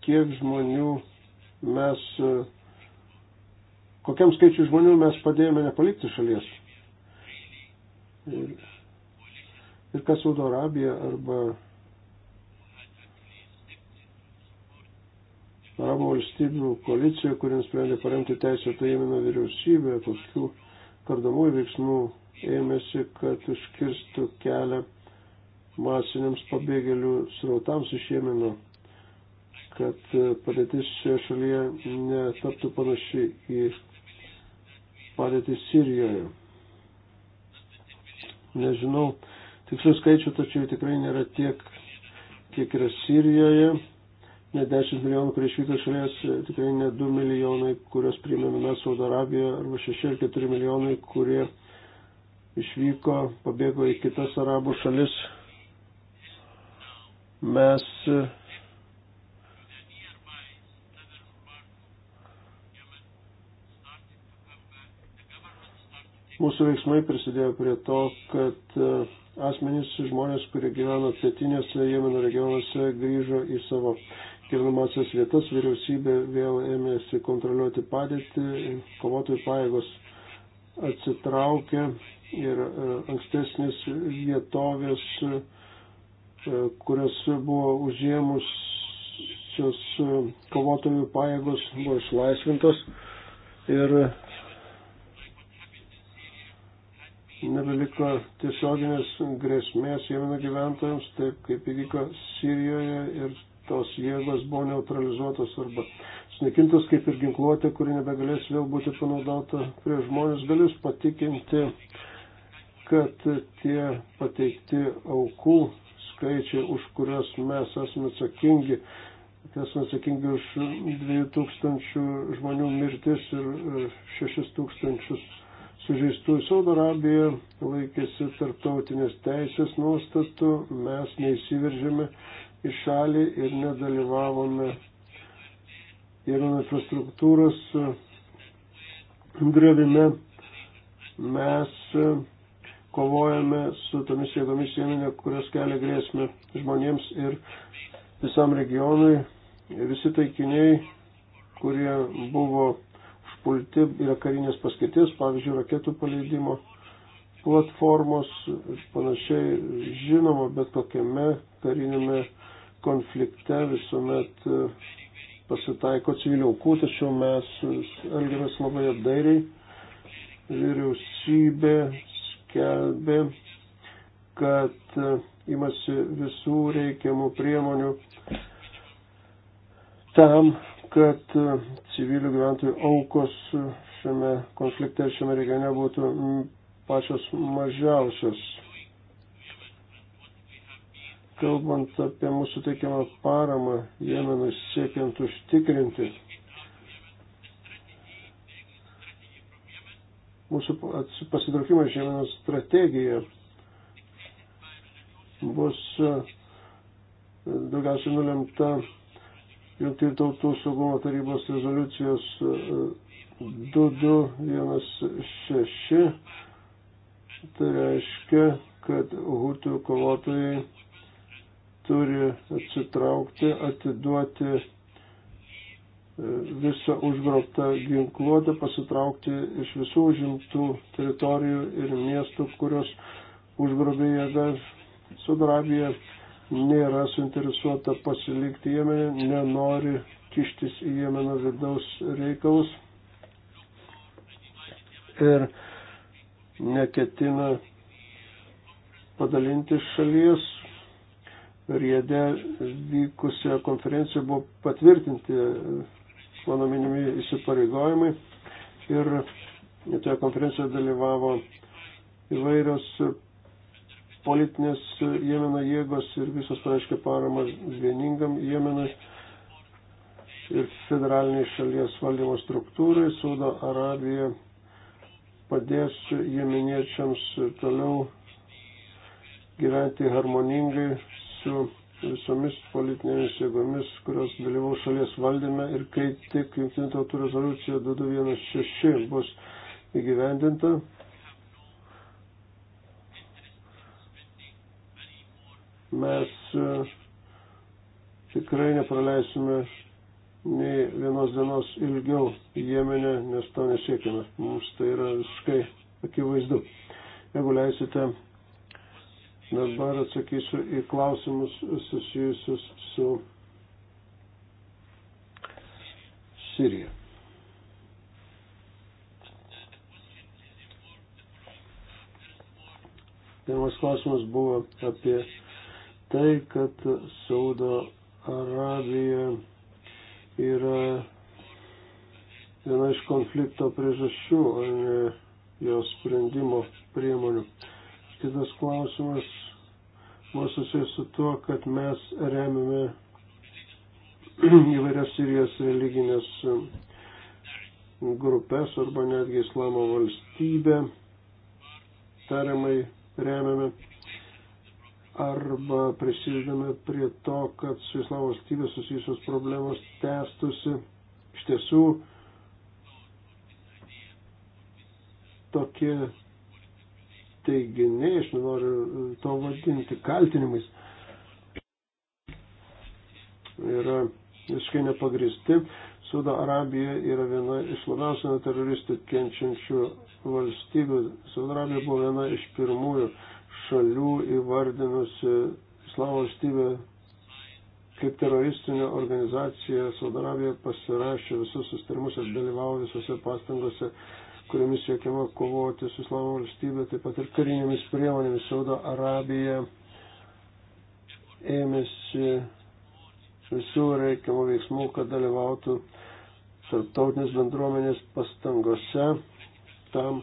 kiek žmonių mes, kokiam skaičiu žmonių mes padėjome nepalikti šalies. Ir, ir kas Saudo Arabija arba arabų valstybių koalicijoje, kuri nusprendė paremti teisėtą tai Jemeno vyriausybę, kokių kardomųjų veiksmų ėmėsi, kad užkirstų kelią masiniams pabėgėlių srautams iš Jemeno, kad padėtis šioje šalyje netaptų panaši į padėtį Sirijoje. Nežinau tikslių skaičių, tačiau tikrai nėra tiek, kiek yra Sirijoje ne 10 milijonų, kurie išvyko iš šalies, e, tikrai ne 2 milijonai, kurios priimėme mes Saudo Arabijoje, arba 6 ar 4 milijonai, kurie išvyko, pabėgo į kitas arabų šalis. Mes e, Mūsų veiksmai prisidėjo prie to, kad e, asmenys, žmonės, kurie gyveno pietinėse Jemeno regionuose, grįžo į savo gyvenamasias vietas, vyriausybė vėl ėmėsi kontroliuoti padėtį, kovotojų pajėgos atsitraukė ir e, ankstesnės vietovės, e, kurias buvo užėmusios e, kovotojų pajėgos, buvo išlaisvintos ir nebeliko tiesioginės grėsmės Jemeno gyventojams, taip kaip įvyko Sirijoje ir tos jėgos buvo neutralizuotos arba sunaikintos kaip ir ginkluotė, kuri nebegalės vėl būti panaudota prie žmonės. Galiu jūs patikinti, kad tie pateikti aukų skaičiai, už kuriuos mes esame atsakingi, tai esame atsakingi už 2000 žmonių mirtis ir 6000 sužeistųjų Saudo Arabija laikėsi tarptautinės teisės nuostatų, mes neįsiveržėme į šalį ir nedalyvavome įrano infrastruktūros e, grevime. Mes e, kovojame su tomis jėgomis sieninė, kurios kelia grėsmę žmonėms ir visam regionui. Visi taikiniai, kurie buvo užpulti, yra karinės paskirtis, pavyzdžiui, raketų paleidimo platformos ir panašiai žinoma, bet kokiame karinėme konflikte visuomet e, pasitaiko civiliaukų, tačiau mes elgiamės labai apdairiai. Vyriausybė skelbė, kad e, imasi visų reikiamų priemonių tam, kad e, civilių gyventojų aukos šiame konflikte ir šiame regione būtų pačios mažiausios kalbant apie mūsų teikiamą paramą Jemenui siekiant užtikrinti mūsų pasitraukimas iš Jemeno strategija bus e, daugiausiai nulemta Junktinių tautų saugumo tarybos rezoliucijos 2216. E, tai reiškia, kad hutų kovotojai turi atsitraukti, atiduoti e, visą užgrobtą ginkluotę, pasitraukti iš visų užimtų teritorijų ir miestų, kurios užgrobė jėga Sudarabija, nėra suinteresuota pasilikti Jemenė, nenori kištis į Jemeno vidaus reikalus ir neketina padalinti šalies Riede vykusioje konferencijoje buvo patvirtinti mano minimi įsipareigojimai ir toje konferencijoje dalyvavo įvairios politinės Jemeno jėgos ir visos pareiškė paramą vieningam Jemenui ir federaliniai šalies valdymo struktūrai. Saudo Arabija padės jemeniečiams toliau gyventi harmoningai, su visomis politinėmis jėgomis, kurios dalyvau šalies valdyme ir kai tik Junktinių tautų rezoliucija 2216 bus įgyvendinta. Mes e, tikrai nepraleisime nei vienos dienos ilgiau Jemenė, nes to nesiekime. Mums tai yra visiškai akivaizdu. Jeigu leisite, Dabar atsakysiu į klausimus susijusius su Sirija. Pirmas klausimas buvo apie tai, kad Saudo Arabija yra viena iš konflikto priežasčių, o ne jos sprendimo priemonių. Kitas klausimas buvo susijęs su tuo, kad mes remiame įvairias Sirijos religinės um, grupės arba netgi islamo valstybę tariamai remiame arba prisidedame prie to, kad su islamo valstybė susijusios problemos tęstusi. Iš tiesų, tokie teiginiai, aš nenoriu e, to vadinti kaltinimais, yra visiškai nepagristi. Saudo Arabija yra viena iš labiausiai nuo teroristų kenčiančių valstybių. Saudo Arabija buvo viena iš pirmųjų šalių įvardinusi Islamo valstybę kaip teroristinė organizacija. Saudo Arabija pasirašė visus sustarimus ir dalyvavo visose pastangose kuriomis siekiama kovoti su Islamo valstybė, taip pat ir karinėmis priemonėmis. Saudo Arabija ėmėsi visų reikiamų veiksmų, kad dalyvautų tarptautinės bendruomenės pastangose tam,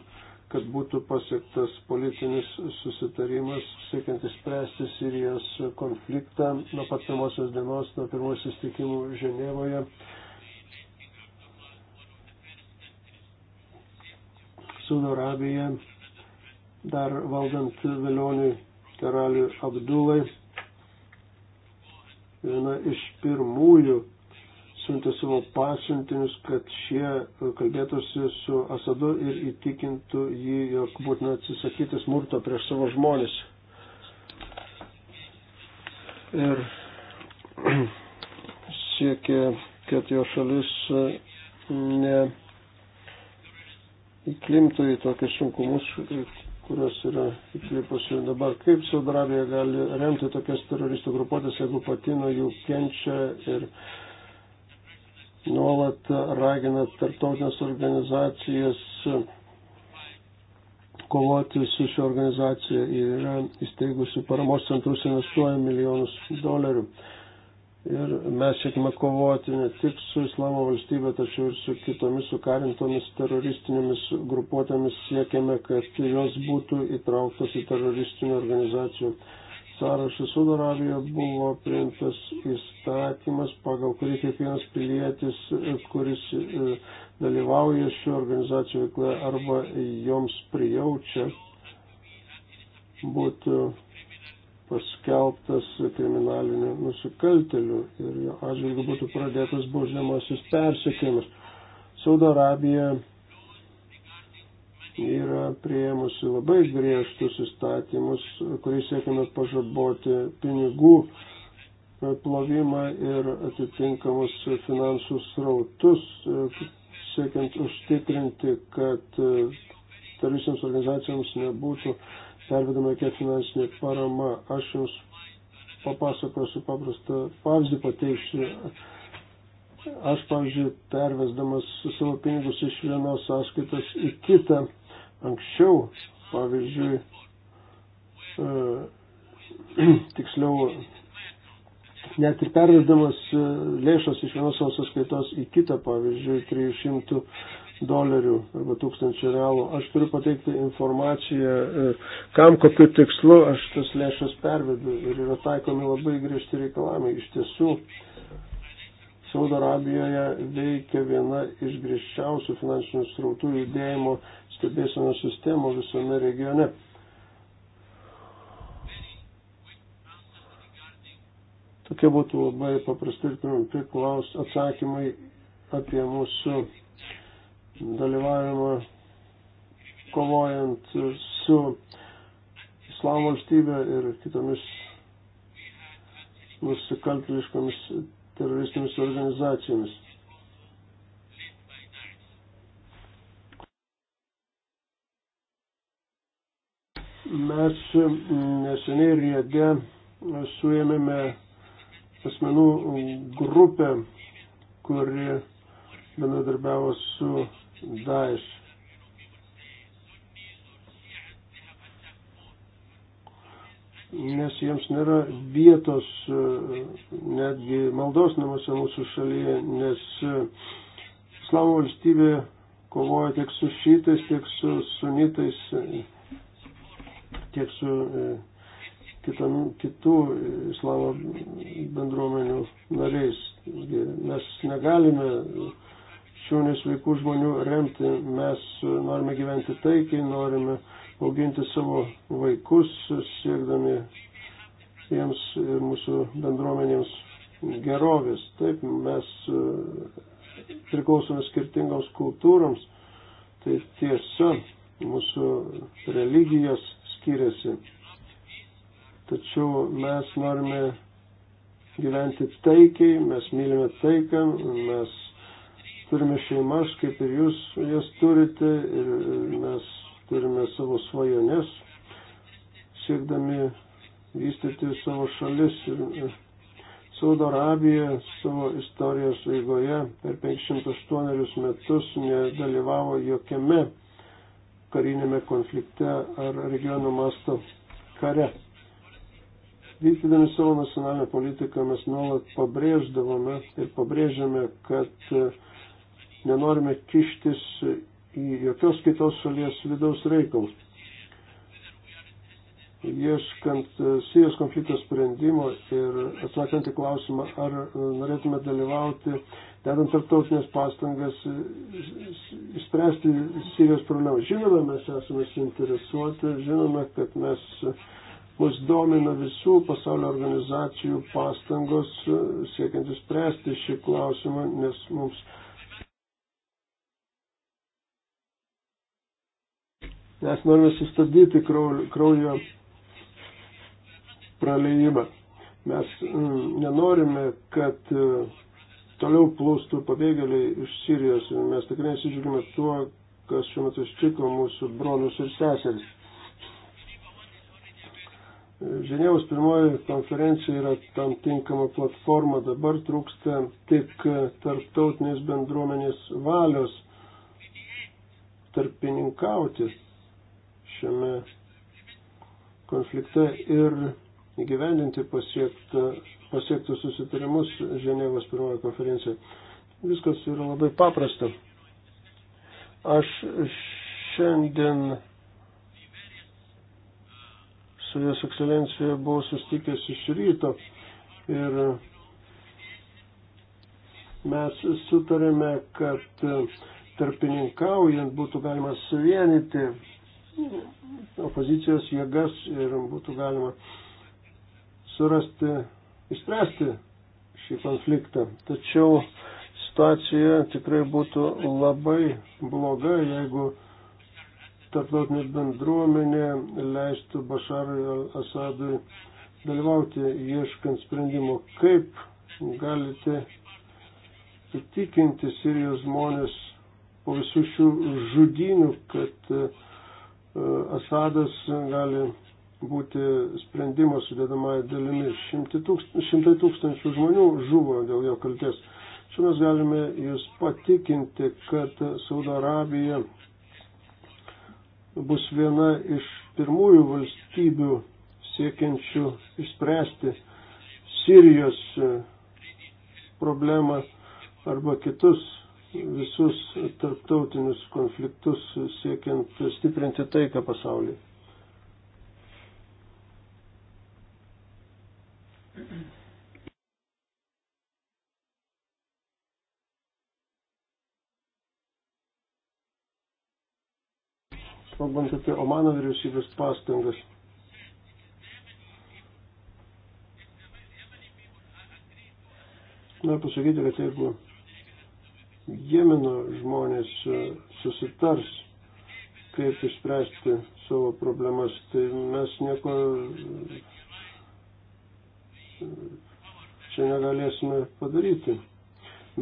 kad būtų pasiektas politinis susitarimas, siekiant išspręsti Sirijos konfliktą nuo pat pirmosios dienos, nuo pirmosios tikimų Ženevoje. Saudo Arabija, dar valdant vėlioniui karaliui Abdulai, viena iš pirmųjų siuntė savo pasiuntinius, kad šie kalbėtųsi su Asadu ir įtikintų jį, jog būtina atsisakyti smurto prieš savo žmonės. Ir siekė, kad jo šalis ne įklimtų į tokius sunkumus, kurios yra išlipusi dabar. Kaip Saudo Arabija gali remti tokias teroristų grupuotės, jeigu pati nuo jų kenčia ir nuolat ragina tarptautinės organizacijas kovoti su šia organizacija ir yra įsteigusi paramos centrus investuoja milijonus dolerių. Ir mes siekime kovoti ne tik su Islamo valstybė, tačiau ir su kitomis sukarintomis teroristinėmis grupuotėmis siekiame, kad jos būtų įtrauktos į teroristinių organizacijų sąrašą. Saudo Arabijoje buvo priimtas įstatymas, pagal kurį kiekvienas pilietis, kuris e, dalyvauja šių organizacijų veikloje arba joms prijaučia, būtų paskelbtas kriminaliniu nusikalteliu ir jo atžvilgiu būtų pradėtas baudžiamasis persekėjimas. Saudo Arabija yra prieimusi labai griežtus įstatymus, kuriais siekime pažaboti pinigų plovimą ir atitinkamus finansų srautus, siekiant užtikrinti, kad teroristams organizacijoms nebūtų uh, pervedama kiek finansinė parama. Aš jums papasakosiu paprastą pavyzdį pateiksiu. Aš, pavyzdžiui, pervesdamas savo pinigus iš vienos sąskaitos į kitą, anksčiau, pavyzdžiui, e, tiksliau, net ir pervesdamas e, lėšas iš vienos savo sąskaitos į kitą, pavyzdžiui, 300 dolerių arba tūkstančių realų. Aš turiu pateikti informaciją, e, kam kokiu tikslu aš tas lėšas pervedu ir yra taikomi labai griežti reikalavimai. Iš tiesų, Saudo Arabijoje veikia viena iš griežčiausių finansinių srautų judėjimo stebėsenos sistemų visame regione. Tokie būtų labai paprasti ir trumpi klaus atsakymai apie mūsų dalyvavimą kovojant su Islamo valstybė ir kitomis nusikaltėliškomis teroristinėmis organizacijomis. Mes neseniai riede suėmėme asmenų grupę, kuri bendradarbiavo su Daesh. Nes jiems nėra vietos e, netgi maldos namuose mūsų šalyje, nes e, Islamo valstybė kovoja tiek su šitais, tiek su sunitais, e, tiek su kitam, kitų islamo bendruomenių nariais. Mes negalime šių nesveikų žmonių remti. Mes norime gyventi taikiai, norime auginti savo vaikus, siekdami jiems ir mūsų bendruomenėms gerovės. Taip, mes e, priklausome skirtingoms kultūroms, tai tiesa, mūsų religijos skiriasi. Tačiau mes norime gyventi taikiai, mes mylime taiką, mes turime šeimas, kaip ir jūs jas turite, ir mes turime savo svajones, siekdami vystyti savo šalis ir Saudo Arabija savo istorijos eigoje per 508 metus nedalyvavo jokiame karinėme konflikte ar regionų masto kare. Vykdydami savo nacionalinę politiką mes nuolat pabrėždavome ir pabrėžiame, kad nenorime kištis į jokios kitos šalies vidaus reikalus. Ieškant e, Sijos konflikto sprendimo ir atsakant į klausimą, ar e, norėtume dalyvauti, dedant tarptautinės pastangas, e, spręsti Sijos problemą. Žinoma, mes esame suinteresuoti, žinoma, kad mes mus domina visų pasaulio organizacijų pastangos siekiant įspręsti šį klausimą, nes mums Mes norime sustabdyti kraujo praleimą. Mes mm, nenorime, kad e, toliau plūstų pabėgėliai iš Sirijos. Mes tikrai nesižiūrime tuo, kas šiuo metu ištiko mūsų brolius ir seseris. Ženevos pirmoji konferencija yra tam tinkama platforma, dabar trūksta tik tarptautinės bendruomenės valios tarpininkauti šiame konflikte ir įgyvendinti pasiektus susitarimus Ženevos pirmojo konferencijoje. Viskas yra labai paprasta. Aš šiandien su Jos ekscelencija buvau sustikęs iš ryto ir mes sutarėme, kad tarpininkaujant būtų galima suvienyti opozicijos jėgas ir būtų galima surasti, išspręsti šį konfliktą. Tačiau situacija tikrai būtų labai bloga, jeigu tarptautinė bendruomenė leistų Bašarui Asadui dalyvauti ieškant sprendimo, kaip galite įtikinti Sirijos žmonės po visų šių žudynių, kad E, Asadas gali būti sprendimo sudėdamąją dalimi. Tūkst, šimtai tūkstančių žmonių žuvo dėl jo kalties. Čia mes galime jūs patikinti, kad Saudo Arabija bus viena iš pirmųjų valstybių siekiančių išspręsti Sirijos problemą arba kitus visus tarptautinius konfliktus siekiant stiprinti taiką pasaulyje. Kalbant apie Omano vyriausybės pastangas. Noriu pasakyti, kad jeigu Jemeno žmonės e, susitars, kaip išspręsti savo problemas, tai mes nieko čia negalėsime padaryti.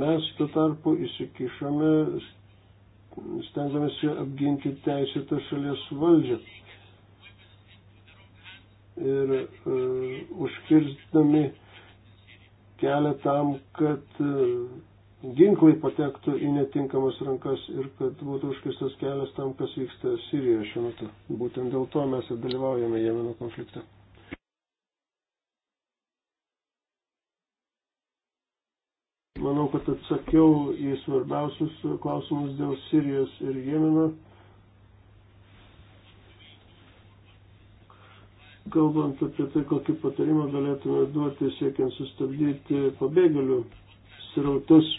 Mes tuo tarpu įsikišame, stengdamėsi apginti teisėtą šalies valdžią ir uh, užkirstami kelią tam, kad uh, ginklai patektų į netinkamas rankas ir kad būtų užkistas kelias tam, kas vyksta Sirijoje šiuo metu. Būtent dėl to mes ir dalyvaujame Jemeno konflikte. Manau, kad atsakiau į svarbiausius klausimus dėl Sirijos ir Jemeno. Kalbant apie tai, kokį patarimą galėtume duoti siekiant sustabdyti pabėgėlių srautus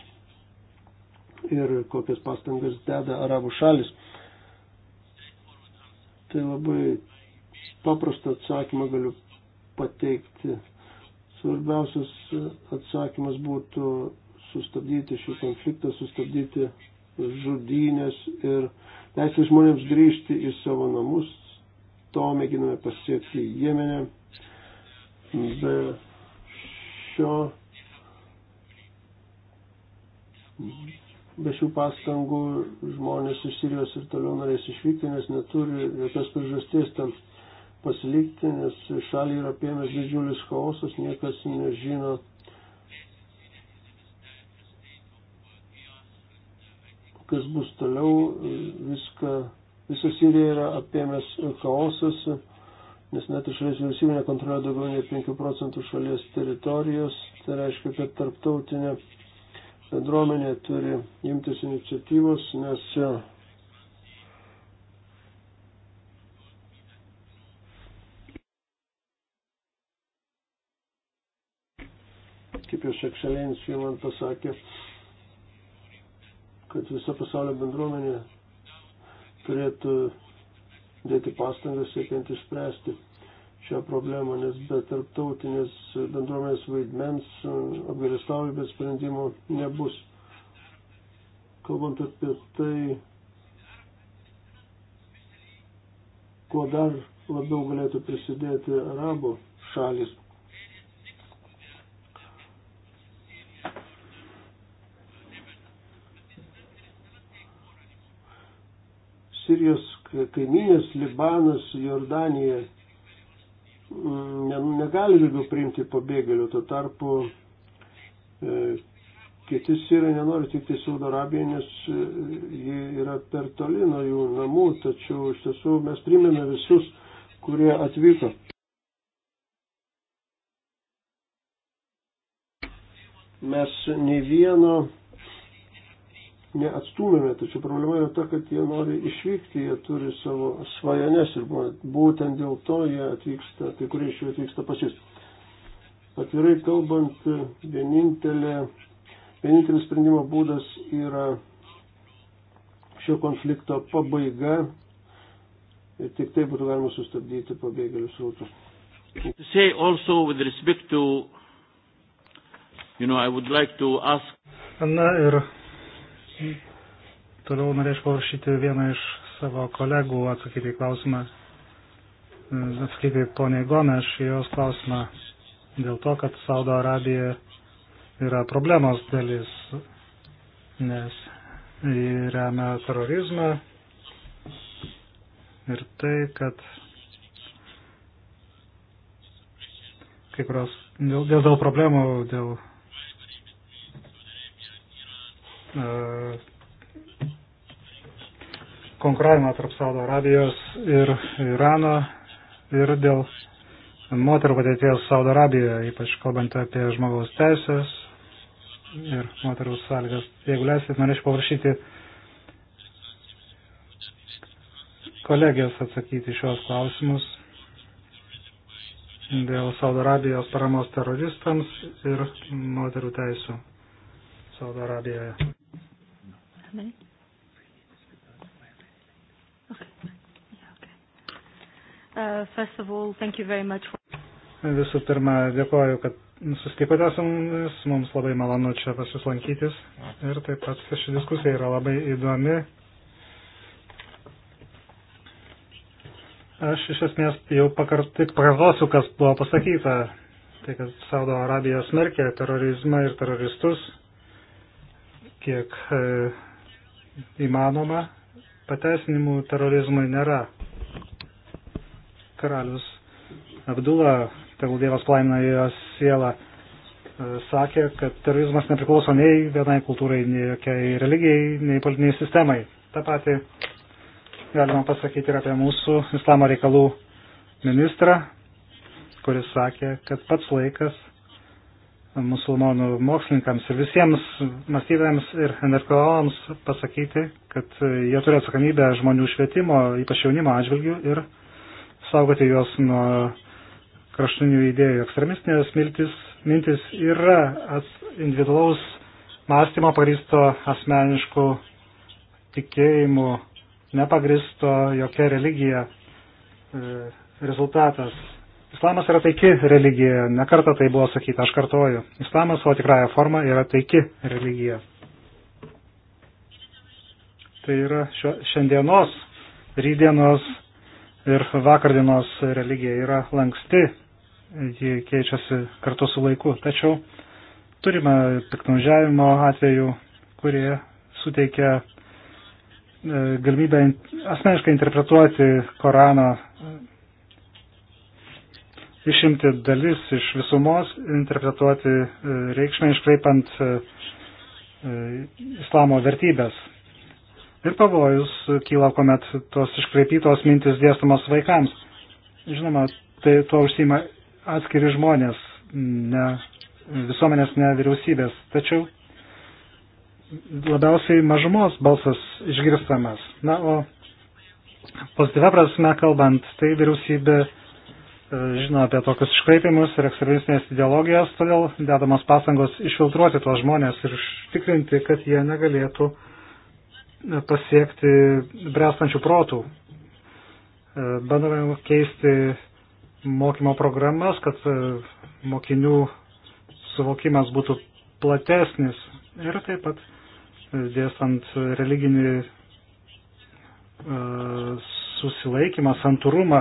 ir kokias pastangas deda arabų šalis. Tai labai paprastą atsakymą galiu pateikti. Svarbiausias atsakymas būtų sustabdyti šį konfliktą, sustabdyti žudynės ir leisti žmonėms grįžti į savo namus. To mėginame pasiekti Jemenė. Be šio be šių pastangų žmonės iš Sirijos ir toliau norės išvykti, nes neturi jokios priežasties tam pasilikti, nes šalį yra apėmęs didžiulis chaosas, niekas nežino. kas bus toliau, viską, visą Siriją yra apėmęs chaosas, nes net ir šalies vyriausybė nekontroliuoja daugiau nei 5 procentų šalies teritorijos, tai reiškia, kad tarptautinė bendruomenė turi imtis iniciatyvos, nes e, kaip jūs ekscelencija man pasakė, kad visa pasaulio bendruomenė turėtų dėti pastangas siekiant išspręsti šią problemą, nes be tarptautinės bendruomenės vaidmens e, apgalėstauju, bet sprendimo nebus. Kalbant apie tai, kuo dar labiau galėtų prisidėti arabų šalis. Sirijos kaiminės Libanas, Jordanija Mm, negali daugiau priimti pabėgėlių, tuo tarpu e, kiti sirai nenori tik tai Saudo Arabiją, nes e, ji yra per toli nuo jų namų, tačiau iš tiesų mes primėme visus, kurie atvyko. Mes nei vieno neatstumėme, tačiau problema yra ta, kad jie nori išvykti, jie turi savo svajones ir būtent dėl to jie atvyksta, kai kurie iš jų atvyksta pas jūs. Atvirai kalbant, vienintelė, vienintelis sprendimo būdas yra šio konflikto pabaiga ir tik tai būtų galima sustabdyti pabėgėlius rautus. Na ir Toliau norėčiau prašyti vieną iš savo kolegų atsakyti į klausimą, e, atsakyti poniai Gomeš jos klausimą dėl to, kad Saudo Arabija yra problemos dalis, nes jį remia terorizmą ir tai, kad kai kurios dėl, dėl, dėl problemų, dėl E, konkuravimą tarp Saudo Arabijos ir Irano ir dėl moterų padėties Saudo Arabijoje, ypač kalbant apie žmogaus teisės ir moterų sąlygas. Jeigu leisit, norėčiau paprašyti kolegijos atsakyti šios klausimus dėl Saudo Arabijos paramos teroristams ir moterų teisų Saudo Arabijoje. How many? Okay. Yeah, okay. Uh, first of all, thank you very much for... Visų pirma, dėkoju, kad susitikote su mumis, mums labai malonu čia pas jūs lankytis ir taip pat ši diskusija yra labai įdomi. Aš iš esmės jau pakart, tik pakartosiu, kas buvo pasakyta, tai kad Saudo Arabija smerkia terorizmą ir teroristus, kiek e, įmanoma, pateisinimų terorizmui nėra. Karalius Abdula, tegul Dievas laimina jo sielą, e, sakė, kad terorizmas nepriklauso nei vienai kultūrai, nei jokiai religijai, nei politiniai sistemai. Ta pati galima pasakyti ir apie mūsų islamo reikalų ministrą, kuris sakė, kad pats laikas musulmonų mokslininkams ir visiems mąstytojams ir NRKOms pasakyti, kad jie turi atsakomybę žmonių švietimo, ypač jaunimo atžvilgių ir saugoti juos nuo kraštinių idėjų. Ekstremistinės miltis, mintis yra as, individualaus mąstymo paristo asmeniškų tikėjimų, nepagristo jokia religija e, rezultatas. Islamas yra taiki religija, nekarta tai buvo sakyta, aš kartoju. Islamas savo tikrąją formą yra taiki religija. Tai yra šio, šiandienos, rydienos ir vakardienos religija yra lanksti, ji keičiasi kartu su laiku. Tačiau turime piknaudžiavimo atvejų, kurie suteikia e, galimybę asmeniškai interpretuoti Koraną išimti dalis iš visumos, interpretuoti e, reikšmę iškraipant e, e, islamo vertybės. Ir pavojus kyla, kuomet tos iškraipytos mintis dėstamos vaikams. Žinoma, tai tuo užsima atskiri žmonės, ne visuomenės, ne vyriausybės. Tačiau labiausiai mažumos balsas išgirstamas. Na, o pozityvę prasme kalbant, tai vyriausybė žino apie tokius iškraipimus ir ekstremistinės ideologijas, todėl dedamos pastangos išfiltruoti tuos žmonės ir užtikrinti, kad jie negalėtų e, pasiekti brestančių protų. E, bandome keisti mokymo programas, kad e, mokinių suvokimas būtų platesnis ir taip pat dėstant religinį susilaikymą, santūrumą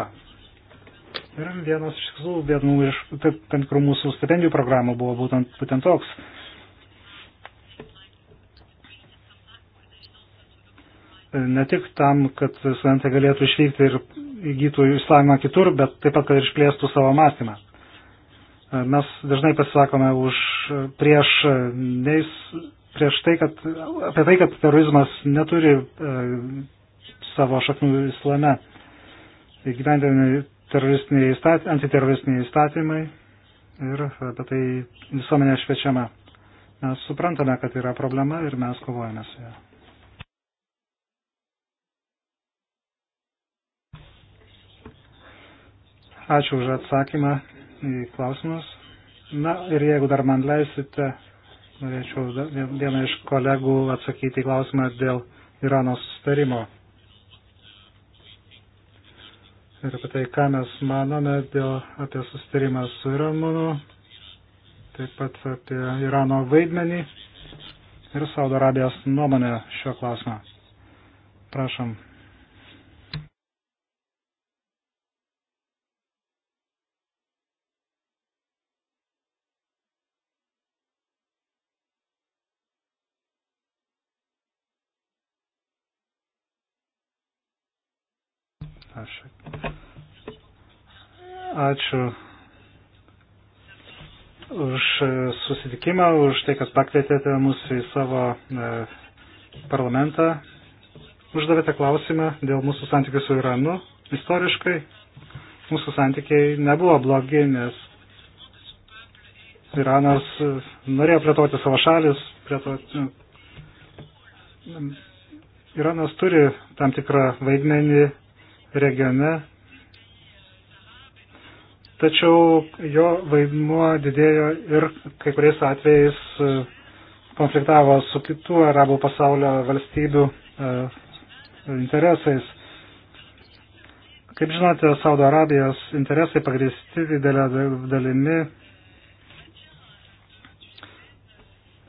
Ir vienas iš tikslų, vienų iš tam tikrų mūsų stipendijų programų buvo būtent, būtent toks. Ne tik tam, kad studentai galėtų išvykti ir įgytų išsilavinimą kitur, bet taip pat, kad ir išplėstų savo mąstymą. Mes dažnai pasisakome už prieš, neis, prieš tai, kad, apie tai, kad terorizmas neturi e, savo šaknų islame. Įgyvendinami antiteroristiniai įstatymai ir apie tai visuomenė švečiama. Mes suprantame, kad yra problema ir mes kovojame su ją. Ačiū už atsakymą į klausimus. Na ir jeigu dar man leisite, norėčiau vieną iš kolegų atsakyti į klausimą dėl Irano sustarimo ir apie tai, ką mes manome dėl apie sustarimą su Iranu, taip pat apie Irano vaidmenį ir Saudo Arabijos nuomonę šio klausimą. Prašom. Aš. Ačiū už susitikimą, už tai, kad pakvietėte mus į savo e, parlamentą. Uždavėte klausimą dėl mūsų santykių su Iranu. Istoriškai mūsų santykiai nebuvo blogi, nes Iranas norėjo plėtoti savo šalis, plėtoti. Iranas turi tam tikrą vaidmenį regione, tačiau jo vaidmuo didėjo ir kai kuriais atvejais e, konfliktavo su kitų arabų pasaulio valstybių e, interesais. Kaip žinote, Saudo Arabijos interesai pagristi didelę dalimi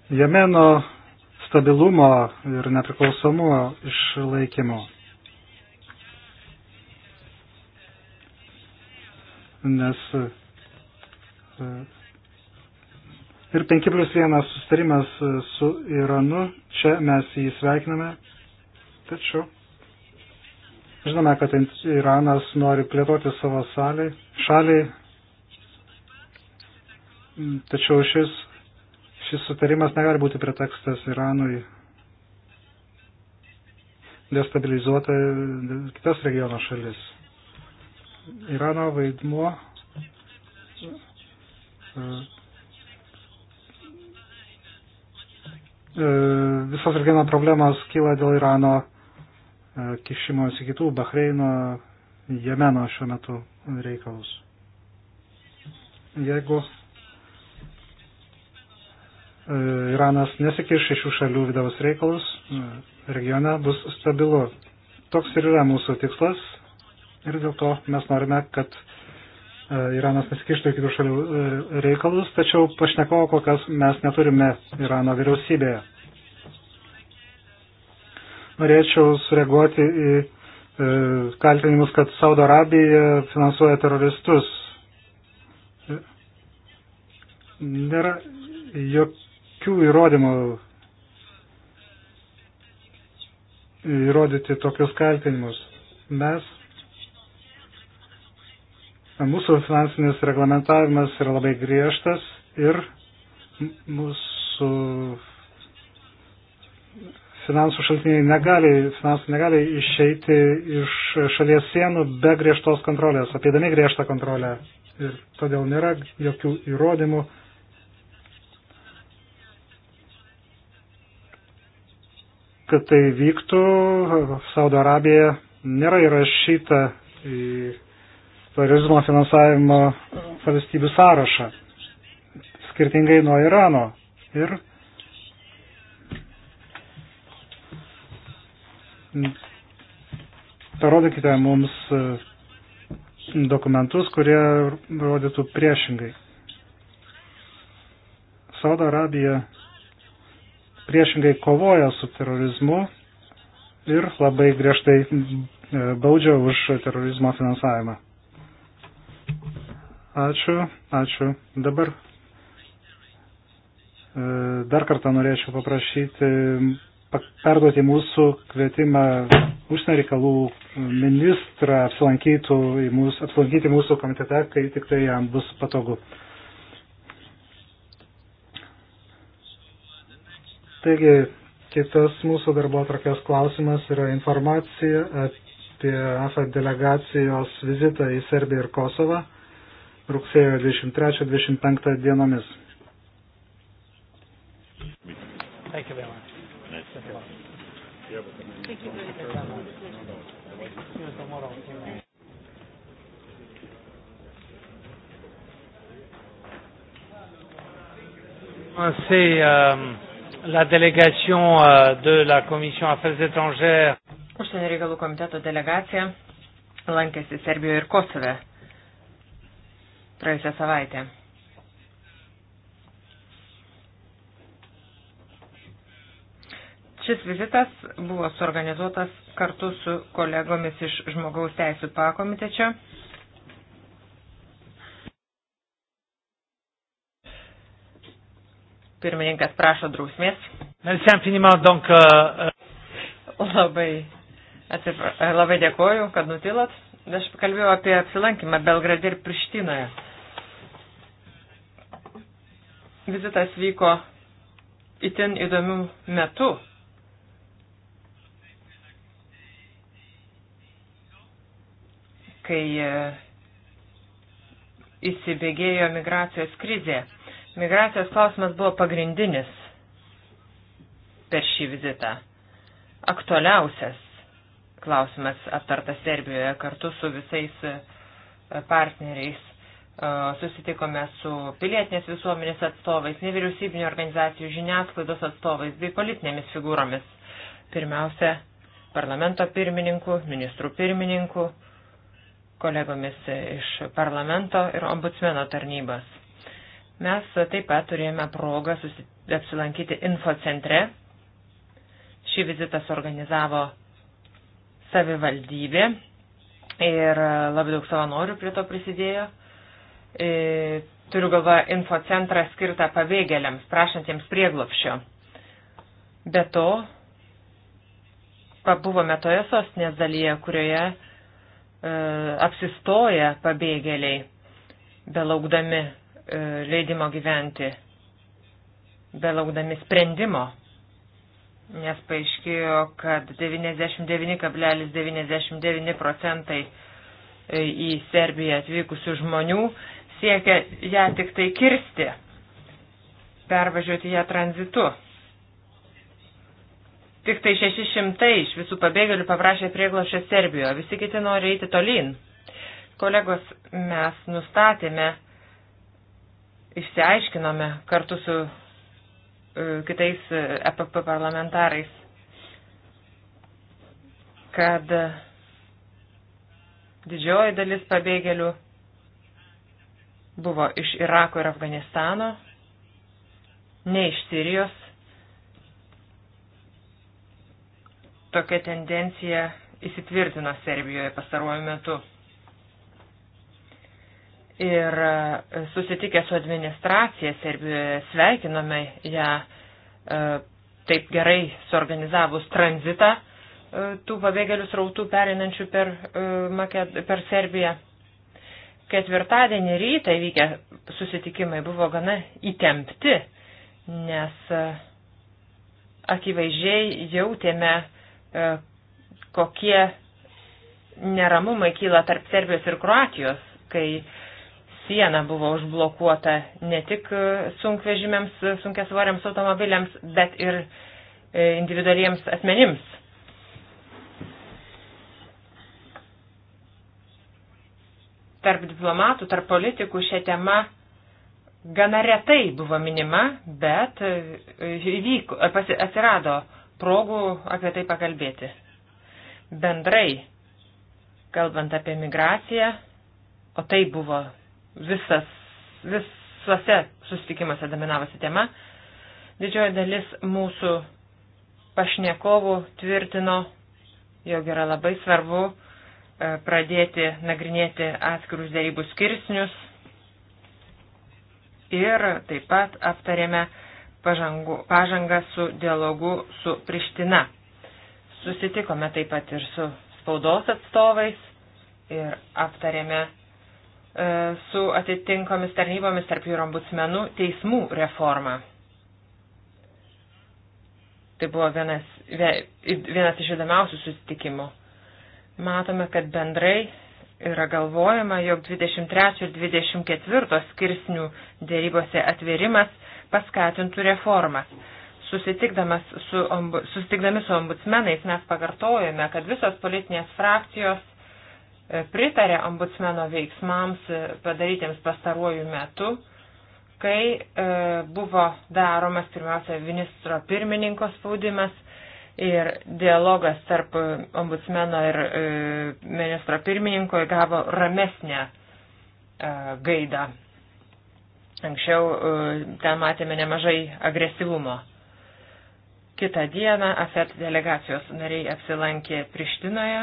Jemeno stabilumo ir nepriklausomumo išlaikymo. nes e, ir 5 plus 1 sustarimas e, su Iranu, čia mes jį sveikiname, tačiau žinome, kad Iranas nori plėtoti savo saliai, šaliai, tačiau šis, šis sutarimas negali būti pretekstas Iranui destabilizuoti kitas regiono šalis. Irano vaidmuo e, e, visos regiono problemos kyla dėl Irano e, kišimosi kitų Bahreino, Jemeno šiuo metu reikalus. Jeigu Iranas nesikiš šių šalių vidaus reikalus, regione bus stabilu. Toks ir yra mūsų tikslas Ir dėl to mes norime, kad e, Iranas nesikištų į kitų šalių e, reikalus, tačiau pašnekovo kol kas mes neturime Irano vyriausybėje. Norėčiau sureaguoti į e, kaltinimus, kad Saudo Arabija finansuoja teroristus. Nėra jokių įrodymų įrodyti tokius kaltinimus. Mes Mūsų finansinis reglamentavimas yra labai griežtas ir mūsų finansų šaltiniai negali, finansų negali išeiti iš šalies sienų be griežtos kontrolės, apiedami griežtą kontrolę. Ir todėl nėra jokių įrodymų. kad tai vyktų, Saudo Arabija nėra įrašyta į terorizmo finansavimo valstybių sąrašą, skirtingai nuo Irano. Ir parodykite mums e, dokumentus, kurie rodytų priešingai. Saudo Arabija priešingai kovoja su terorizmu ir labai griežtai e, baudžia už terorizmo finansavimą. Ačiū, ačiū. Dabar e, dar kartą norėčiau paprašyti perduoti mūsų kvietimą užsienio reikalų ministrą apsilankytų į mūsų, apsilankyti mūsų komitete, kai tik tai jam bus patogu. Taigi, kitas mūsų darbo atrakės klausimas yra informacija apie AFA delegacijos vizitą į Serbiją ir Kosovą rugsėjo 23-25 dienomis. Thank you very much. Nice. Thank you. Thank you very much. C'est euh, la délégation euh, de la Commission Affaires étrangères. Užsienio reikalų komiteto delegacija lankėsi Serbijoje ir Kosove praėjusią savaitę. Šis vizitas buvo suorganizuotas kartu su kolegomis iš žmogaus teisų pakomitečio. Pirmininkas prašo drausmės. Euh, euh. Labai, atsipra, labai dėkoju, kad nutilat. Aš kalbėjau apie apsilankymą Belgrade ir Prištinoje. Vizitas vyko itin įdomių metų. kai e, įsibėgėjo migracijos krizė. Migracijos klausimas buvo pagrindinis per šį vizitą. Aktualiausias klausimas aptartas Serbijoje kartu su visais e, partneriais susitikome su pilietinės visuomenės atstovais, nevyriausybinio organizacijų žiniasklaidos atstovais bei politinėmis figūromis. Pirmiausia, parlamento pirmininku, ministrų pirmininku, kolegomis iš parlamento ir ombudsmeno tarnybos. Mes taip pat turėjome progą apsilankyti infocentre. Šį vizitą suorganizavo savivaldybė ir labai daug savanorių prie to prisidėjo e, turiu galva infocentrą skirtą pabėgėliams, prašantiems prieglopščio. Be to, pabuvome toje sostinės dalyje, kurioje e, apsistoja pabėgėliai, belaukdami e, leidimo gyventi, belaukdami sprendimo. Nes paaiškėjo, kad 99,99 procentai ,99 e, į Serbiją atvykusių žmonių siekia ją tik tai kirsti, pervažiuoti ją tranzitu. Tik tai 600 iš visų pabėgėlių paprašė prieglošę Serbijoje, visi kiti nori eiti tolyn. Kolegos, mes nustatėme, išsiaiškinome kartu su uh, kitais EPP e parlamentarais, kad didžioji dalis pabėgėlių buvo iš Irako ir Afganistano, ne iš Sirijos. Tokia tendencija įsitvirtino Serbijoje pastaruoju metu. Ir e, susitikę su administracija Serbijoje sveikinome ją e, taip gerai suorganizavus tranzitą e, tų pabėgėlių srautų perinančių per, per Serbiją Ketvirtadienį rytą įvykę susitikimai buvo gana įtempti, nes e, akivaizdžiai jautėme, e, kokie neramumai kyla tarp Serbijos ir Kroatijos, kai siena buvo užblokuota ne tik e, sunkvežimiams, sunkesvariams automobiliams, bet ir individualiems asmenims. tarp diplomatų, tarp politikų šią temą gana retai buvo minima, bet e, įvyko, e, atsirado progų apie tai pakalbėti. Bendrai, kalbant apie migraciją, o tai buvo visas, visuose susitikimuose dominavosi tema, didžioji dalis mūsų pašnekovų tvirtino, jog yra labai svarbu E, pradėti nagrinėti atskirus dėrybų skirsnius ir taip pat aptarėme pažangų, pažangą su dialogu su Priština. Susitikome taip pat ir su spaudos atstovais ir aptarėme e, su atitinkomis tarnybomis tarp jų ombudsmenų teismų reformą. Tai buvo vienas, vienas iš įdomiausių susitikimų matome, kad bendrai yra galvojama, jog 23 ir 24 skirsnių dėrybose atvėrimas paskatintų reformas. Su, susitikdami su ombudsmenais mes pakartojame, kad visos politinės frakcijos e, pritarė ombudsmeno veiksmams e, padarytiems pastaruoju metu, kai e, buvo daromas pirmiausia ministro pirmininko spaudimas ir dialogas tarp ombudsmeno ir e, ministro pirmininko įgavo ramesnę e, gaidą. Anksčiau e, ten matėme nemažai agresyvumo. Kita diena AFET delegacijos nariai apsilankė Prištinoje.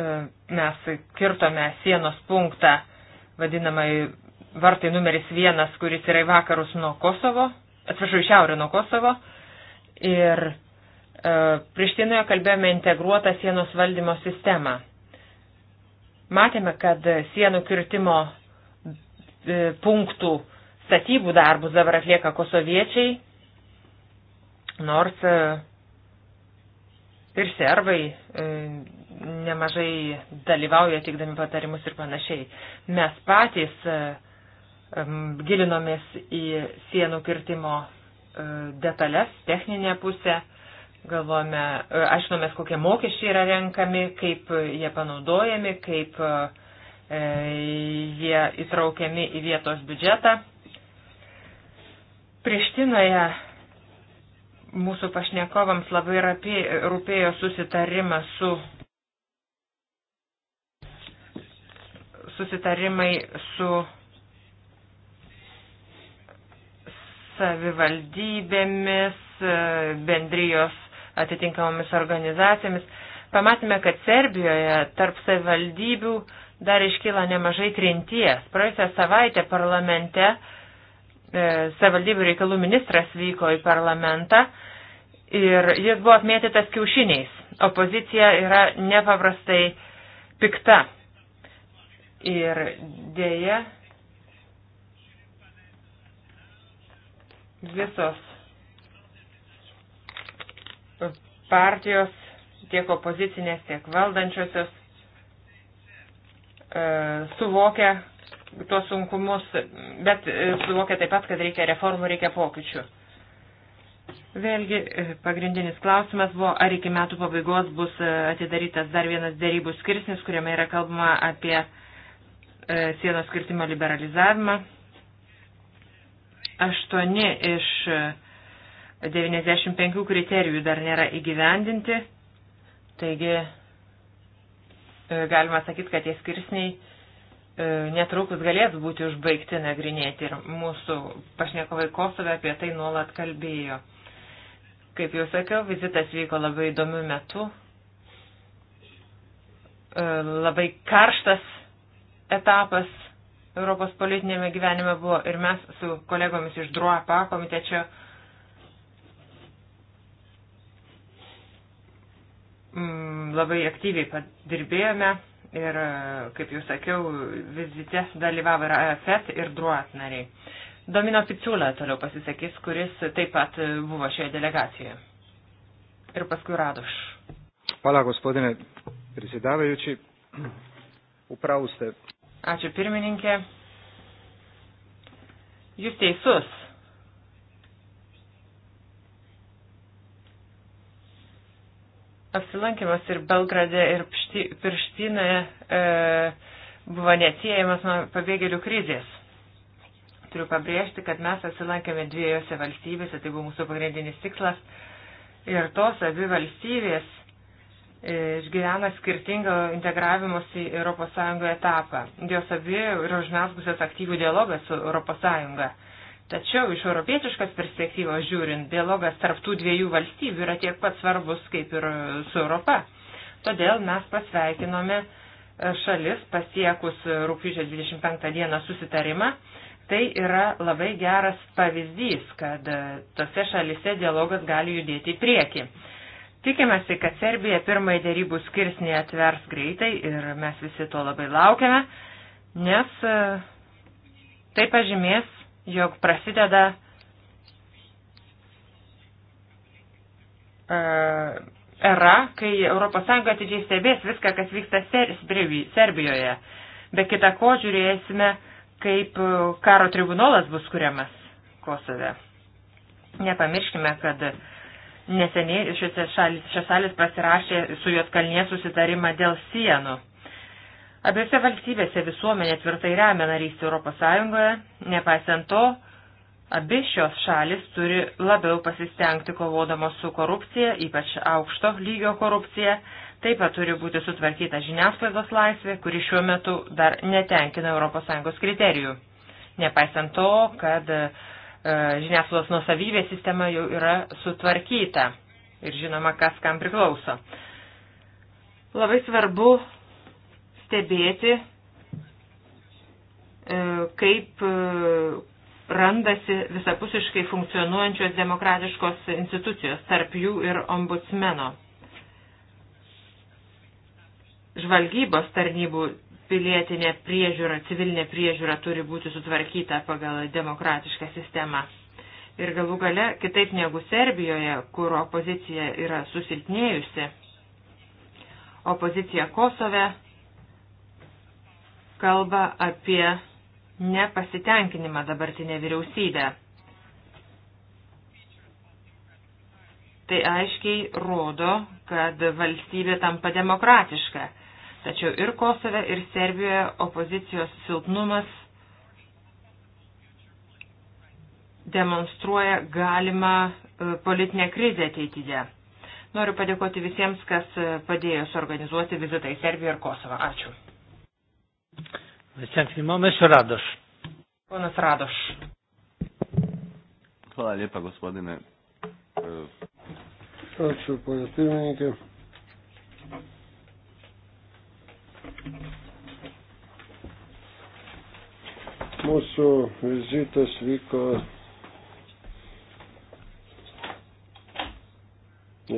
E, mes kirtome sienos punktą vadinamai vartai numeris vienas, kuris yra į vakarus nuo Kosovo, atsiprašau, į šiaurę nuo Kosovo. Ir e, Prištinoje kalbėjome integruotą sienos valdymo sistemą. Matėme, kad sienų kirtimo e, punktų statybų darbus dabar atlieka kosoviečiai, nors e, ir servai e, nemažai dalyvauja teikdami patarimus ir panašiai. Mes patys e, gilinomės į sienų kirtimo e, detalės, techninę pusę, galvojame, e, aiškinomės, kokie mokesčiai yra renkami, kaip e, jie panaudojami, kaip jie įtraukiami į vietos biudžetą. Prieštinoje mūsų pašnekovams labai rapė, rūpėjo susitarimas su susitarimai su savivaldybėmis, e, bendrijos atitinkamomis organizacijomis. Pamatėme, kad Serbijoje tarp savivaldybių dar iškyla nemažai trinties. Praėjusią savaitę parlamente e, savivaldybių reikalų ministras vyko į parlamentą ir jis buvo apmėtytas kiaušiniais. Opozicija yra nepaprastai pikta. Ir dėja visos partijos, tiek opozicinės, tiek valdančiosios, e, suvokia tuos sunkumus, bet e, suvokia taip pat, kad reikia reformų, reikia pokyčių. Vėlgi, e, pagrindinis klausimas buvo, ar iki metų pabaigos bus atidarytas dar vienas dėrybų skirsnis, kuriame yra kalbama apie sienos skirtimo liberalizavimą. Aštuoni iš 95 kriterijų dar nėra įgyvendinti, taigi e, galima sakyti, kad tie skirsniai e, netrukus galės būti užbaigti nagrinėti ir mūsų pašnekovai Kosove apie tai nuolat kalbėjo. Kaip jau sakiau, vizitas vyko labai įdomių metų, e, labai karštas etapas Europos politinėme gyvenime buvo ir mes su kolegomis iš DROAPA komitečio mm, labai aktyviai padirbėjome ir, kaip jau sakiau, vizite dalyvavo ir AFET ir DROAT nariai. Domino Piciulė toliau pasisakys, kuris taip pat buvo šioje delegacijoje. Ir paskui Radoš. Hvala, gospodine predsjedavajući. Upravo ste. Ačiū pirmininkė. Jūs teisus. Apsilankimas ir Belgrade, ir pšti, Pirštinoje e, buvo neatsiejamas nuo pabėgėlių krizės. Turiu pabrėžti, kad mes apsilankėme dviejose valstybėse, tai buvo mūsų pagrindinis tikslas. Ir tos abi valstybės E, išgyvena skirtingą integravimosi į ES etapą. Jos abi yra užmesgusios aktyvų dialogą su ES. Tačiau iš europietiškas perspektyvos žiūrint, dialogas tarptų dviejų valstybių yra tiek pat svarbus kaip ir su Europa. Todėl mes pasveikinome e, šalis pasiekus rūpiučio 25 dieną susitarimą. Tai yra labai geras pavyzdys, kad e, tose šalise dialogas gali judėti į priekį. Tikimasi, kad Serbija pirmąjį dėrybų skirsnį atvers greitai ir mes visi to labai laukiame, nes e, tai pažymės, jog prasideda e, era, kai ES atidžiai stebės viską, kas vyksta Serbijoje. Be kita ko žiūrėsime, kaip e, karo tribunolas bus kuriamas Kosove. Nepamirškime, kad uh, Neseniai šios šalis, šios šalis pasirašė su Juotkalnie susitarimą dėl sienų. Abiejose valstybėse visuomenė tvirtai remia narystį Europos Sąjungoje, nepaisant to, abi šios šalis turi labiau pasistengti kovodamos su korupcija, ypač aukšto lygio korupcija, taip pat turi būti sutvarkyta žiniasklaidos laisvė, kuri šiuo metu dar netenkina Europos Sąjungos kriterijų. Nepaisant to, kad uh, E, žiniasklaidos nusavybės sistema jau yra sutvarkyta ir žinoma, kas kam priklauso. Labai svarbu stebėti, e, kaip e, randasi visapusiškai funkcionuojančios demokratiškos institucijos, tarp jų ir ombudsmeno. Žvalgybos tarnybų pilietinė priežiūra, civilinė priežiūra turi būti sutvarkyta pagal demokratišką sistemą. Ir galų gale, kitaip negu Serbijoje, kur opozicija yra susilpnėjusi, opozicija Kosove kalba apie nepasitenkinimą dabartinę vyriausybę. Tai aiškiai rodo, kad valstybė tampa demokratiška Tačiau ir Kosove, ir Serbijoje opozicijos silpnumas demonstruoja galimą e, politinę krizę ateityje. Noriu padėkoti visiems, kas e, padėjo suorganizuoti vizitą į Serbiją ir Kosovą. Ačiū. Radoš. Ponas Radoš. Hvala lijepa, gospodine. E, Ačiū, ponė pirmininkė. Mūsų vizitas vyko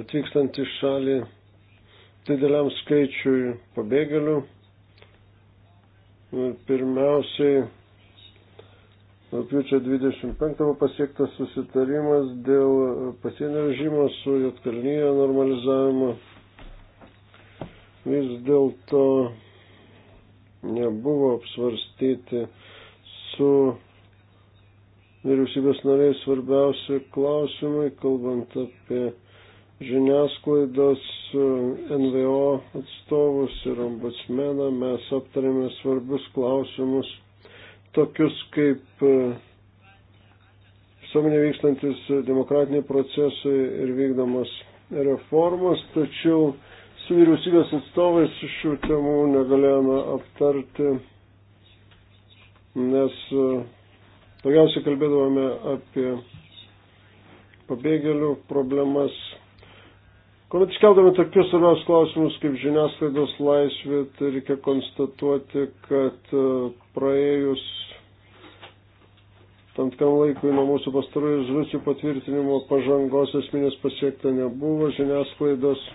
atvykstant į šalį dideliam skaičiui pabėgėlių. Ir pirmiausiai Rūpiučio 25 pasiektas susitarimas dėl pasienio režimo su Jotkalnyje normalizavimo. Vis dėlto nebuvo apsvarstyti su vyriausybės nariai svarbiausi klausimai, kalbant apie žiniasklaidos NVO atstovus ir ombudsmeną. Mes aptarėme svarbius klausimus, tokius kaip e, visuomenė vykstantis demokratiniai procesai ir vykdomas reformos, tačiau Su vyriausybės atstovais šių temų negalėjome aptarti, nes e, daugiausiai kalbėdavome apie pabėgėlių problemas. Kuomet iškeldami tokius svarbiausius klausimus kaip žiniasklaidos laisvė, tai reikia konstatuoti, kad e, praėjus tam tikram laikui nuo mūsų pastarųjų žuvusių patvirtinimo pažangos esminės pasiekta nebuvo žiniasklaidos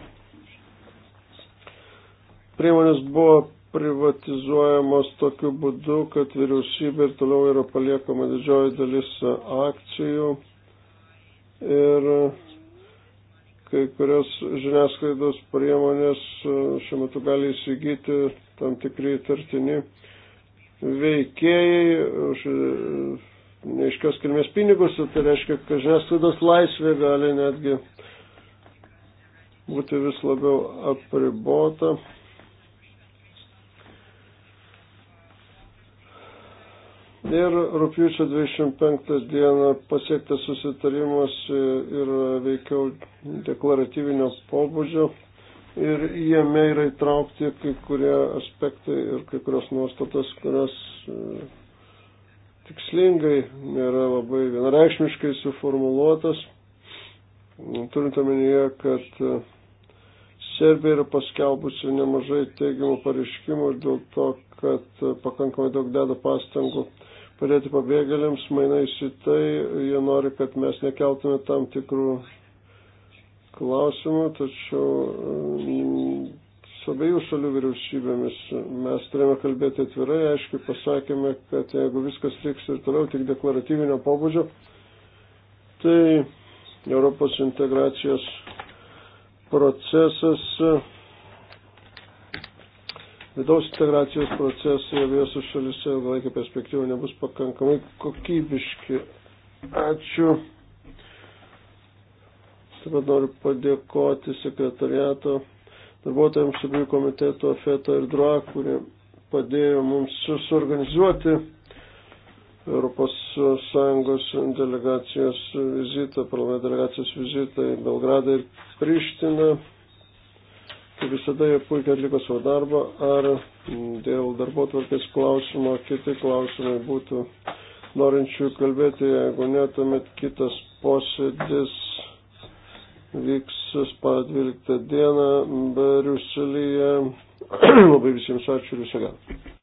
priemonės buvo privatizuojamos tokiu būdu, kad vyriausybė ir toliau yra paliekama didžioji dalis akcijų ir kai kurios žiniasklaidos priemonės e, šiuo metu gali įsigyti tam tikrai tartini veikėjai už e, neiškios kilmės pinigus, tai reiškia, kad žiniasklaidos laisvė gali netgi būti vis labiau apribota. Ir rūpiučio 25 dieną pasiektas susitarimas e, ir veikiau deklaratyvinio pobūdžio. Ir jame yra įtraukti kai kurie aspektai ir kai kurios nuostatos, kurios e, tikslingai nėra labai vienareikšmiškai suformuoluotos. Turint omenyje, kad e, Serbija yra paskelbusi nemažai teigiamų pareiškimų dėl to, kad pakankamai daug deda pastangų padėti pabėgėliams, mainais į tai, jie nori, kad mes nekeltume tam tikrų klausimų, tačiau mm, su abiejų šalių vyriausybėmis mes turėjome kalbėti atvirai, aiškiai pasakėme, kad jeigu viskas liks ir toliau tik deklaratyvinio pobūdžio, tai Europos integracijos procesas vidaus integracijos procesai abiejose šalise ilgalaikė perspektyva nebus pakankamai kokybiški. Ačiū. Taip pat noriu padėkoti sekretariato darbuotojams abiejų komiteto FETA ir DROA, kurie padėjo mums susorganizuoti ES delegacijos vizitą, parlamento delegacijos vizitą į Belgradą ir Prištiną kaip visada jie puikiai atliko savo darbą, ar dėl darbo tvarkės klausimo kiti klausimai būtų norinčių kalbėti, jeigu ne, tuomet kitas posėdis vyks spalio 12 dieną Briuselyje. Labai visiems ačiū ir viso gero.